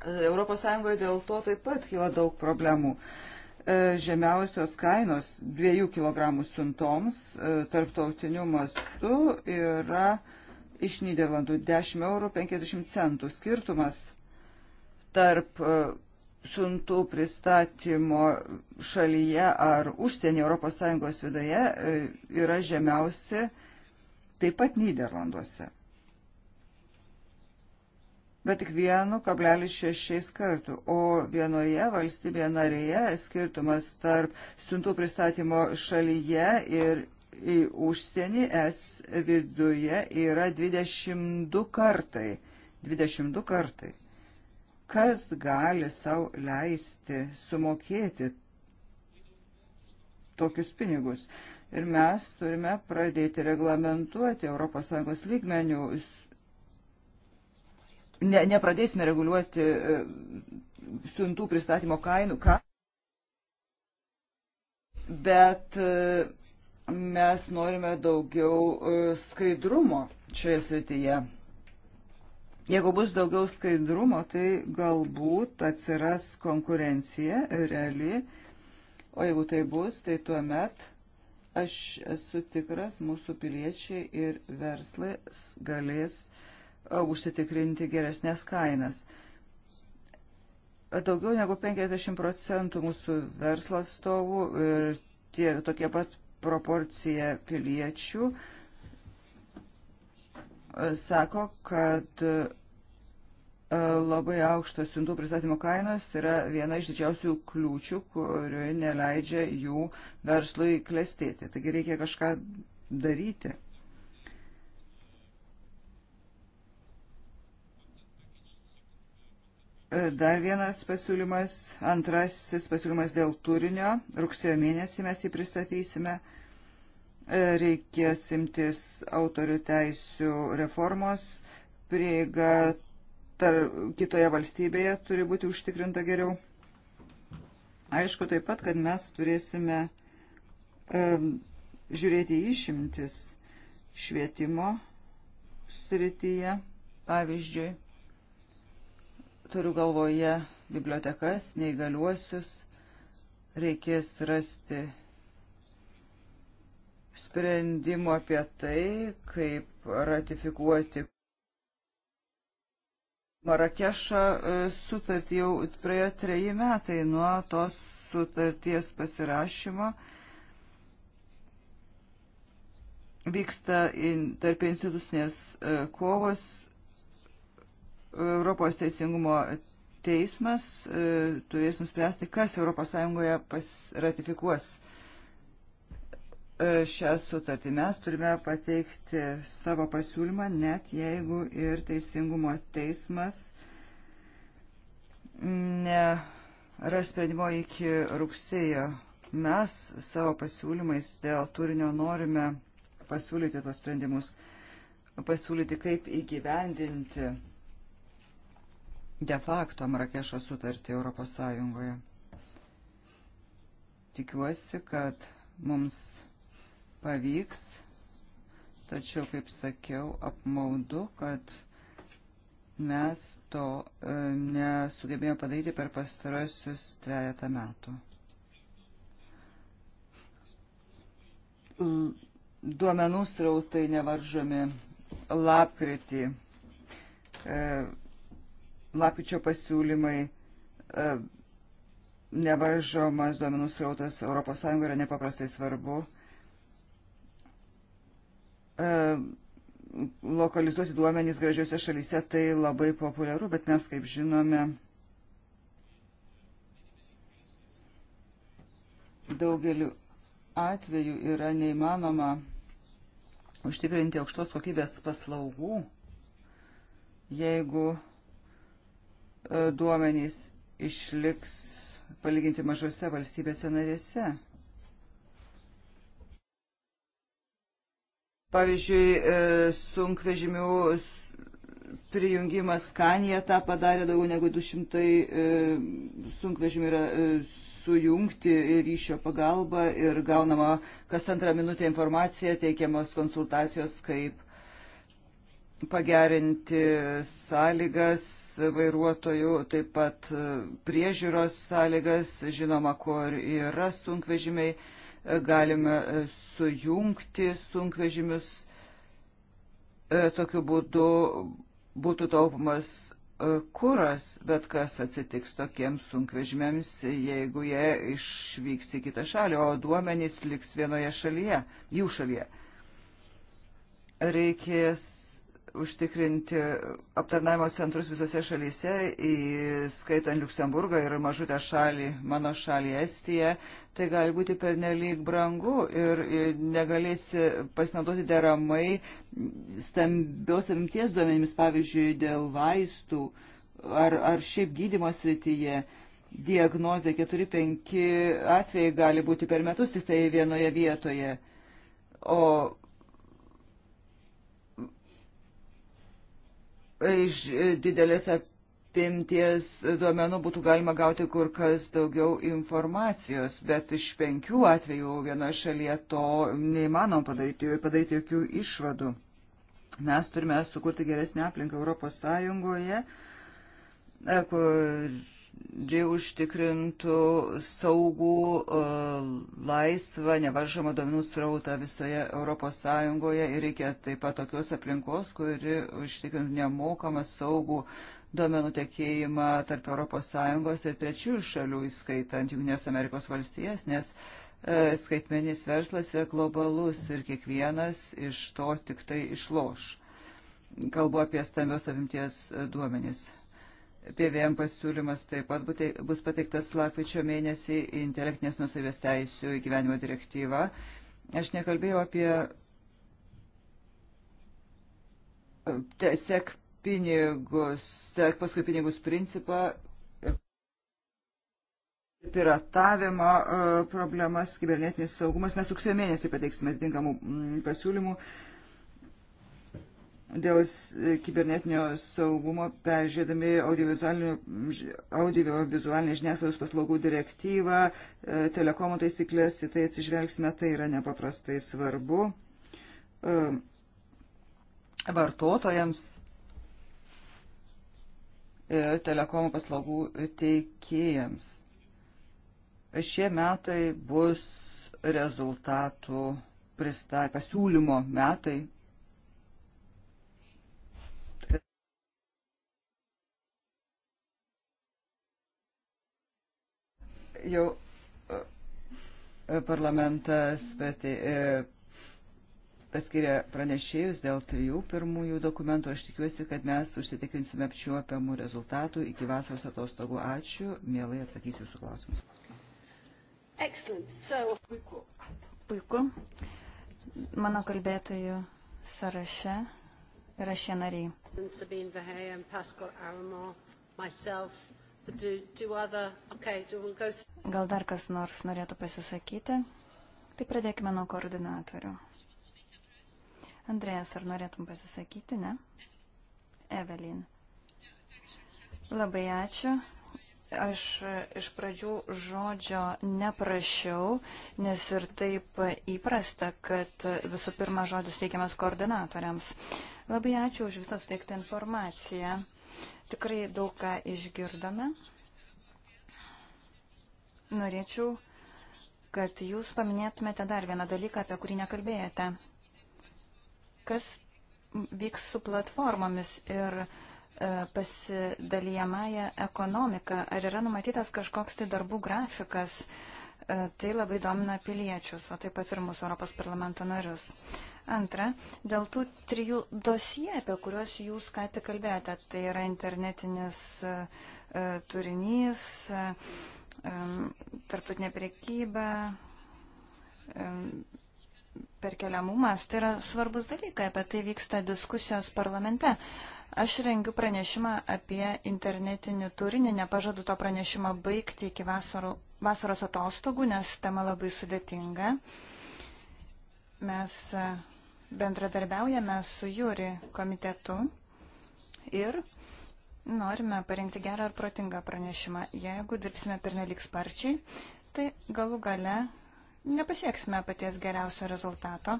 ES dėl to taip pat kyla daug problemų. E, žemiausios kainos 2 kg siuntoms e, tarptautiniu mastu yra iš Niderlandų 10 eurų 50 centų skirtumas tarp e, siuntų pristatymo šalyje ar užsienį ES viduje yra žemiausi taip pat Niderlanduose. Bet tik 1,6 kartų, o vienoje valstybėje narėje skirtumas tarp siuntų pristatymo šalyje ir į užsienį es viduje yra 22 kartai. 22 kartai. Kas gali savo leisti sumokėti tokius pinigus? Ir mes turime pradėti reglamentuoti ES lygmenių. Ne, nepradėsime reguliuoti e, siuntų pristatymo kainų, ką. Bet e, mes norime daugiau e, skaidrumo šioje srityje. Jeigu bus daugiau skaidrumo, tai galbūt atsiras konkurencija reali, o jeigu tai bus, tai tuo met Aš esu tikras, mūsų piliečiai ir verslai galės užsitikrinti geresnės kainas. Daugiau negu 50 procentų mūsų verslo atstovų ir tie, tokie pat proporcija piliečių sako, kad E, labai aukštos siuntų pristatymo kainos yra viena iš didžiausių kliūčių, kuri neleidžia jų verslui klestėti. Taigi reikia kažką daryti. E, dar vienas pasiūlymas, antrasis pasiūlymas dėl turinio. Rugsėjo mėnesį mes jį pristatysime e, reikės imtis autorių teisių reformos, prieiga tar, kitoje valstybėje turi būti užtikrinta geriau. Aišku taip pat, kad mes turėsime um, žiūrėti išimtis švietimo srityje, pavyzdžiui, turiu galvoje bibliotekas, neįgaliuosius, reikės rasti sprendimų apie tai, kaip ratifikuoti Marakešo e, sutartį jau praėjo treji metai nuo tos sutarties pasirašymo. Vyksta in, tarp institucinės e, kovos. Europos teisingumo teismas e, turės nuspręsti, kas ES ratifikuos E, šią sutartį. Mes turime pateikti savo pasiūlymą, net jeigu ir Teisingumo teismas neras sprendimo iki rugsėjo. Mes savo pasiūlymais dėl turinio norime pasiūlyti tos sprendimus, pasiūlyti kaip įgyvendinti de facto Marakešo sutartį Europos Sąjungoje. Tikiuosi, kad mums pavyks, tačiau, kaip sakiau, apmaudu, kad mes to e, nesugebėjome padaryti per pastarosius trejata metų. Duomenų srautai nevaržomi lapkritį. E, lapkričio pasiūlymai e, nevaržomas duomenų srautas ES yra nepaprastai svarbu. E, E, lokalizuoti duomenys gražiuose šalyse tai labai populiaru, bet mes, kaip žinome, daugeliu atveju yra neįmanoma užtikrinti aukštos kokybės paslaugų, jeigu e, duomenys išliks palyginti mažose valstybėse narėse. Pavyzdžiui, e, sunkvežimių prijungimas Kanija tą padarė, daugiau negu 200 e, sunkvežimių yra e, sujungti ryšio pagalba ir gaunama kas antrą minutę informacija, teikiamos konsultacijos, kaip pagerinti sąlygas vairuotojų, taip pat priežiūros sąlygas, žinoma, kur yra sunkvežimiai galime sujungti sunkvežimius. E, tokiu būdu būtų taupomas e, kuras, bet kas atsitiks tokiems sunkvežimėms, jeigu jie išvyks į kitą šalį, o duomenys liks vienoje šalyje, jų šalyje. Reikės užtikrinti aptarnaimo centrus visose šalyse, įskaitant Luksemburgą ir mažutę šalį, mano šalį Estiją, tai gali būti pernelyg brangu ir negalėsi pasinaudoti deramai stambios apimties duomenimis, pavyzdžiui, dėl vaistų ar, ar šiaip gydimo srityje. Diagnozė 4-5 atvejai gali būti per metus tik tai vienoje vietoje. O iš didelės apimties duomenų būtų galima gauti kur kas daugiau informacijos, bet iš penkių atvejų vienoje šalyje to neįmanom padaryti ir padaryti jokių išvadų. Mes turime sukurti geresnę aplinką Europos Sąjungoje, kur kuri užtikrintų saugų, e, laisvą, nevaržomą duomenų srautą visoje ES ir reikia taip pat tokios aplinkos, kuri užtikrintų nemokamą saugų duomenų tekėjimą tarp ES ir trečiųjų šalių, įskaitant Junktinės Amerikos valstijas, nes e, skaitmenis verslas yra globalus ir kiekvienas iš to tik tai išloš. Kalbu apie stambios apimties e, duomenis. PVM pasiūlymas taip pat bus pateiktas lapkričio mėnesį intelektinės nusavės teisų įgyvenimo direktyva. Aš nekalbėjau apie sek pinigus, sek paskui pinigus principą, piratavimo e, problemas, kibernetinis saugumas. Mes rugsėjo mėnesį pateiksime atitinkamų pasiūlymų. Mm, dėl e, kibernetinio saugumo peržiūrėdami audiovizualinės žiniasklaidos paslaugų direktyvą, e, telekomo taisyklės, į tai atsižvelgsime, tai yra nepaprastai svarbu e, vartotojams ir telekomo paslaugų teikėjams. Šie metai bus rezultatų pristatymų pasiūlymo metai, jau e, parlamentas e, paskiria pranešėjus dėl trijų pirmųjų dokumentų. Aš tikiuosi, kad mes užsitikrinsime apčiuopiamų rezultatų iki vasaros atostogų. Ačiū, mielai atsakysiu jūsų klausimus. So... Puiku. Puiku. Mano kalbėtojų sąraše yra šie nariai. Sabine Verheyen, Pascal Aramon, myself, Do, do other, okay, do we'll go... Gal dar kas nors norėtų pasisakyti? Tai pradėkime nuo koordinatorių. Andrėjas, ar norėtum pasisakyti, ne? Evelin. Labai ačiū. Aš iš pradžių žodžio neprašiau, nes ir taip įprasta, kad visų pirma žodis teikiamas koordinatoriams. Labai ačiū už visą suteiktą informaciją. Tikrai daug ką išgirdome. Norėčiau, kad jūs paminėtumėte dar vieną dalyką, apie kurį nekalbėjote. Kas vyks su platformomis ir e, pasidalijamąją ekonomiką. Ar yra numatytas kažkoks tai darbų grafikas? E, tai labai domina piliečius, o taip pat ir mūsų Europos parlamento narius. Antra, dėl tų trijų dosie, apie kuriuos jūs ką tik kalbėjote, tai yra internetinis e, turinys, e, tarptautinė priekyba, e, perkeliamumas, tai yra svarbus dalykai, apie tai vyksta diskusijos parlamente. Aš rengiu pranešimą apie internetinį turinį, nepažadu to pranešimą baigti iki vasaro, vasaros atostogų, nes tema labai sudėtinga. Mes uh, bendradarbiaujame su jūri komitetu ir norime parengti gerą ir protingą pranešimą. Jeigu dirbsime pernelik sparčiai, tai galų gale nepasieksime paties geriausio rezultato.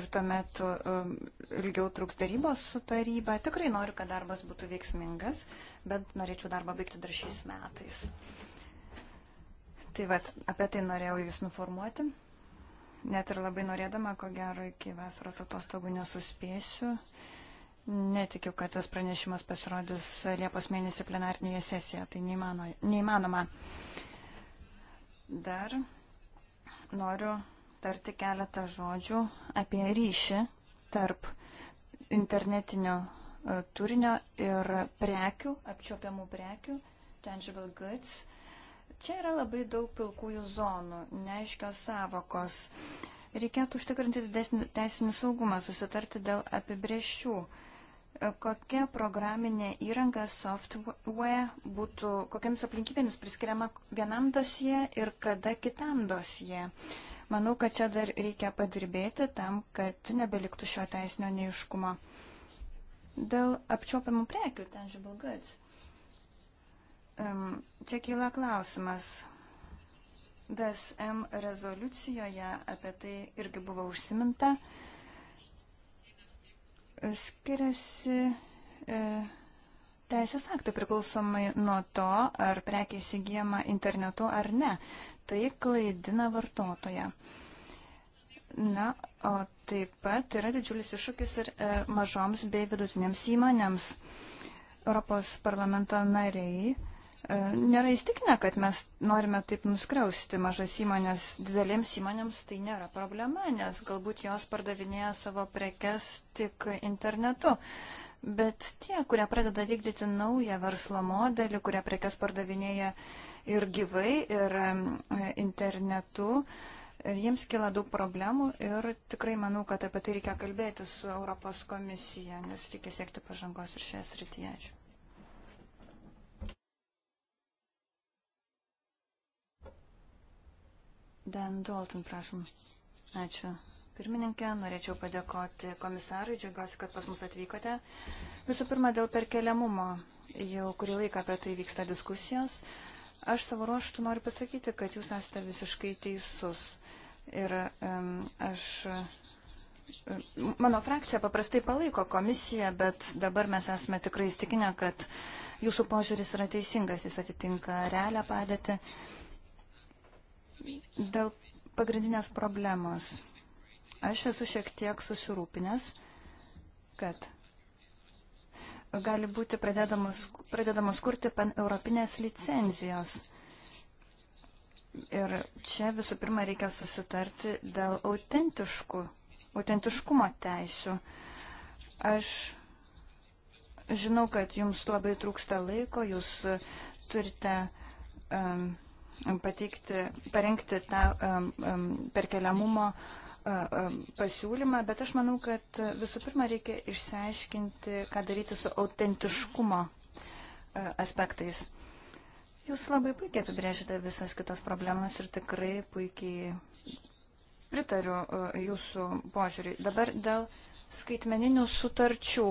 Ir tuomet um, ilgiau truks darybos su taryba. Tikrai noriu, kad darbas būtų veiksmingas, bet norėčiau darbą baigti dar šiais metais. Tai vat, apie tai norėjau Jūs nuformuoti. Net ir labai norėdama, ko gero, iki vasaros atostogų nesuspėsiu. Netikiu, kad tas pranešimas pasirodys Liepos mėnesį plenarnėje sesijoje. Tai neįmano, neįmanoma. Dar noriu tarti keletą žodžių apie ryšį tarp internetinio e, turinio ir prekių, apčiopiamų prekių, tangible goods. Čia yra labai daug pilkųjų zonų, neaiškios savokos. Reikėtų užtikrinti didesnį teisinį saugumą, susitarti dėl apibrieščių. Kokia programinė įranga, software būtų, kokiamis aplinkybėmis priskiriama vienam dosie ir kada kitam dosie. Manau, kad čia dar reikia padirbėti tam, kad nebeliktų šio teisinio neiškumo. Dėl apčiopiamų prekių, ten žibal goods. Čia kyla klausimas. DSM rezoliucijoje apie tai irgi buvo užsiminta. Skiriasi e, teisės aktų priklausomai nuo to, ar prekė įsigijama internetu ar ne. Tai klaidina vartotoje. Na, o taip pat yra didžiulis iššūkis ir e, mažoms bei vidutinėms įmonėms. Europos parlamento nariai e, E, nėra įstikinę, kad mes norime taip nuskriausti mažas įmonės. Didelėms įmonėms tai nėra problema, nes galbūt jos pardavinėja savo prekes tik internetu. Bet tie, kurie pradeda vykdyti naują verslo modelį, kurie prekes pardavinėja ir gyvai, ir internetu, e, jiems kila daug problemų ir tikrai manau, kad apie tai reikia kalbėti su Europos komisija, nes reikia siekti pažangos ir šioje srityje. Ačiū. Dan Dalton, prašom. Ačiū. Pirmininkė, norėčiau padėkoti komisarui, džiaugiuosi, kad pas mus atvykote. Visų pirma, dėl perkeliamumo. Jau kurį laiką apie tai vyksta diskusijos. Aš savo ruoštų noriu pasakyti, kad jūs esate visiškai teisus. Ir um, aš Mano frakcija paprastai palaiko komisiją, bet dabar mes esame tikrai įstikinę, kad jūsų požiūris yra teisingas, jis atitinka realią padėtį dėl pagrindinės problemos. Aš esu šiek tiek susirūpinęs, kad gali būti pradedamos, pradedamos kurti paneuropinės licenzijos. Ir čia visų pirma reikia susitarti dėl autentiškų, autentiškumo teisių. Aš žinau, kad jums labai trūksta laiko, jūs turite um, pateikti, parengti tą um, um, perkeliamumo um, pasiūlymą, bet aš manau, kad visų pirma reikia išsiaiškinti, ką daryti su autentiškumo aspektais. Jūs labai puikiai apibrėžite visas kitas problemas ir tikrai puikiai pritariu jūsų požiūriui. Dabar dėl skaitmeninių sutarčių.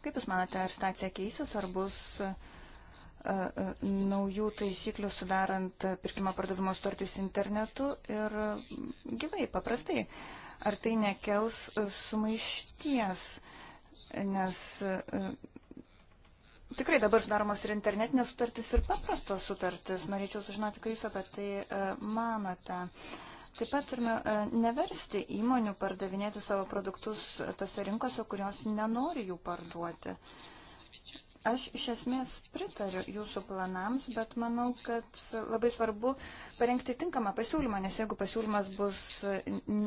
Kaip Jūs manote, ar situacija keisis, ar bus uh, naujų taisyklių sudarant pirkimo pardavimo sutartys internetu ir gyvai, paprastai. Ar tai nekels sumaišties, nes tikrai dabar sudaromos ir internetinės sutartys, ir paprastos sutartys. Norėčiau sužinoti, ką jūs apie tai manote. Taip pat turime neversti įmonių pardavinėti savo produktus tose rinkose, kurios nenori jų parduoti. Uh, Aš iš esmės pritariu jūsų planams, bet manau, kad labai svarbu parengti tinkamą pasiūlymą, nes jeigu pasiūlymas bus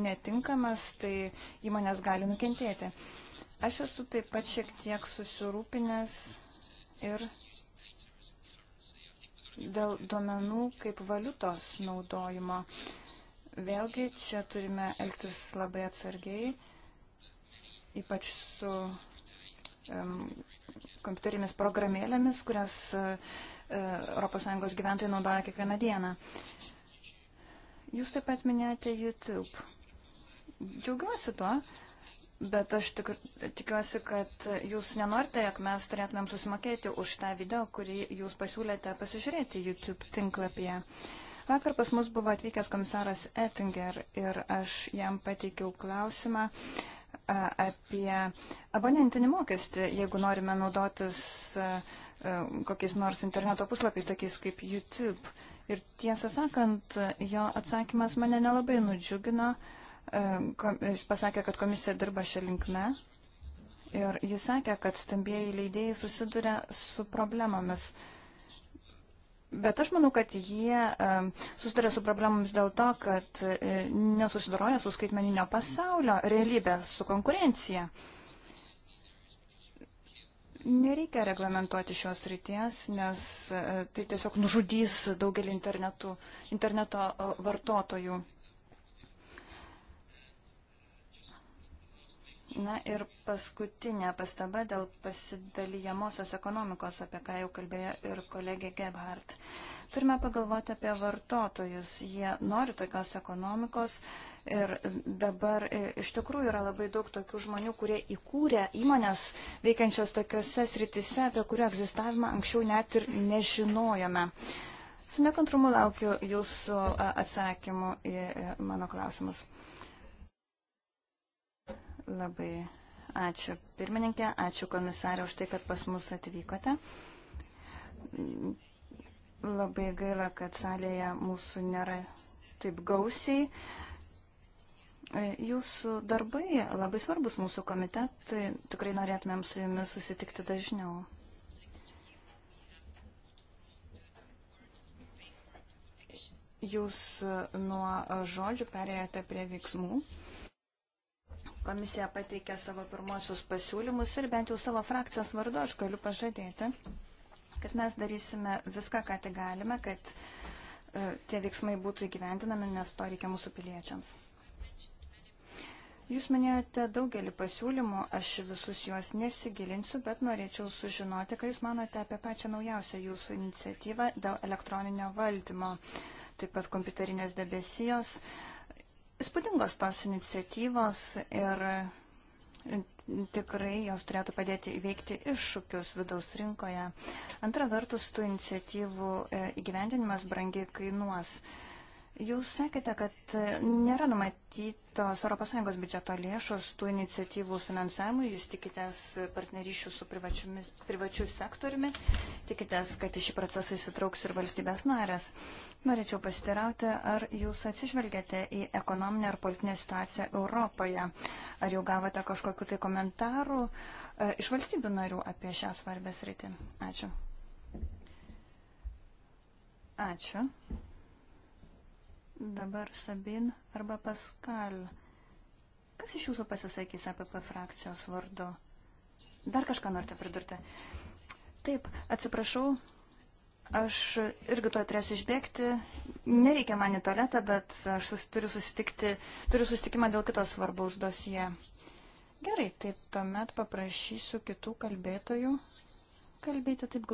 netinkamas, tai įmonės gali nukentėti. Aš esu taip pat šiek tiek susirūpinęs ir dėl duomenų kaip valiutos naudojimo. Vėlgi čia turime elgtis labai atsargiai, ypač su um, kompiuterinėmis programėlėmis, kurias ES e, gyventojai naudoja kiekvieną dieną. Jūs taip pat minėjote YouTube. Džiaugiuosi tuo, bet aš tik, tikiuosi, kad jūs nenorite, jog mes turėtumėm susimokėti už tą video, kurį jūs pasiūlėte pasižiūrėti YouTube tinklapyje. Vakar pas mus buvo atvykęs komisaras Ettinger ir aš jam pateikiau klausimą apie abonentinį mokestį, jeigu norime naudotis kokiais nors interneto puslapiais, tokiais kaip YouTube. Ir tiesą sakant, jo atsakymas mane nelabai nudžiugino. Jis pasakė, kad komisija dirba šią linkmę. Ir jis sakė, kad stambėjai leidėjai susiduria su problemomis. Uh, Bet aš manau, kad jie susiduria su problemams dėl to, kad e, nesusidaroja su skaitmeninio pasaulio realybė, su konkurencija. Nereikia reglamentuoti šios ryties, nes e, tai tiesiog nužudys daugelį interneto vartotojų. Na ir paskutinė pastaba dėl pasidalyjamosios ekonomikos, apie ką jau kalbėjo ir kolegė Gebhardt. Turime pagalvoti apie vartotojus. Jie nori tokios ekonomikos ir dabar e, iš tikrųjų yra labai daug tokių žmonių, kurie įkūrė įmonės veikiančias tokiuose sritise, apie kurių egzistavimą anksčiau net ir nežinojome. Su nekantrumu laukiu jūsų atsakymų į e, mano klausimus. Labai ačiū pirmininkė, ačiū komisarė už tai, kad pas mus atvykote. Labai gaila, kad salėje mūsų nėra taip gausiai. Jūsų darbai labai svarbus mūsų komitetui, tikrai norėtumėm su jumis susitikti dažniau. Jūs nuo žodžių perėjote prie veiksmų. Komisija pateikė savo pirmosius pasiūlymus ir bent jau savo frakcijos vardu aš galiu pažadėti, kad mes darysime viską, ką tik galime, kad e, tie veiksmai būtų įgyvendinami, nes to reikia mūsų piliečiams. Jūs minėjote daugelį pasiūlymų, aš visus juos nesigilinsiu, bet norėčiau sužinoti, ką Jūs manote apie pačią naujausią Jūsų iniciatyvą dėl elektroninio valdymo, taip pat kompiuterinės debesijos. Uh, Įspūdingos tos iniciatyvos ir tikrai jos turėtų padėti įveikti iššūkius vidaus rinkoje. Antra vertus, tų iniciatyvų e, įgyvendinimas brangiai kainuos. E, Jūs sakėte, kad nėra numatytos ES biudžeto lėšos tų iniciatyvų finansavimui, jūs tikitės partnerysčių su privačiu sektoriumi, tikitės, kad į šį procesą įsitrauks ir valstybės narės. Norėčiau pasitirauti, ar jūs atsižvelgėte į ekonominę ar politinę situaciją Europoje, ar jau gavote kažkokiu tai komentarų e, iš valstybių narių apie šią svarbę sritį. Ačiū. Ačiū dabar Sabin arba Paskal. Kas iš jūsų pasisakys APP frakcijos vardu? Dar kažką norite pridurti? Taip, atsiprašau, aš irgi tuo turėsiu išbėgti. Nereikia man į tualetą, bet aš sus, turiu, susitikti, turiu susitikimą dėl kitos svarbaus dosie. Gerai, tai tuomet paprašysiu kitų kalbėtojų kalbėti taip,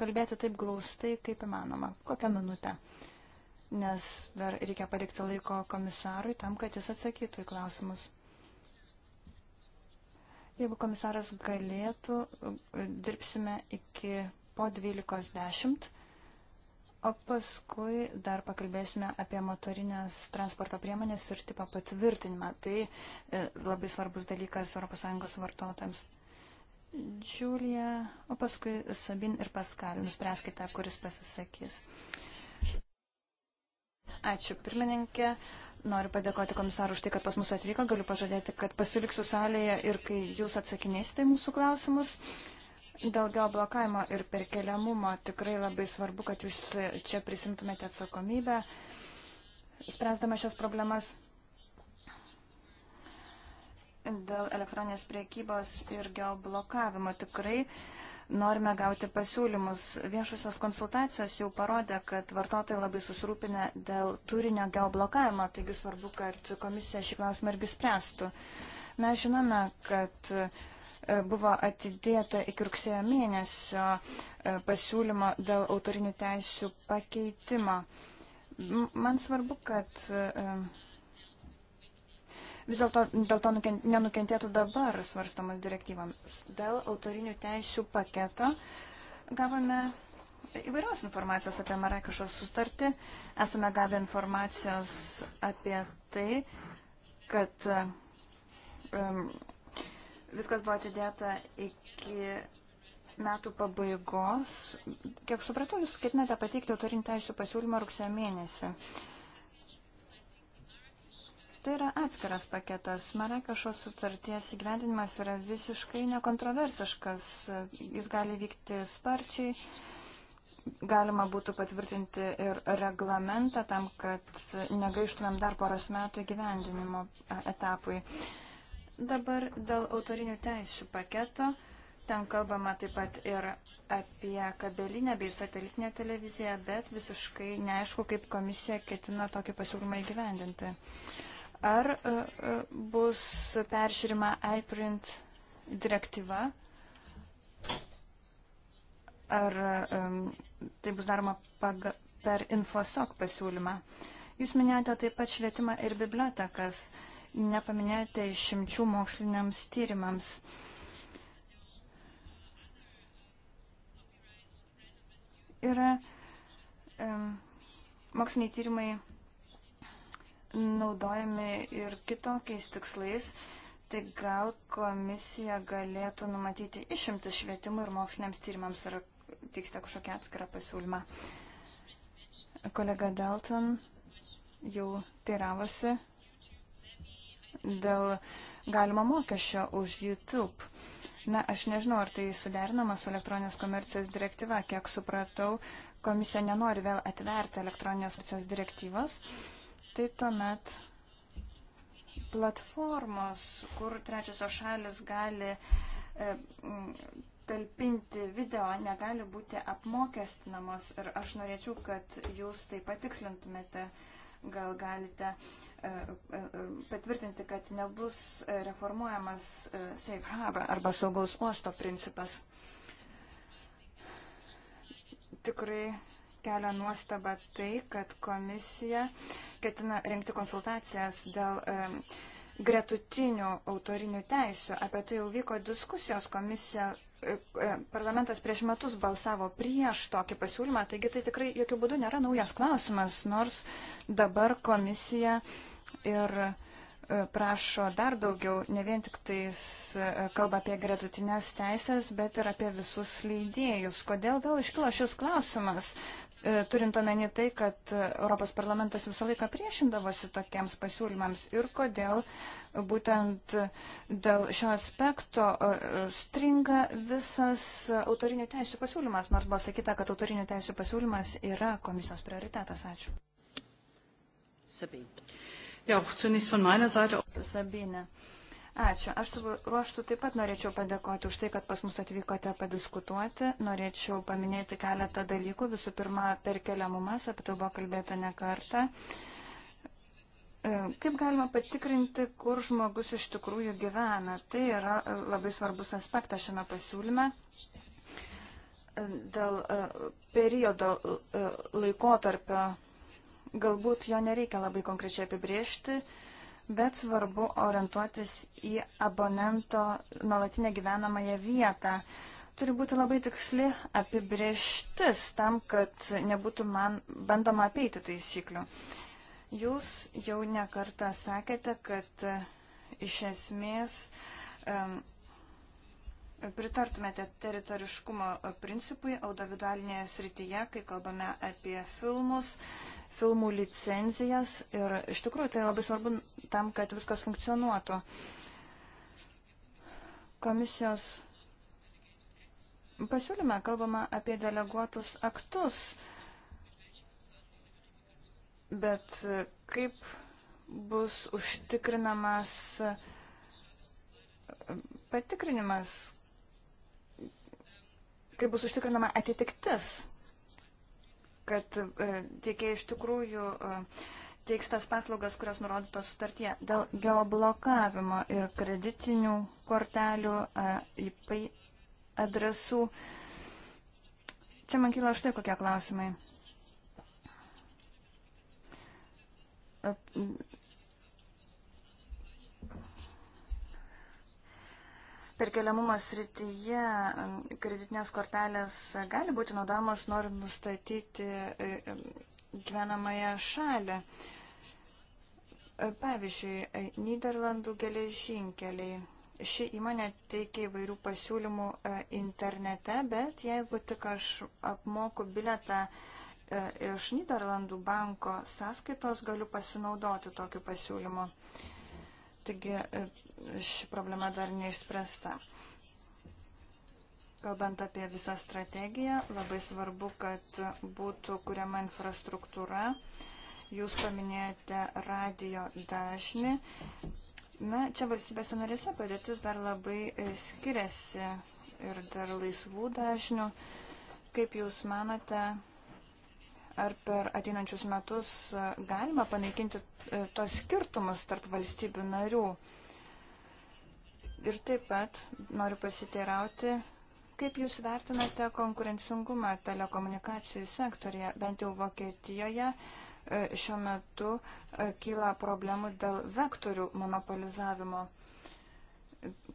kalbėti taip glaustai, kaip įmanoma. Kokią minutę? nes dar reikia palikti laiko komisarui tam, kad jis atsakytų į klausimus. Jeigu komisaras galėtų, dirbsime iki po 12.10, o paskui dar pakalbėsime apie motorinės transporto priemonės ir tipo patvirtinimą. Tai e, labai svarbus dalykas ES vartotojams. Džiulija, o paskui Sabin ir Paskal. Nuspręskite, kuris pasisakys. Ačiū pirmininkė. Noriu padėkoti komisaru už tai, kad pas mus atvyko. Galiu pažadėti, kad pasiliksiu salėje ir kai jūs atsakinėsite į mūsų klausimus. Dėl geoblokavimo ir perkeliamumo tikrai labai svarbu, kad jūs čia prisimtumėte atsakomybę, spręsdama šias problemas. Dėl elektroninės priekybos ir geoblokavimo tikrai uh, norime gauti pasiūlymus. Viešusios konsultacijos jau parodė, kad vartotojai labai susirūpinę dėl turinio geoblokavimo, taigi svarbu, kad komisija šį klausimą irgi spręstų. Mes žinome, kad e, buvo atidėta iki rugsėjo mėnesio e, pasiūlymo dėl autorinių teisių pakeitimo. Man svarbu, kad e, vis dėlto dėl to nenukentėtų dabar svarstamas direktyvams. Dėl autorinių teisių paketo gavome įvairios informacijos apie Marakešo sutartį. Esame gavę informacijos apie tai, kad um, viskas buvo atidėta iki metų pabaigos. Kiek supratau, jūs ketinate pateikti autorinių teisų pasiūlymą rugsėjo mėnesį. Uh, Tai yra atskiras paketas. Marekešo sutarties įgyvendinimas yra visiškai nekontroversiškas. Jis gali vykti sparčiai. Galima būtų patvirtinti ir reglamentą tam, kad negaištumėm dar poros metų įgyvendinimo etapui. Dabar dėl autorinių teisų paketo. Ten kalbama taip pat ir apie kabelinę bei satelitinę televiziją, bet visiškai neaišku, kaip komisija ketina tokį pasiūlymą įgyvendinti. Uh, Ar e, e, bus peržiūrima iPrint direktyva? Ar e, tai bus daroma per infosok pasiūlymą? Jūs minėjote taip pat švietimą ir bibliotekas, nepaminėjote išimčių moksliniams tyrimams. Yra um, moksliniai tyrimai naudojami ir kitokiais tikslais, tai gal komisija galėtų numatyti išimtis švietimui ir moksliniams tyrimams ar teiksite kažkokią atskirą pasiūlymą. Kolega Dalton jau teiravosi dėl galimo mokesčio už YouTube. Na, aš nežinau, ar tai suderinama su elektroninės komercijos direktyva. Kiek supratau, komisija nenori vėl atverti elektroninės komercijos direktyvos. Uh, tai tuomet platformos, kur trečiosios šalis gali e, talpinti video, negali būti apmokestinamos. Ir aš norėčiau, kad jūs tai patikslintumėte, gal galite e, e, e patvirtinti, kad nebus reformuojamas e, safe harbor arba saugaus uosto principas. Tikrai kelia nuostaba tai, kad komisija ketina rinkti konsultacijas dėl um, gretutinių autorinių teisių. Apie tai jau vyko diskusijos komisija. E, e, parlamentas prieš metus balsavo prieš tokį pasiūlymą, taigi tai tikrai jokių būdų nėra naujas klausimas, nors dabar komisija ir e, prašo dar daugiau, ne vien tik tais kalba apie gretutinės teisės, bet ir apie visus leidėjus. Kodėl vėl iškilo šis klausimas? E, turint omeny tai, kad Europos parlamentas visą laiką priešindavosi tokiems pasiūlymams ir kodėl būtent dėl šio aspekto e, stringa visas autorinių teisų pasiūlymas, nors buvo sakyta, kad autorinių teisų pasiūlymas yra komisijos prioritetas. Ačiū. Sabine. Ja, auch zunächst von meiner Seite. Sabine. Ačiū. Aš savo ruoštų taip pat norėčiau padėkoti už tai, kad pas mus atvykote padiskutuoti. Norėčiau paminėti keletą dalykų. Visų pirma, perkeliamumas, apie tai buvo kalbėta ne kartą. E, kaip galima patikrinti, kur žmogus iš tikrųjų gyvena? Tai yra e, labai svarbus aspektas šiame pasiūlyme. E, dėl periodo laikotarpio galbūt jo nereikia labai konkrečiai apibriežti bet svarbu orientuotis į abonento nuolatinę gyvenamąją vietą. Turi būti labai tiksli apibrieštis tam, kad nebūtų man bandoma apeiti taisyklių. Jūs jau nekartą sakėte, kad e, iš esmės pritartumėte teritoriškumo principui audiovizualinėje srityje, kai kalbame apie filmus, filmų licenzijas ir iš tikrųjų tai labai svarbu tam, kad viskas funkcionuotų. Komisijos pasiūlyme kalbama apie deleguotus aktus, bet kaip bus užtikrinamas patikrinimas, kaip bus užtikrinama atitiktis, kad e, tiekėjai iš tikrųjų e, teiks tas paslaugas, kurios nurodytos sutartie. Dėl geoblokavimo ir kreditinių kortelių, e, IP adresų. Čia man kyla štai kokie klausimai perkeliamumo srityje kreditinės kortelės gali būti naudojamos, norint nustatyti e, e, gyvenamąją šalį. E, pavyzdžiui, Niderlandų geležinkeliai. Ši įmonė teikia įvairių pasiūlymų internete, bet jeigu tik aš apmoku biletą iš Niderlandų banko sąskaitos, galiu pasinaudoti tokiu pasiūlymu. Taigi e, ši problema dar neišspręsta. Kalbant apie visą strategiją, labai svarbu, kad būtų kuriama infrastruktūra. Jūs paminėjote radio dažnį. Na, čia valstybėse narėse padėtis dar labai e, skiriasi ir dar laisvų dažnių. Kaip Jūs manote, ar per ateinančius metus e, galima panaikinti e, tos skirtumus tarp valstybių narių. Ir taip pat noriu pasiteirauti, kaip Jūs vertinate konkurencingumą telekomunikacijų sektorija, bent jau Vokietijoje e, šiuo metu kyla problemų dėl vektorių monopolizavimo.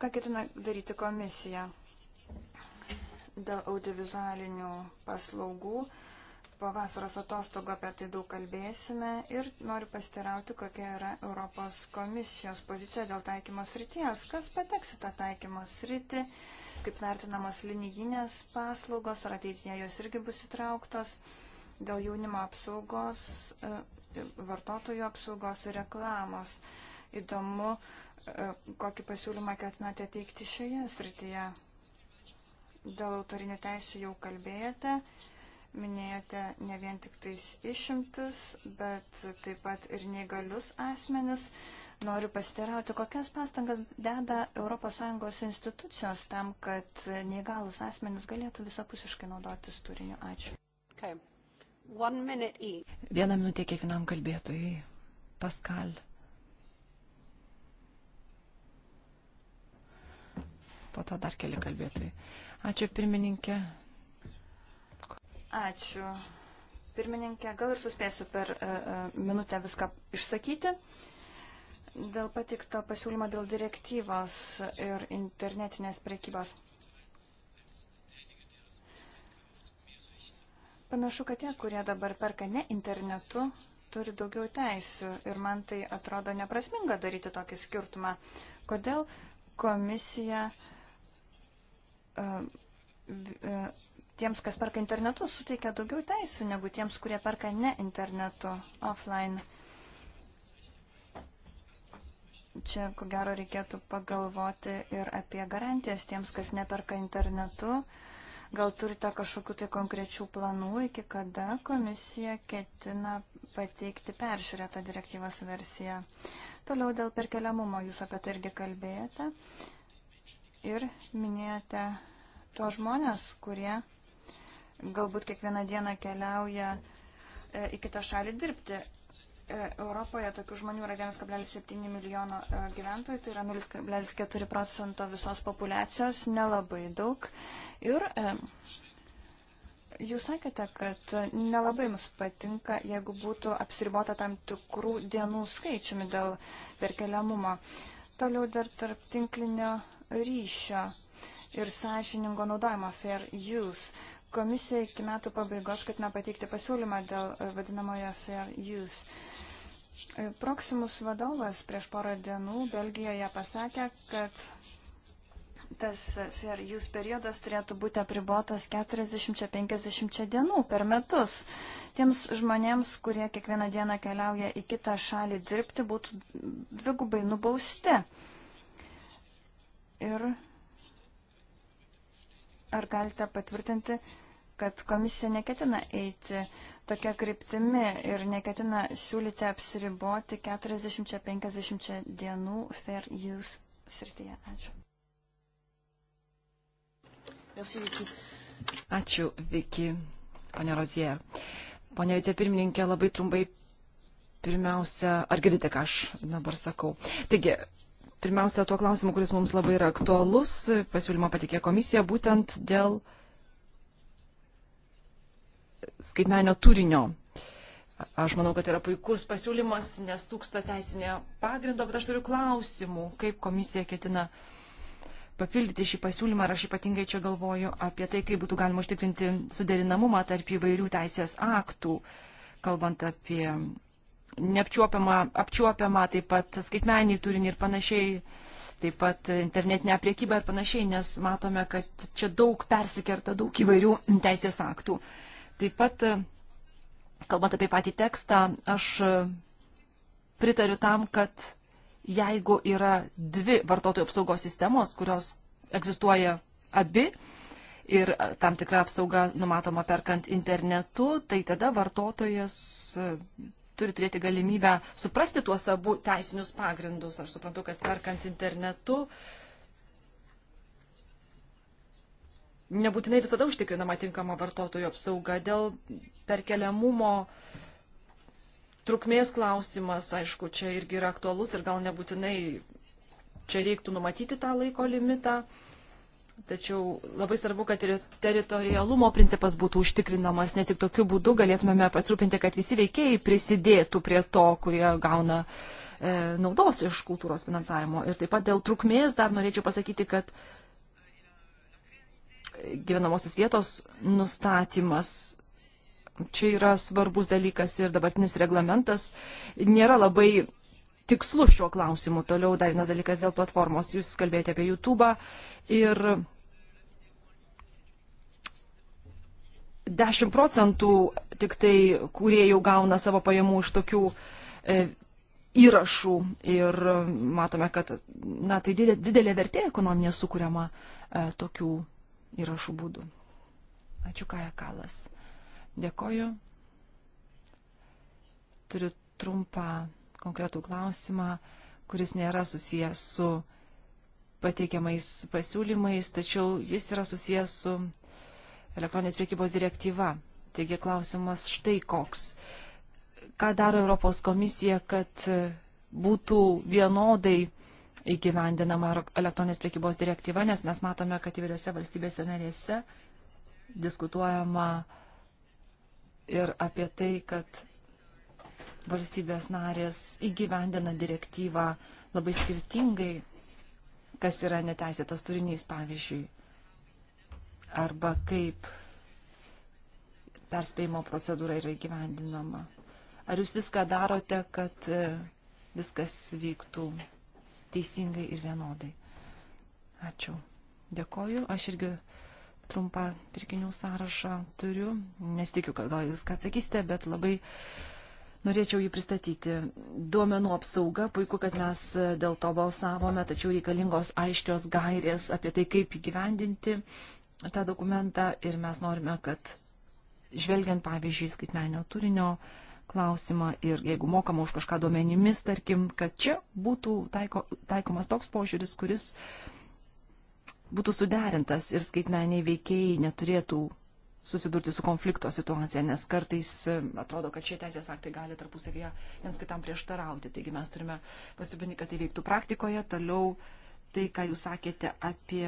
Ką ketina daryti komisija dėl audiovizualinių paslaugų? po vasaros atostogų apie tai daug kalbėsime ir noriu pasitirauti, kokia yra Europos komisijos pozicija dėl taikymos ryties, kas pateks į tą taikymos rytį, kaip vertinamos linijinės paslaugos, ar ateityje jos irgi bus įtrauktos, dėl jaunimo apsaugos, e, vartotojų apsaugos ir reklamos. Įdomu, e, kokį pasiūlymą ketinate teikti šioje srityje. Dėl autorinių teisų jau kalbėjote minėjote ne vien tik tais išimtis, bet taip pat ir negalius asmenis. Noriu pasitirauti, kokias pastangas deda ES institucijos tam, kad neįgalus asmenys galėtų visapusiškai naudotis turiniu. Ačiū. Okay. Vieną minutę kiekvienam kalbėtojui. Paskal. Po to dar keli kalbėtojai. Ačiū pirmininkė. Ačiū. Pirmininkė, gal ir suspėsiu per e, e, minutę viską išsakyti. Dėl patikto pasiūlymo dėl direktyvos ir internetinės prekybos. Panašu, kad tie, kurie dabar perka ne internetu, turi daugiau teisių ir man tai atrodo neprasminga daryti tokį skirtumą. Kodėl komisija uh, uh, tiems, kas perka internetu, suteikia daugiau teisų negu tiems, kurie perka ne internetu, offline. Čia, ko gero, reikėtų pagalvoti ir apie garantijas tiems, kas neperka internetu. Gal turite kažkokiu tai konkrečių planų, iki kada komisija ketina pateikti peržiūrėtą direktyvos versiją. Toliau dėl perkeliamumo, jūs apie tai irgi kalbėjote ir minėjote tuos žmonės, kurie galbūt kiekvieną dieną keliauja e, į kitą šalį dirbti. E, Europoje tokių žmonių yra 1,7 milijono e, gyventojų, tai yra 0,4 procento visos populacijos, nelabai daug. Ir jūs sakėte, kad nelabai jums patinka, jeigu būtų apsiribota tam tikrų dienų skaičiumi dėl perkeliamumo. Toliau dar tarp tinklinio ryšio ir sąžiningo naudojimo fair use. Komisija iki metų pabaigos ketina pateikti pasiūlymą dėl e, vadinamojo fair use. E, Proximus vadovas prieš porą dienų Belgijoje pasakė, kad tas fair use periodas turėtų būti apribotas 40-50 dienų per metus. Tiems žmonėms, kurie kiekvieną dieną keliauja į kitą šalį dirbti, būtų dvigubai nubausti. Ir ar galite patvirtinti, kad komisija neketina eiti tokia kryptimi ir neketina siūlyti apsiriboti 40-50 dienų fair use srityje. Ačiū. Merci, Viki. Ačiū, Viki, ponė Rozier. Pone vicepirmininkė, labai trumpai pirmiausia, ar girdite, ką aš dabar sakau? Taigi, pirmiausia, tuo klausimu, kuris mums labai yra aktualus, pasiūlymą patikė komisija būtent dėl uh, skaitmenio turinio. Aš manau, kad tai yra puikus pasiūlymas, nes tūksta teisinė pagrindo, bet aš turiu klausimų, kaip komisija ketina papildyti šį pasiūlymą ir aš ypatingai čia galvoju apie tai, kaip būtų galima užtikrinti suderinamumą tarp įvairių teisės aktų, kalbant apie neapčiuopiamą, apčiuopiamą, taip pat skaitmenį turinį ir panašiai, taip pat internetinę priekybą ir panašiai, nes matome, kad čia daug persikerta, daug įvairių teisės aktų. Taip pat, e, kalbant apie patį tekstą, aš e, pritariu tam, kad jeigu yra dvi vartotojų apsaugos sistemos, kurios egzistuoja abi ir e, tam tikra apsauga numatoma perkant internetu, tai tada vartotojas turi turėti galimybę suprasti tuos abu teisinius pagrindus. Aš suprantu, kad perkant internetu uh, nebūtinai visada užtikrinama tinkama vartotojų apsauga. Dėl perkeliamumo trukmės klausimas, aišku, čia irgi yra aktualus ir gal nebūtinai čia reiktų numatyti tą laiko limitą. Tačiau labai svarbu, kad ir teritorialumo principas būtų užtikrinamas, nes tik tokiu būdu galėtumėme pasirūpinti, kad visi veikėjai prisidėtų prie to, kurie gauna e, naudos iš kultūros finansavimo. Ir taip pat dėl trukmės dar norėčiau pasakyti, kad gyvenamosios vietos nustatymas čia yra svarbus dalykas ir dabartinis reglamentas nėra labai tikslu šiuo klausimu. Toliau dar vienas dalykas dėl platformos. Jūs kalbėjote apie YouTube ir 10 procentų tik tai kūrėjų gauna savo pajamų iš tokių e, įrašų ir matome, kad na, tai didelė vertė ekonominė sukūriama e, tokių įrašų būdų. Ačiū Kaja Kalas. Dėkoju. Turiu trumpą konkretų klausimą, kuris nėra susijęs su pateikiamais pasiūlymais, tačiau jis yra susijęs su elektroninės priekybos direktyva. Taigi klausimas štai koks. Ką daro Europos komisija, kad būtų vienodai įgyvendinama elektroninės priekybos direktyva, nes mes matome, kad įvairiose valstybėse narėse diskutuojama ir apie tai, kad valstybės narės įgyvendina direktyvą labai skirtingai, kas yra neteisėtas turinys, pavyzdžiui, arba kaip perspėjimo procedūra yra įgyvendinama. Ar jūs viską darote, kad e, viskas vyktų teisingai ir vienodai. Ačiū. Dėkoju. Aš irgi trumpą pirkinių sąrašą turiu. Nesitikiu, kad gal viską atsakysite, bet labai norėčiau jį pristatyti. Duomenų apsauga, puiku, kad mes dėl to balsavome, tačiau reikalingos aiškios gairės apie tai, kaip įgyvendinti tą dokumentą ir mes norime, kad žvelgiant, pavyzdžiui, skaitmenio turinio klausimą ir jeigu mokama už kažką duomenimis, tarkim, kad čia būtų taiko, taikomas toks požiūris, kuris būtų suderintas ir skaitmeniai veikėjai neturėtų susidurti su konflikto situacija, nes kartais e, atrodo, kad šie teisės aktai gali tarpusavėje viens kitam prieštarauti. Taigi mes turime pasibandyti, kad tai veiktų praktikoje. Toliau tai, ką jūs sakėte apie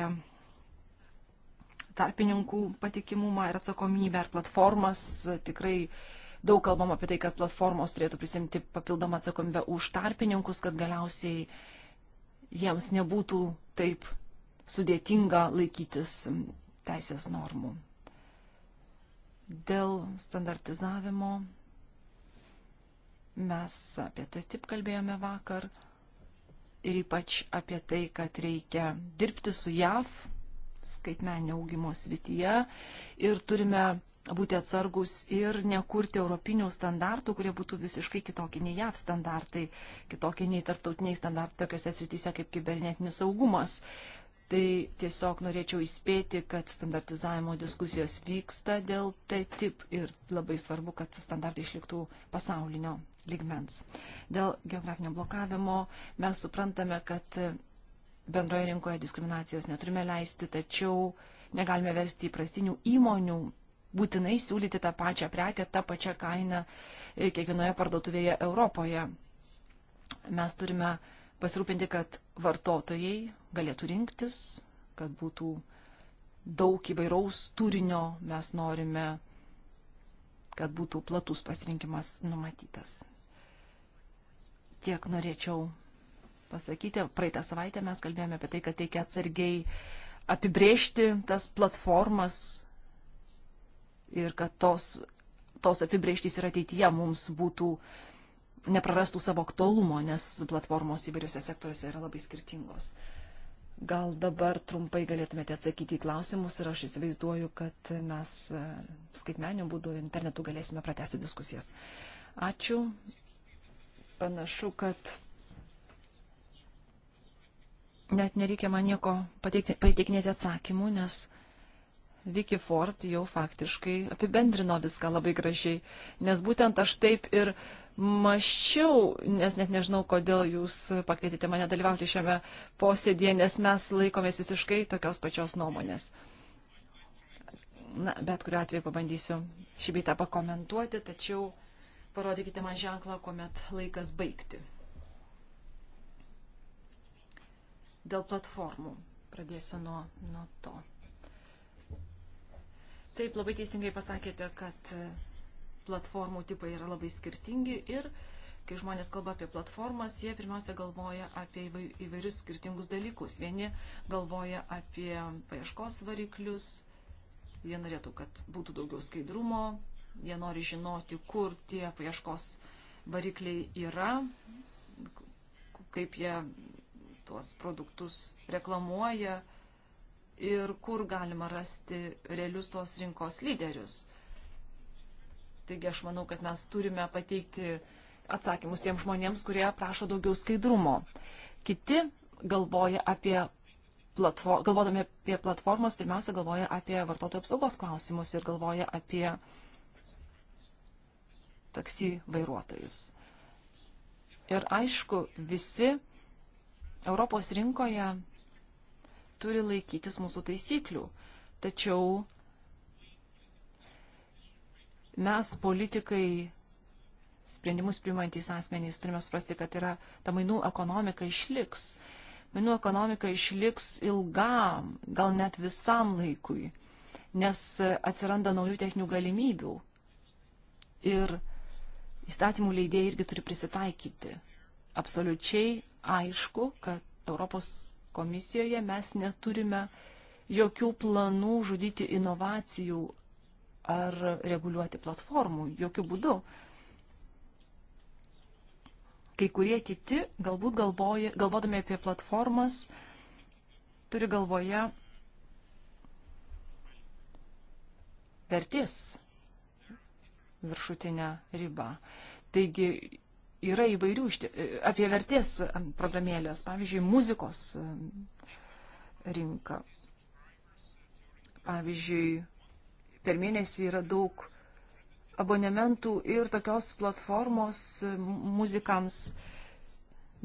tarpininkų patikimumą ir atsakomybę ar platformas, e, tikrai uh, Daug kalbam apie tai, kad platformos turėtų prisimti papildomą atsakomybę už tarpininkus, kad galiausiai jiems nebūtų taip sudėtinga laikytis teisės normų. Dėl standartizavimo mes apie tai taip kalbėjome vakar ir ypač apie tai, kad reikia dirbti su JAV skaitmenio augimo srityje ir turime būti atsargus ir nekurti europinių standartų, kurie būtų visiškai kitokie nei JAV standartai, kitokie nei tarptautiniai standartai tokiuose srityse kaip kibernetinis saugumas. Tai tiesiog norėčiau įspėti, kad standartizavimo diskusijos vyksta dėl TTIP ir labai svarbu, kad standartai išliktų pasaulinio lygmens. Dėl geografinio blokavimo mes suprantame, kad bendroje rinkoje diskriminacijos neturime leisti, tačiau negalime versti įprastinių įmonių būtinai siūlyti tą pačią prekę, tą pačią kainą e, kiekvienoje parduotuvėje Europoje. Mes turime pasirūpinti, kad vartotojai galėtų rinktis, kad būtų daug įvairaus turinio, mes norime, kad būtų platus pasirinkimas numatytas. Tiek norėčiau pasakyti. Praeitą savaitę mes kalbėjome apie tai, kad reikia atsargiai apibriežti tas platformas, ir kad tos, tos apibrieštys ir ateityje mums būtų neprarastų savo aktualumo, nes platformos įvairiuose sektoriuose yra labai skirtingos. Gal dabar trumpai galėtumėte atsakyti į klausimus ir aš įsivaizduoju, kad mes e, skaitmenio būdu internetu galėsime pratesti diskusijas. Ačiū. Panašu, kad net nereikia man nieko pateikinėti atsakymų, nes Vicky Ford jau faktiškai apibendrino viską labai gražiai, nes būtent aš taip ir mašiau, nes net nežinau, kodėl jūs pakvietėte mane dalyvauti šiame posėdėje, nes mes laikomės visiškai tokios pačios nuomonės. Na, bet kuriuo atveju pabandysiu šį beitą pakomentuoti, tačiau parodykite man ženklą, kuomet laikas baigti. Dėl platformų pradėsiu nuo, nuo to. Taip, labai teisingai pasakėte, kad e, platformų tipai yra labai skirtingi ir kai žmonės kalba apie platformas, jie pirmiausia galvoja apie įvairius skirtingus dalykus. Vieni galvoja apie paieškos variklius, jie norėtų, kad būtų daugiau skaidrumo, jie nori žinoti, kur tie paieškos varikliai yra, kaip jie tuos produktus reklamuoja, ir kur galima rasti realius tos rinkos lyderius. Taigi aš manau, kad mes turime pateikti atsakymus tiem žmonėms, kurie prašo daugiau skaidrumo. Kiti galvoja apie platform, galvodami apie platformos, pirmiausia galvoja apie vartotojų apsaugos klausimus ir galvoja apie taksi vairuotojus. Ir aišku, visi Europos rinkoje turi laikytis mūsų taisyklių. Tačiau mes, politikai, sprendimus primantys asmenys, turime suprasti, kad yra ta mainų ekonomika išliks. Mainų ekonomika išliks ilgam, gal net visam laikui, nes atsiranda naujų techninių galimybių. Ir įstatymų leidėjai irgi turi prisitaikyti. Absoliučiai aišku, kad Europos komisijoje mes neturime jokių planų žudyti inovacijų ar reguliuoti platformų, jokių būdų. Kai kurie kiti, galbūt galvoja, galvodami apie platformas, turi galvoje vertės viršutinę ribą. Taigi yra įvairių apie vertės programėlės, pavyzdžiui, muzikos e, rinka. Pavyzdžiui, per mėnesį yra daug abonementų ir tokios platformos e, muzikams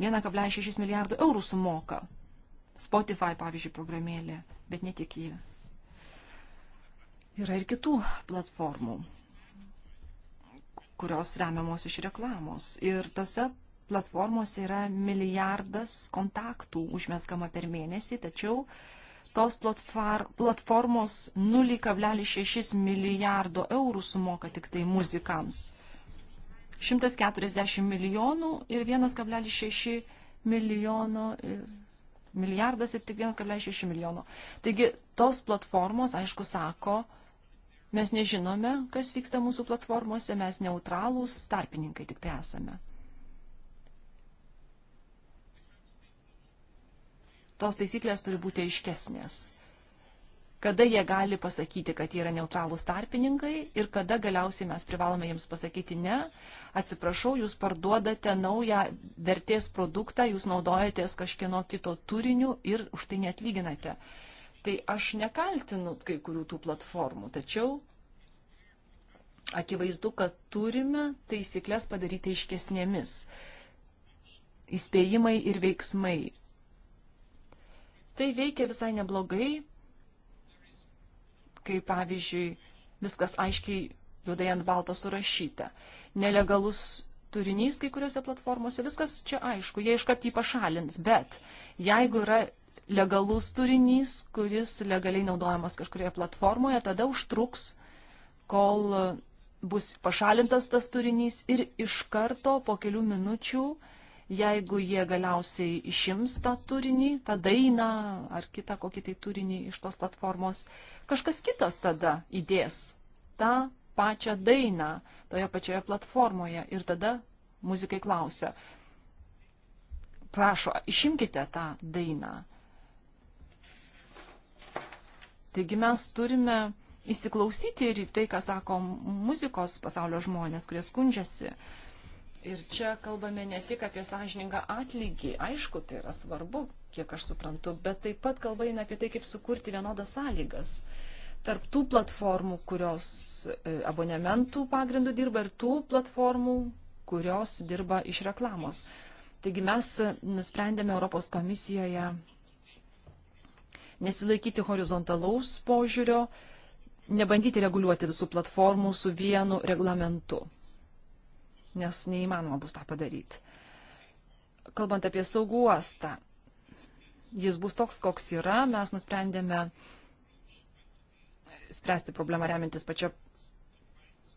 1,6 milijardų eurų sumoka. Spotify, pavyzdžiui, programėlė, bet ne tik jį. Yra ir kitų platformų kurios remiamos iš reklamos. Ir tose platformose yra milijardas kontaktų užmeskama per mėnesį, tačiau tos platformos 0,6 milijardo eurų sumoka tik tai muzikams. 140 milijonų ir 1,6 milijono, milijardas ir tik 1,6 milijono. Taigi tos platformos, aišku, sako, Mes nežinome, kas vyksta mūsų platformose, mes neutralūs tarpininkai tik tai esame. Tos taisyklės turi būti aiškesnės. Kada jie gali pasakyti, kad jie yra neutralūs tarpininkai ir kada galiausiai mes privalome jiems pasakyti ne, atsiprašau, jūs parduodate naują vertės produktą, jūs naudojatės kažkieno kito turiniu ir už tai netlyginate. lyginate tai aš nekaltinu kai kurių tų platformų, tačiau akivaizdu, kad turime taisyklės padaryti iškesnėmis. Įspėjimai ir veiksmai. Tai veikia visai neblogai, kai pavyzdžiui viskas aiškiai juodai ant balto surašyta. Nelegalus turinys kai kuriuose platformose, viskas čia aišku, jie iškart jį pašalins, bet jeigu yra legalus turinys, kuris legaliai naudojamas kažkurioje platformoje, tada užtruks, kol bus pašalintas tas turinys ir iš karto po kelių minučių, jeigu jie galiausiai išims tą turinį, tą dainą ar kitą kokį tai turinį iš tos platformos, kažkas kitas tada įdės tą pačią dainą toje pačioje platformoje ir tada muzikai klausia, prašo, išimkite tą dainą Taigi mes turime įsiklausyti ir į tai, ką sako muzikos pasaulio žmonės, kurie skundžiasi. Ir čia kalbame ne tik apie sąžiningą atlygį, aišku, tai yra svarbu, kiek aš suprantu, bet taip pat kalba eina apie tai, kaip sukurti vienodas sąlygas tarptų platformų, kurios e, abonementų pagrindų dirba ir tų platformų, kurios dirba iš reklamos. Taigi mes nusprendėme Europos komisijoje nesilaikyti horizontalaus požiūrio, nebandyti reguliuoti visų platformų su vienu reglamentu, nes neįmanoma bus tą padaryti. Kalbant apie saugų uostą, jis bus toks, koks yra, mes nusprendėme spręsti problemą remintis pačią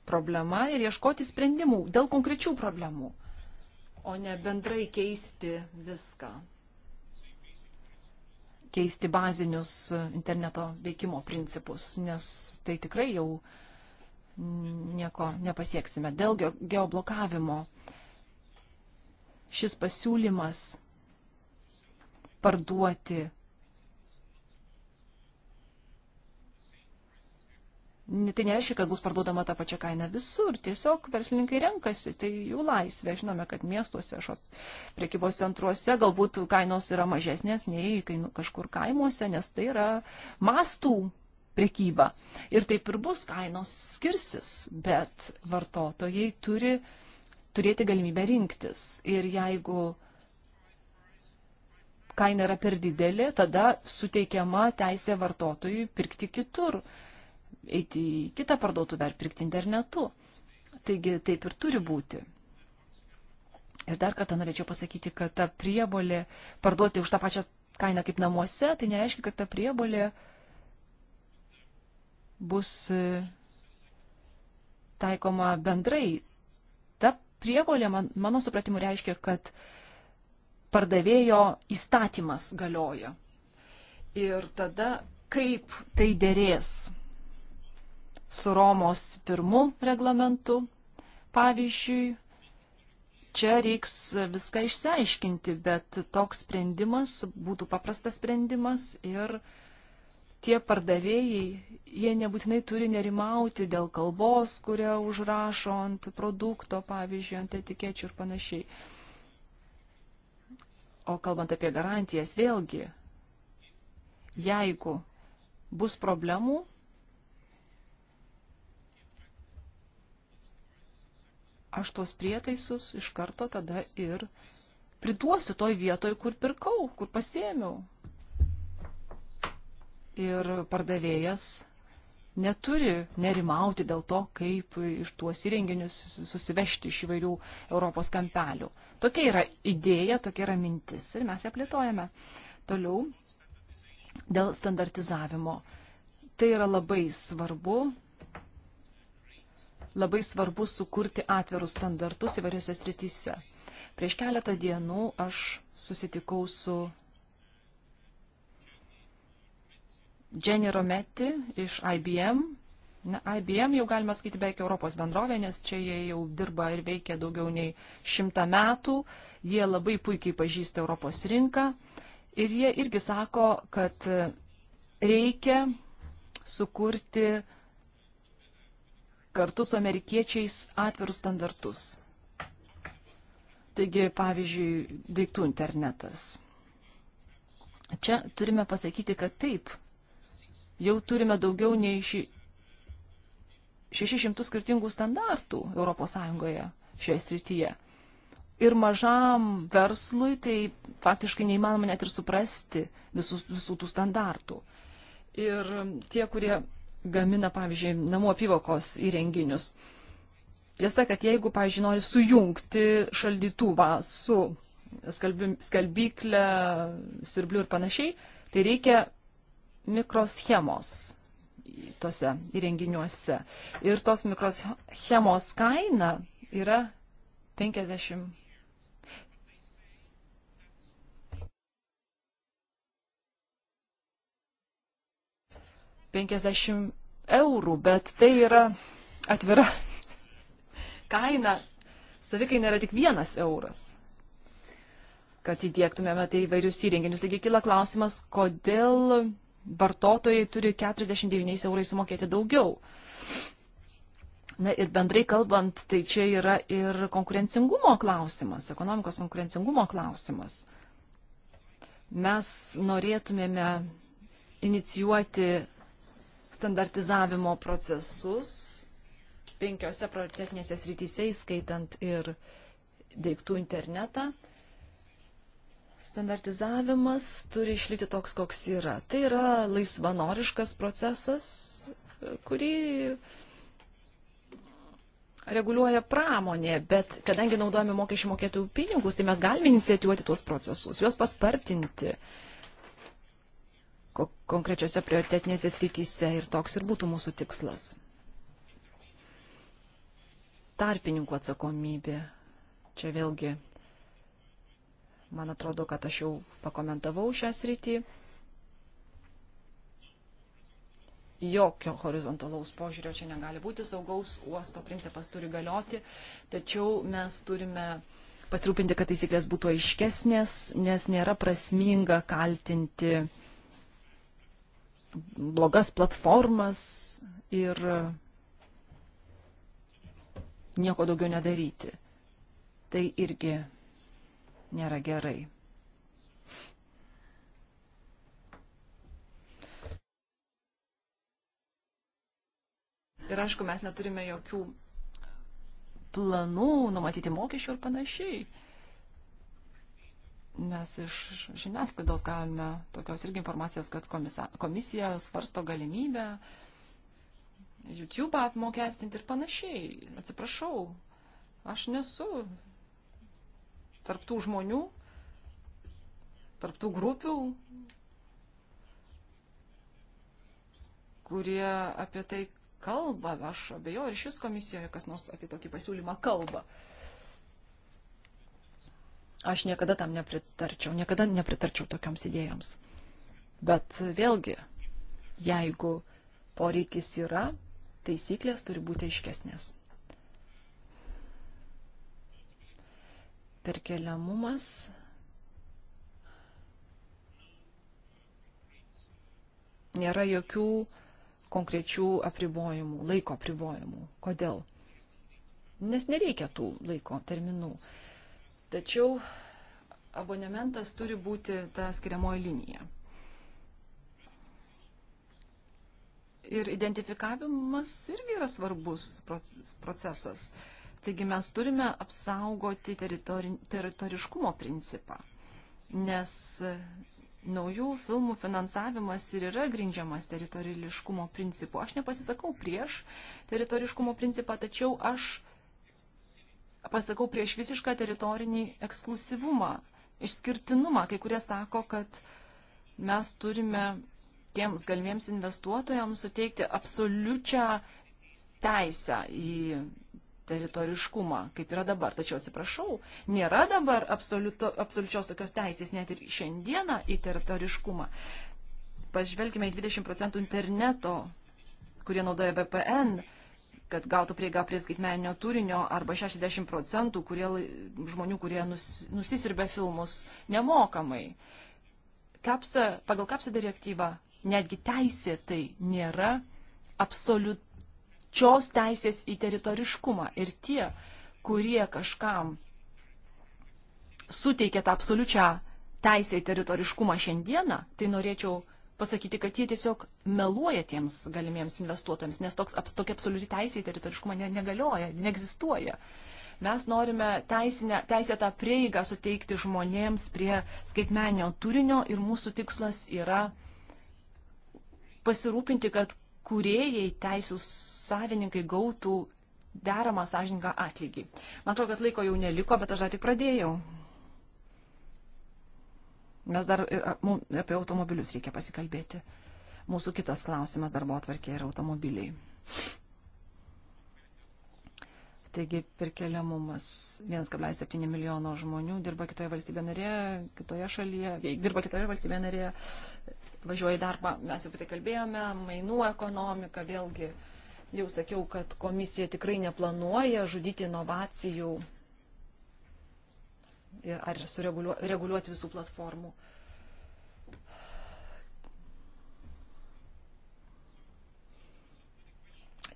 problemą ir ieškoti sprendimų dėl konkrečių problemų, o ne bendrai keisti viską keisti bazinius interneto veikimo principus, nes tai tikrai jau nieko nepasieksime. Dėl geoblokavimo šis pasiūlymas parduoti Tai nereiškia, kad bus parduodama ta pačia kaina visur, tiesiog verslininkai renkasi, tai jų laisvė. Žinome, kad miestuose, šio priekybos centruose galbūt kainos yra mažesnės nei kainu, kažkur kaimuose, nes tai yra mastų priekyba. Ir taip ir bus, kainos skirsis, bet vartotojai turi turėti galimybę rinktis. Ir jeigu kaina yra per didelė, tada suteikiama teisė vartotojui pirkti kitur eiti į kitą parduotuvę ar pirkti internetu. Taigi taip ir turi būti. Ir dar kartą norėčiau pasakyti, kad ta priebolė parduoti už tą pačią kainą kaip namuose, tai nereiškia, kad ta priebolė bus e, taikoma bendrai. Ta priebolė, man, mano supratimu, reiškia, kad pardavėjo įstatymas galioja. Ir tada kaip tai dėrės su Romos pirmu reglamentu. Pavyzdžiui, čia reiks viską išsiaiškinti, bet toks sprendimas būtų paprastas sprendimas ir tie pardavėjai, jie nebūtinai turi nerimauti dėl kalbos, kurią užrašo ant produkto, pavyzdžiui, ant etikečių ir panašiai. O kalbant apie garantijas, vėlgi, jeigu bus problemų, aš tuos prietaisus iš karto tada ir priduosiu toj vietoj, kur pirkau, kur pasėmiau. Ir pardavėjas neturi nerimauti dėl to, kaip iš tuos įrenginius susivežti iš įvairių Europos kampelių. Tokia yra idėja, tokia yra mintis ir mes ją plėtojame. Toliau dėl standartizavimo. Tai yra labai svarbu, labai svarbu sukurti atvirus standartus įvairiose srityse. Prieš keletą dienų aš susitikau su Jenny Rometti iš IBM. Na, IBM jau galima sakyti beveik Europos bendrovė, nes čia jie jau dirba ir veikia daugiau nei šimtą metų. Jie labai puikiai pažįsta Europos rinką. Ir jie irgi sako, kad reikia sukurti kartu su amerikiečiais atvirus standartus. Taigi, pavyzdžiui, daiktų internetas. Čia turime pasakyti, kad taip, jau turime daugiau nei ši... 600 skirtingų standartų ES šioje srityje. Ir mažam verslui tai faktiškai neįmanoma net ir suprasti visus, visų tų standartų. Ir tie, kurie gamina, pavyzdžiui, namų apyvokos įrenginius. Tiesa, kad jeigu, pavyzdžiui, nori sujungti šaldytuvą su skalbyklę, sirbliu ir panašiai, tai reikia mikroschemos tose įrenginiuose. Ir tos mikroschemos kaina yra 50 50 eurų, bet tai yra atvira kaina. Savikaina yra tik vienas euras, kad įdėktumėme tai įvairius įrenginius. Taigi kila klausimas, kodėl vartotojai turi 49 eurai sumokėti daugiau. Na ir bendrai kalbant, tai čia yra ir konkurencingumo klausimas, ekonomikos konkurencingumo klausimas. Mes norėtumėme inicijuoti standartizavimo procesus penkiose prioritetinėse srityse, įskaitant ir daiktų internetą. Standartizavimas turi išlikti toks, koks yra. Tai yra laisvanoriškas procesas, kurį reguliuoja pramonė, bet kadangi naudojame mokesčių mokėtojų pinigus, tai mes galime inicijuoti tuos procesus, juos paspartinti. Uh, konkrečiose prioritetinėse srityse ir toks ir būtų mūsų tikslas. Tarpininkų atsakomybė. Čia vėlgi, man atrodo, kad aš jau pakomentavau šią sritį. Jokio horizontalaus požiūrio čia negali būti, saugaus uosto principas turi galioti, tačiau mes turime pasirūpinti, kad taisyklės būtų aiškesnės, nes nėra prasminga kaltinti uh, blogas platformas ir nieko daugiau nedaryti. Tai irgi nėra gerai. Ir aišku, mes neturime jokių planų numatyti mokesčių ir panašiai mes iš žiniasklaidos gavome tokios irgi informacijos, kad komisa, komisija svarsto galimybę YouTube apmokestinti ir panašiai. Atsiprašau, aš nesu tarptų žmonių, tarptų grupių, kurie apie tai kalba. Aš abejoju, ir šis komisijoje kas nors apie tokį pasiūlymą kalba. Uh, Aš niekada tam nepritarčiau, niekada nepritarčiau tokioms idėjoms. Bet vėlgi, jeigu poreikis yra, taisyklės turi būti aiškesnės. Perkeliamumas nėra jokių konkrečių apribojimų, laiko apribojimų. Kodėl? Nes nereikia tų laiko terminų. Tačiau abonementas turi būti ta skiriamoji linija. Ir identifikavimas irgi yra svarbus procesas. Taigi mes turime apsaugoti teritori, teritoriškumo principą, nes naujų filmų finansavimas ir yra grindžiamas teritoriškumo principu. Aš nepasisakau prieš teritoriškumo principą, tačiau aš pasakau prieš visišką teritorinį eksklusivumą, išskirtinumą. Kai kurie sako, kad mes turime tiems galimiems investuotojams suteikti absoliučią teisę į teritoriškumą, kaip yra dabar. Tačiau atsiprašau, nėra dabar absoliuto, absoliučios tokios teisės net ir šiandieną į teritoriškumą. Pažvelkime į 20 procentų interneto, kurie naudoja VPN kad gautų prieigą prie skaitmeninio turinio arba 60 procentų kurie, žmonių, kurie nus, nusisirbė filmus nemokamai. Kapsa, pagal kapsą direktyvą netgi teisė tai nėra absoliučios teisės į teritoriškumą. Ir tie, kurie kažkam suteikia tą absoliučią teisę į teritoriškumą šiandieną, tai norėčiau pasakyti, kad jie tiesiog meluoja tiems galimiems investuotojams, nes toks, tokia absoliuti teisė į teritoriškumą ne, negalioja, neegzistuoja. Mes norime teisinę, teisėtą prieigą suteikti žmonėms prie skaitmenio turinio ir mūsų tikslas yra pasirūpinti, kad kuriejai teisų savininkai gautų deramą sąžininką atlygį. Man atrodo, kad laiko jau neliko, bet aš dar tik pradėjau. Mes dar e, apie automobilius reikia pasikalbėti. Mūsų kitas klausimas darbo atvarkė yra automobiliai. Taigi perkeliamumas 1,7 milijono žmonių dirba kitoje valstybėje narėje, kitoje šalyje, dirba kitoje valstybėje narėje, važiuoja į darbą, mes jau apie tai kalbėjome, mainų ekonomika, vėlgi jau sakiau, kad komisija tikrai neplanuoja žudyti inovacijų ar sureguliuoti visų platformų.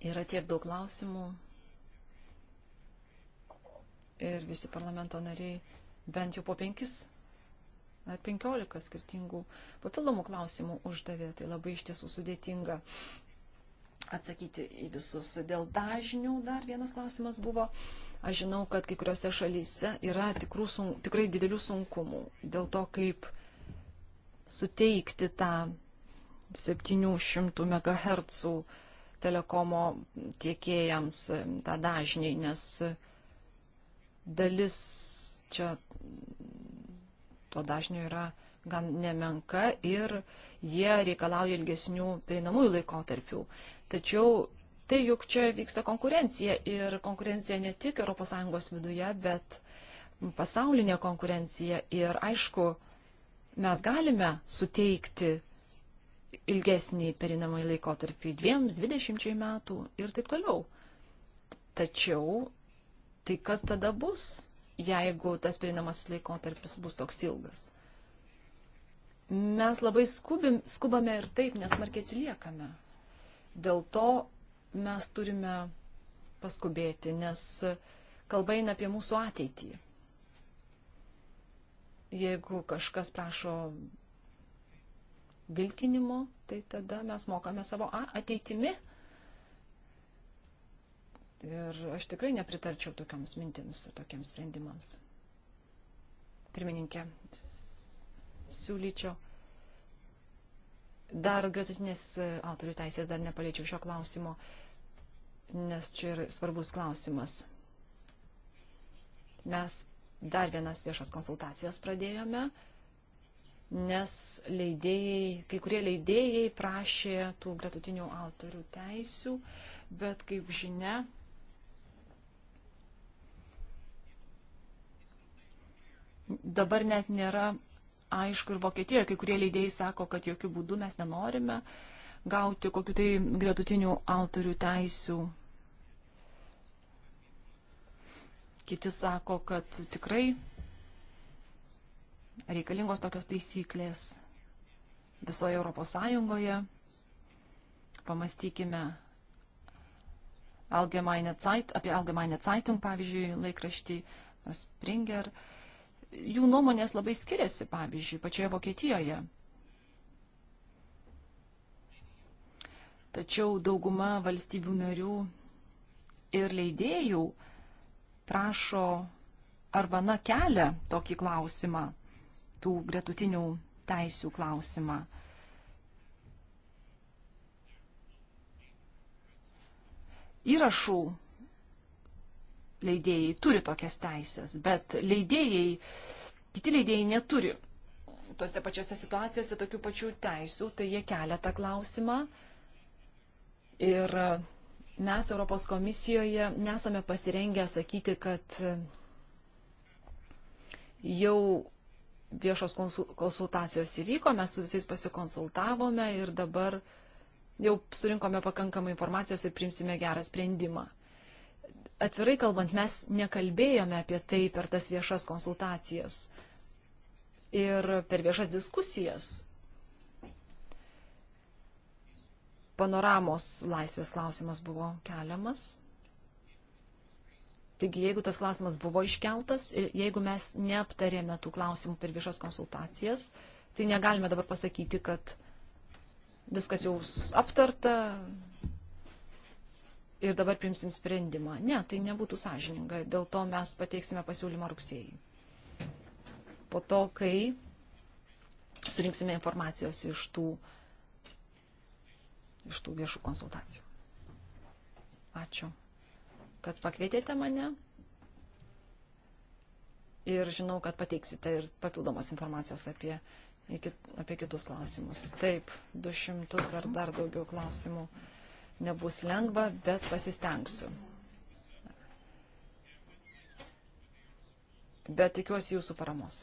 Yra tiek daug klausimų ir visi parlamento nariai bent jau po penkis ar penkiolika skirtingų papildomų klausimų uždavė. Tai labai iš tiesų sudėtinga atsakyti į visus. Dėl dažnių dar vienas klausimas buvo. Uh, Aš žinau, kad kai kuriuose šalyse yra tikrų, sun, tikrai didelių sunkumų dėl to, kaip suteikti tą 700 MHz telekomo tiekėjams e, tą dažnį, nes dalis čia to dažnio yra gan nemenka ir jie reikalauja ilgesnių prieinamųjų laikotarpių. Tačiau tai juk čia vyksta konkurencija ir konkurencija ne tik ES viduje, bet pasaulinė konkurencija. Ir aišku, mes galime suteikti ilgesnį perinamąjį laikotarpį dviems, dvidešimčiai metų ir taip toliau. Tačiau, tai kas tada bus, jeigu tas perinamasis laikotarpis bus toks ilgas? Mes labai skubim, skubame ir taip nesmarkiai atsiliekame. Dėl to mes turime paskubėti, nes kalba eina apie mūsų ateitį. Jeigu kažkas prašo vilkinimo, tai tada mes mokame savo ateitimi. Ir aš tikrai nepritarčiau tokiams mintims ir tokiems sprendimams. Pirmininkė, siūlyčiau. Dar gretutinės autorių teisės dar nepaliečiau šio klausimo. Uh, nes čia yra svarbus klausimas. Mes dar vienas viešas konsultacijas pradėjome, nes leidėjai, kai kurie leidėjai prašė tų gretutinių autorių teisių, bet kaip žinia, dabar net nėra aišku ir Vokietijoje, kai kurie leidėjai sako, kad jokių būdų mes nenorime uh, gauti kokiu tai gretutinių autorių teisių. Kiti sako, kad tikrai reikalingos tokios taisyklės visoje Europos Sąjungoje. Pamastykime Algemeine Zeit, apie Algemeine Zeitung, pavyzdžiui, laikraštį Springer. Jų nuomonės labai skiriasi, pavyzdžiui, pačioje Vokietijoje. Tačiau dauguma valstybių narių ir leidėjų prašo arba na kelia tokį klausimą, tų gretutinių teisių klausimą. Įrašų leidėjai turi tokias teisės, bet leidėjai, kiti leidėjai neturi tose pačiose situacijose tokių pačių teisų, tai jie kelia tą klausimą. Uh, Ir e, mes Europos komisijoje nesame pasirengę sakyti, kad e, jau viešos konsultacijos įvyko, mes su visais pasikonsultavome ir dabar jau surinkome pakankamai informacijos ir primsime gerą sprendimą. Atvirai kalbant, mes nekalbėjome apie tai per tas viešas konsultacijas ir per viešas diskusijas. panoramos laisvės klausimas buvo keliamas. Taigi, jeigu tas klausimas buvo iškeltas ir jeigu mes neaptarėme tų klausimų per viešas konsultacijas, tai negalime dabar pasakyti, kad viskas jau aptarta ir dabar primsim sprendimą. Ne, tai nebūtų sąžininga. Dėl to mes pateiksime pasiūlymą rugsėjai. Po to, kai surinksime informacijos iš tų uh, iš tų viešų konsultacijų. Ačiū, kad pakvietėte mane. Ir žinau, kad pateiksite ir papildomos informacijos apie, apie kitus klausimus. Taip, 200 ar dar daugiau klausimų nebus lengva, bet pasistengsiu. Bet tikiuosi jūsų paramos.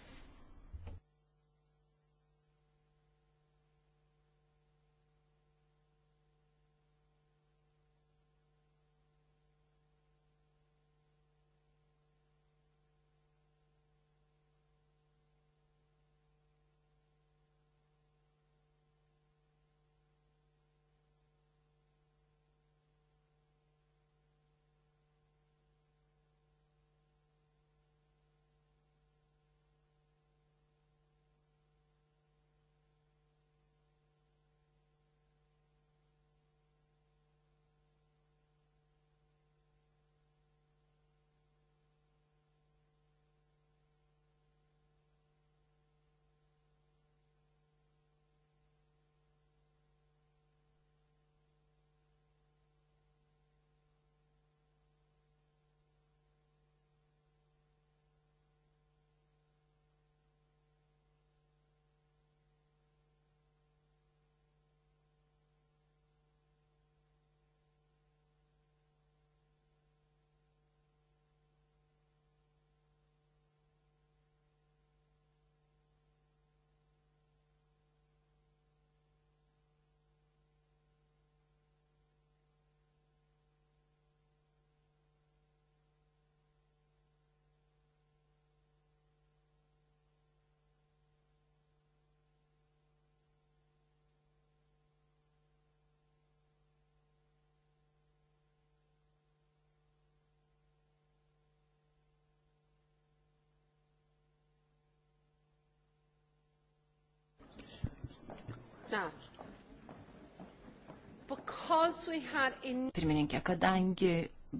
Pirmininkė, kadangi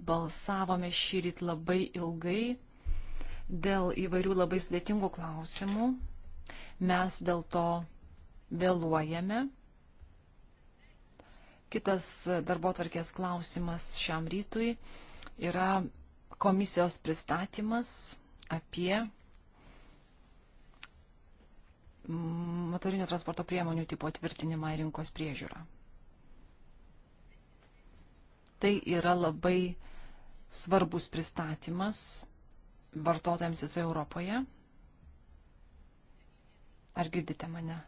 balsavome šį rytą labai ilgai dėl įvairių labai sudėtingų klausimų, mes dėl to vėluojame. Kitas darbo tvarkės klausimas šiam rytui yra komisijos pristatymas apie motorinio transporto priemonių tipo tvirtinimą ir rinkos priežiūrą. Tai yra labai svarbus pristatymas vartotojams visoje Europoje. Ar girdite mane?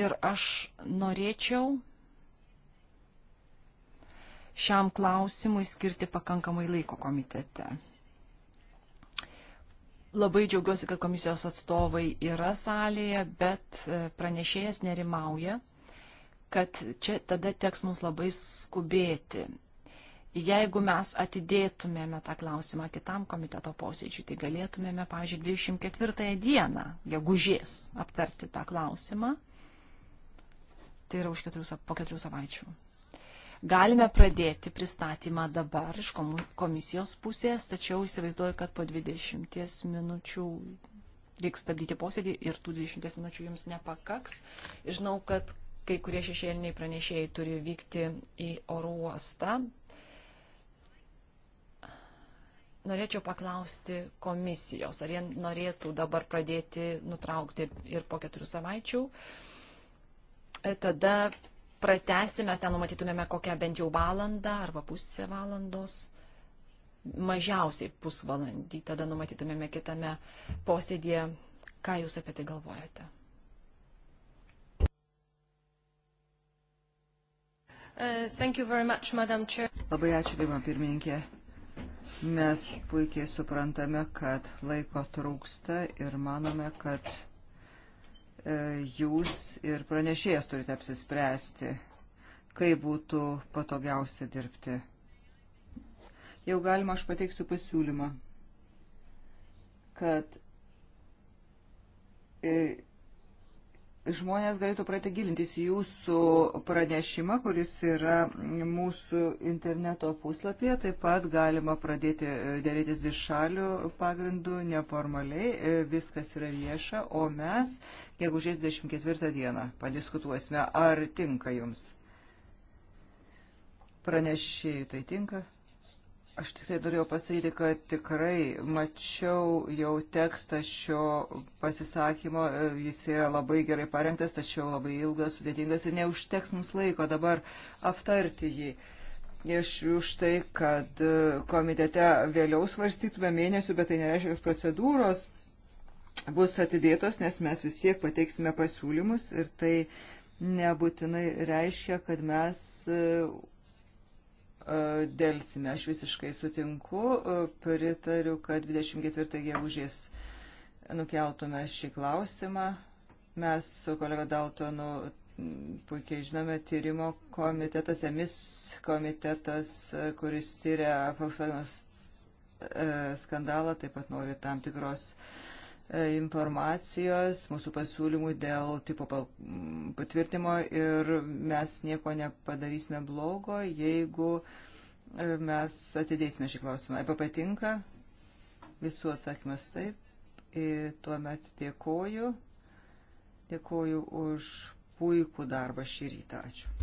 Ir aš norėčiau šiam klausimui skirti pakankamai laiko komitete. Labai džiaugiuosi, kad komisijos atstovai yra salėje, bet e, pranešėjas nerimauja, kad čia tada teks mums labai skubėti. Jeigu mes atidėtumėme tą klausimą kitam komiteto posėdžiui, tai galėtumėme, pavyzdžiui, 24 dieną, gegužės, aptarti tą klausimą. Tai yra už keturių, po keturių savaičių. Galime pradėti pristatymą dabar iš komisijos pusės, tačiau įsivaizduoju, kad po 20 minučių reiks stabdyti posėdį ir tų 20 minučių jums nepakaks. Žinau, kad kai kurie šešėliniai pranešėjai turi vykti į oro uostą. Norėčiau paklausti komisijos, ar jie norėtų dabar pradėti nutraukti ir po keturių savaičių. E, tada pratesti, mes ten numatytumėme kokią bent jau valandą arba pusę valandos, mažiausiai pusvalandį, tada numatytumėme kitame posėdėje. Ką Jūs apie tai galvojate? Uh, much, Labai ačiū, Vima pirmininkė. Mes puikiai suprantame, kad laiko trūksta ir manome, kad E, jūs ir pranešėjas turite apsispręsti, kaip būtų patogiausia dirbti. Jau galima, aš pateiksiu pasiūlymą, kad e, žmonės galėtų pradėti gilintis jūsų pranešimą, kuris yra mūsų interneto puslapyje. Taip pat galima pradėti e, dėrėtis dvišalių pagrindų neformaliai. Viskas yra vieša, o mes gegužės 24 dieną. Padiskutuosime, ar tinka jums. Pranešėjai tai tinka. Aš tik tai norėjau pasakyti, kad tikrai mačiau jau tekstą šio pasisakymo, jis yra labai gerai parengtas, tačiau labai ilgas, sudėtingas ir neužteks mums laiko dabar aptarti jį. Iš už tai, kad komitete vėliau svarstytume mėnesių, bet tai nereiškia, kad procedūros bus atidėtos, nes mes vis tiek pateiksime pasiūlymus ir tai nebūtinai reiškia, kad mes e, e, dėlsime. Aš visiškai sutinku, e, pritariu, kad 24 gegužės nukeltume šį klausimą. Mes su kolega Daltonu puikiai žinome tyrimo komitetas, emis komitetas, kuris tyria Volkswagen skandalą, taip pat nori tam tikros uh, informacijos, mūsų pasiūlymų dėl tipo patvirtimo ir mes nieko nepadarysime blogo, jeigu e, mes atidėsime šį klausimą. Ar e patinka? Visų atsakymas taip. Ir e, tuomet dėkoju. Dėkoju už puikų darbą šį rytą. Ačiū.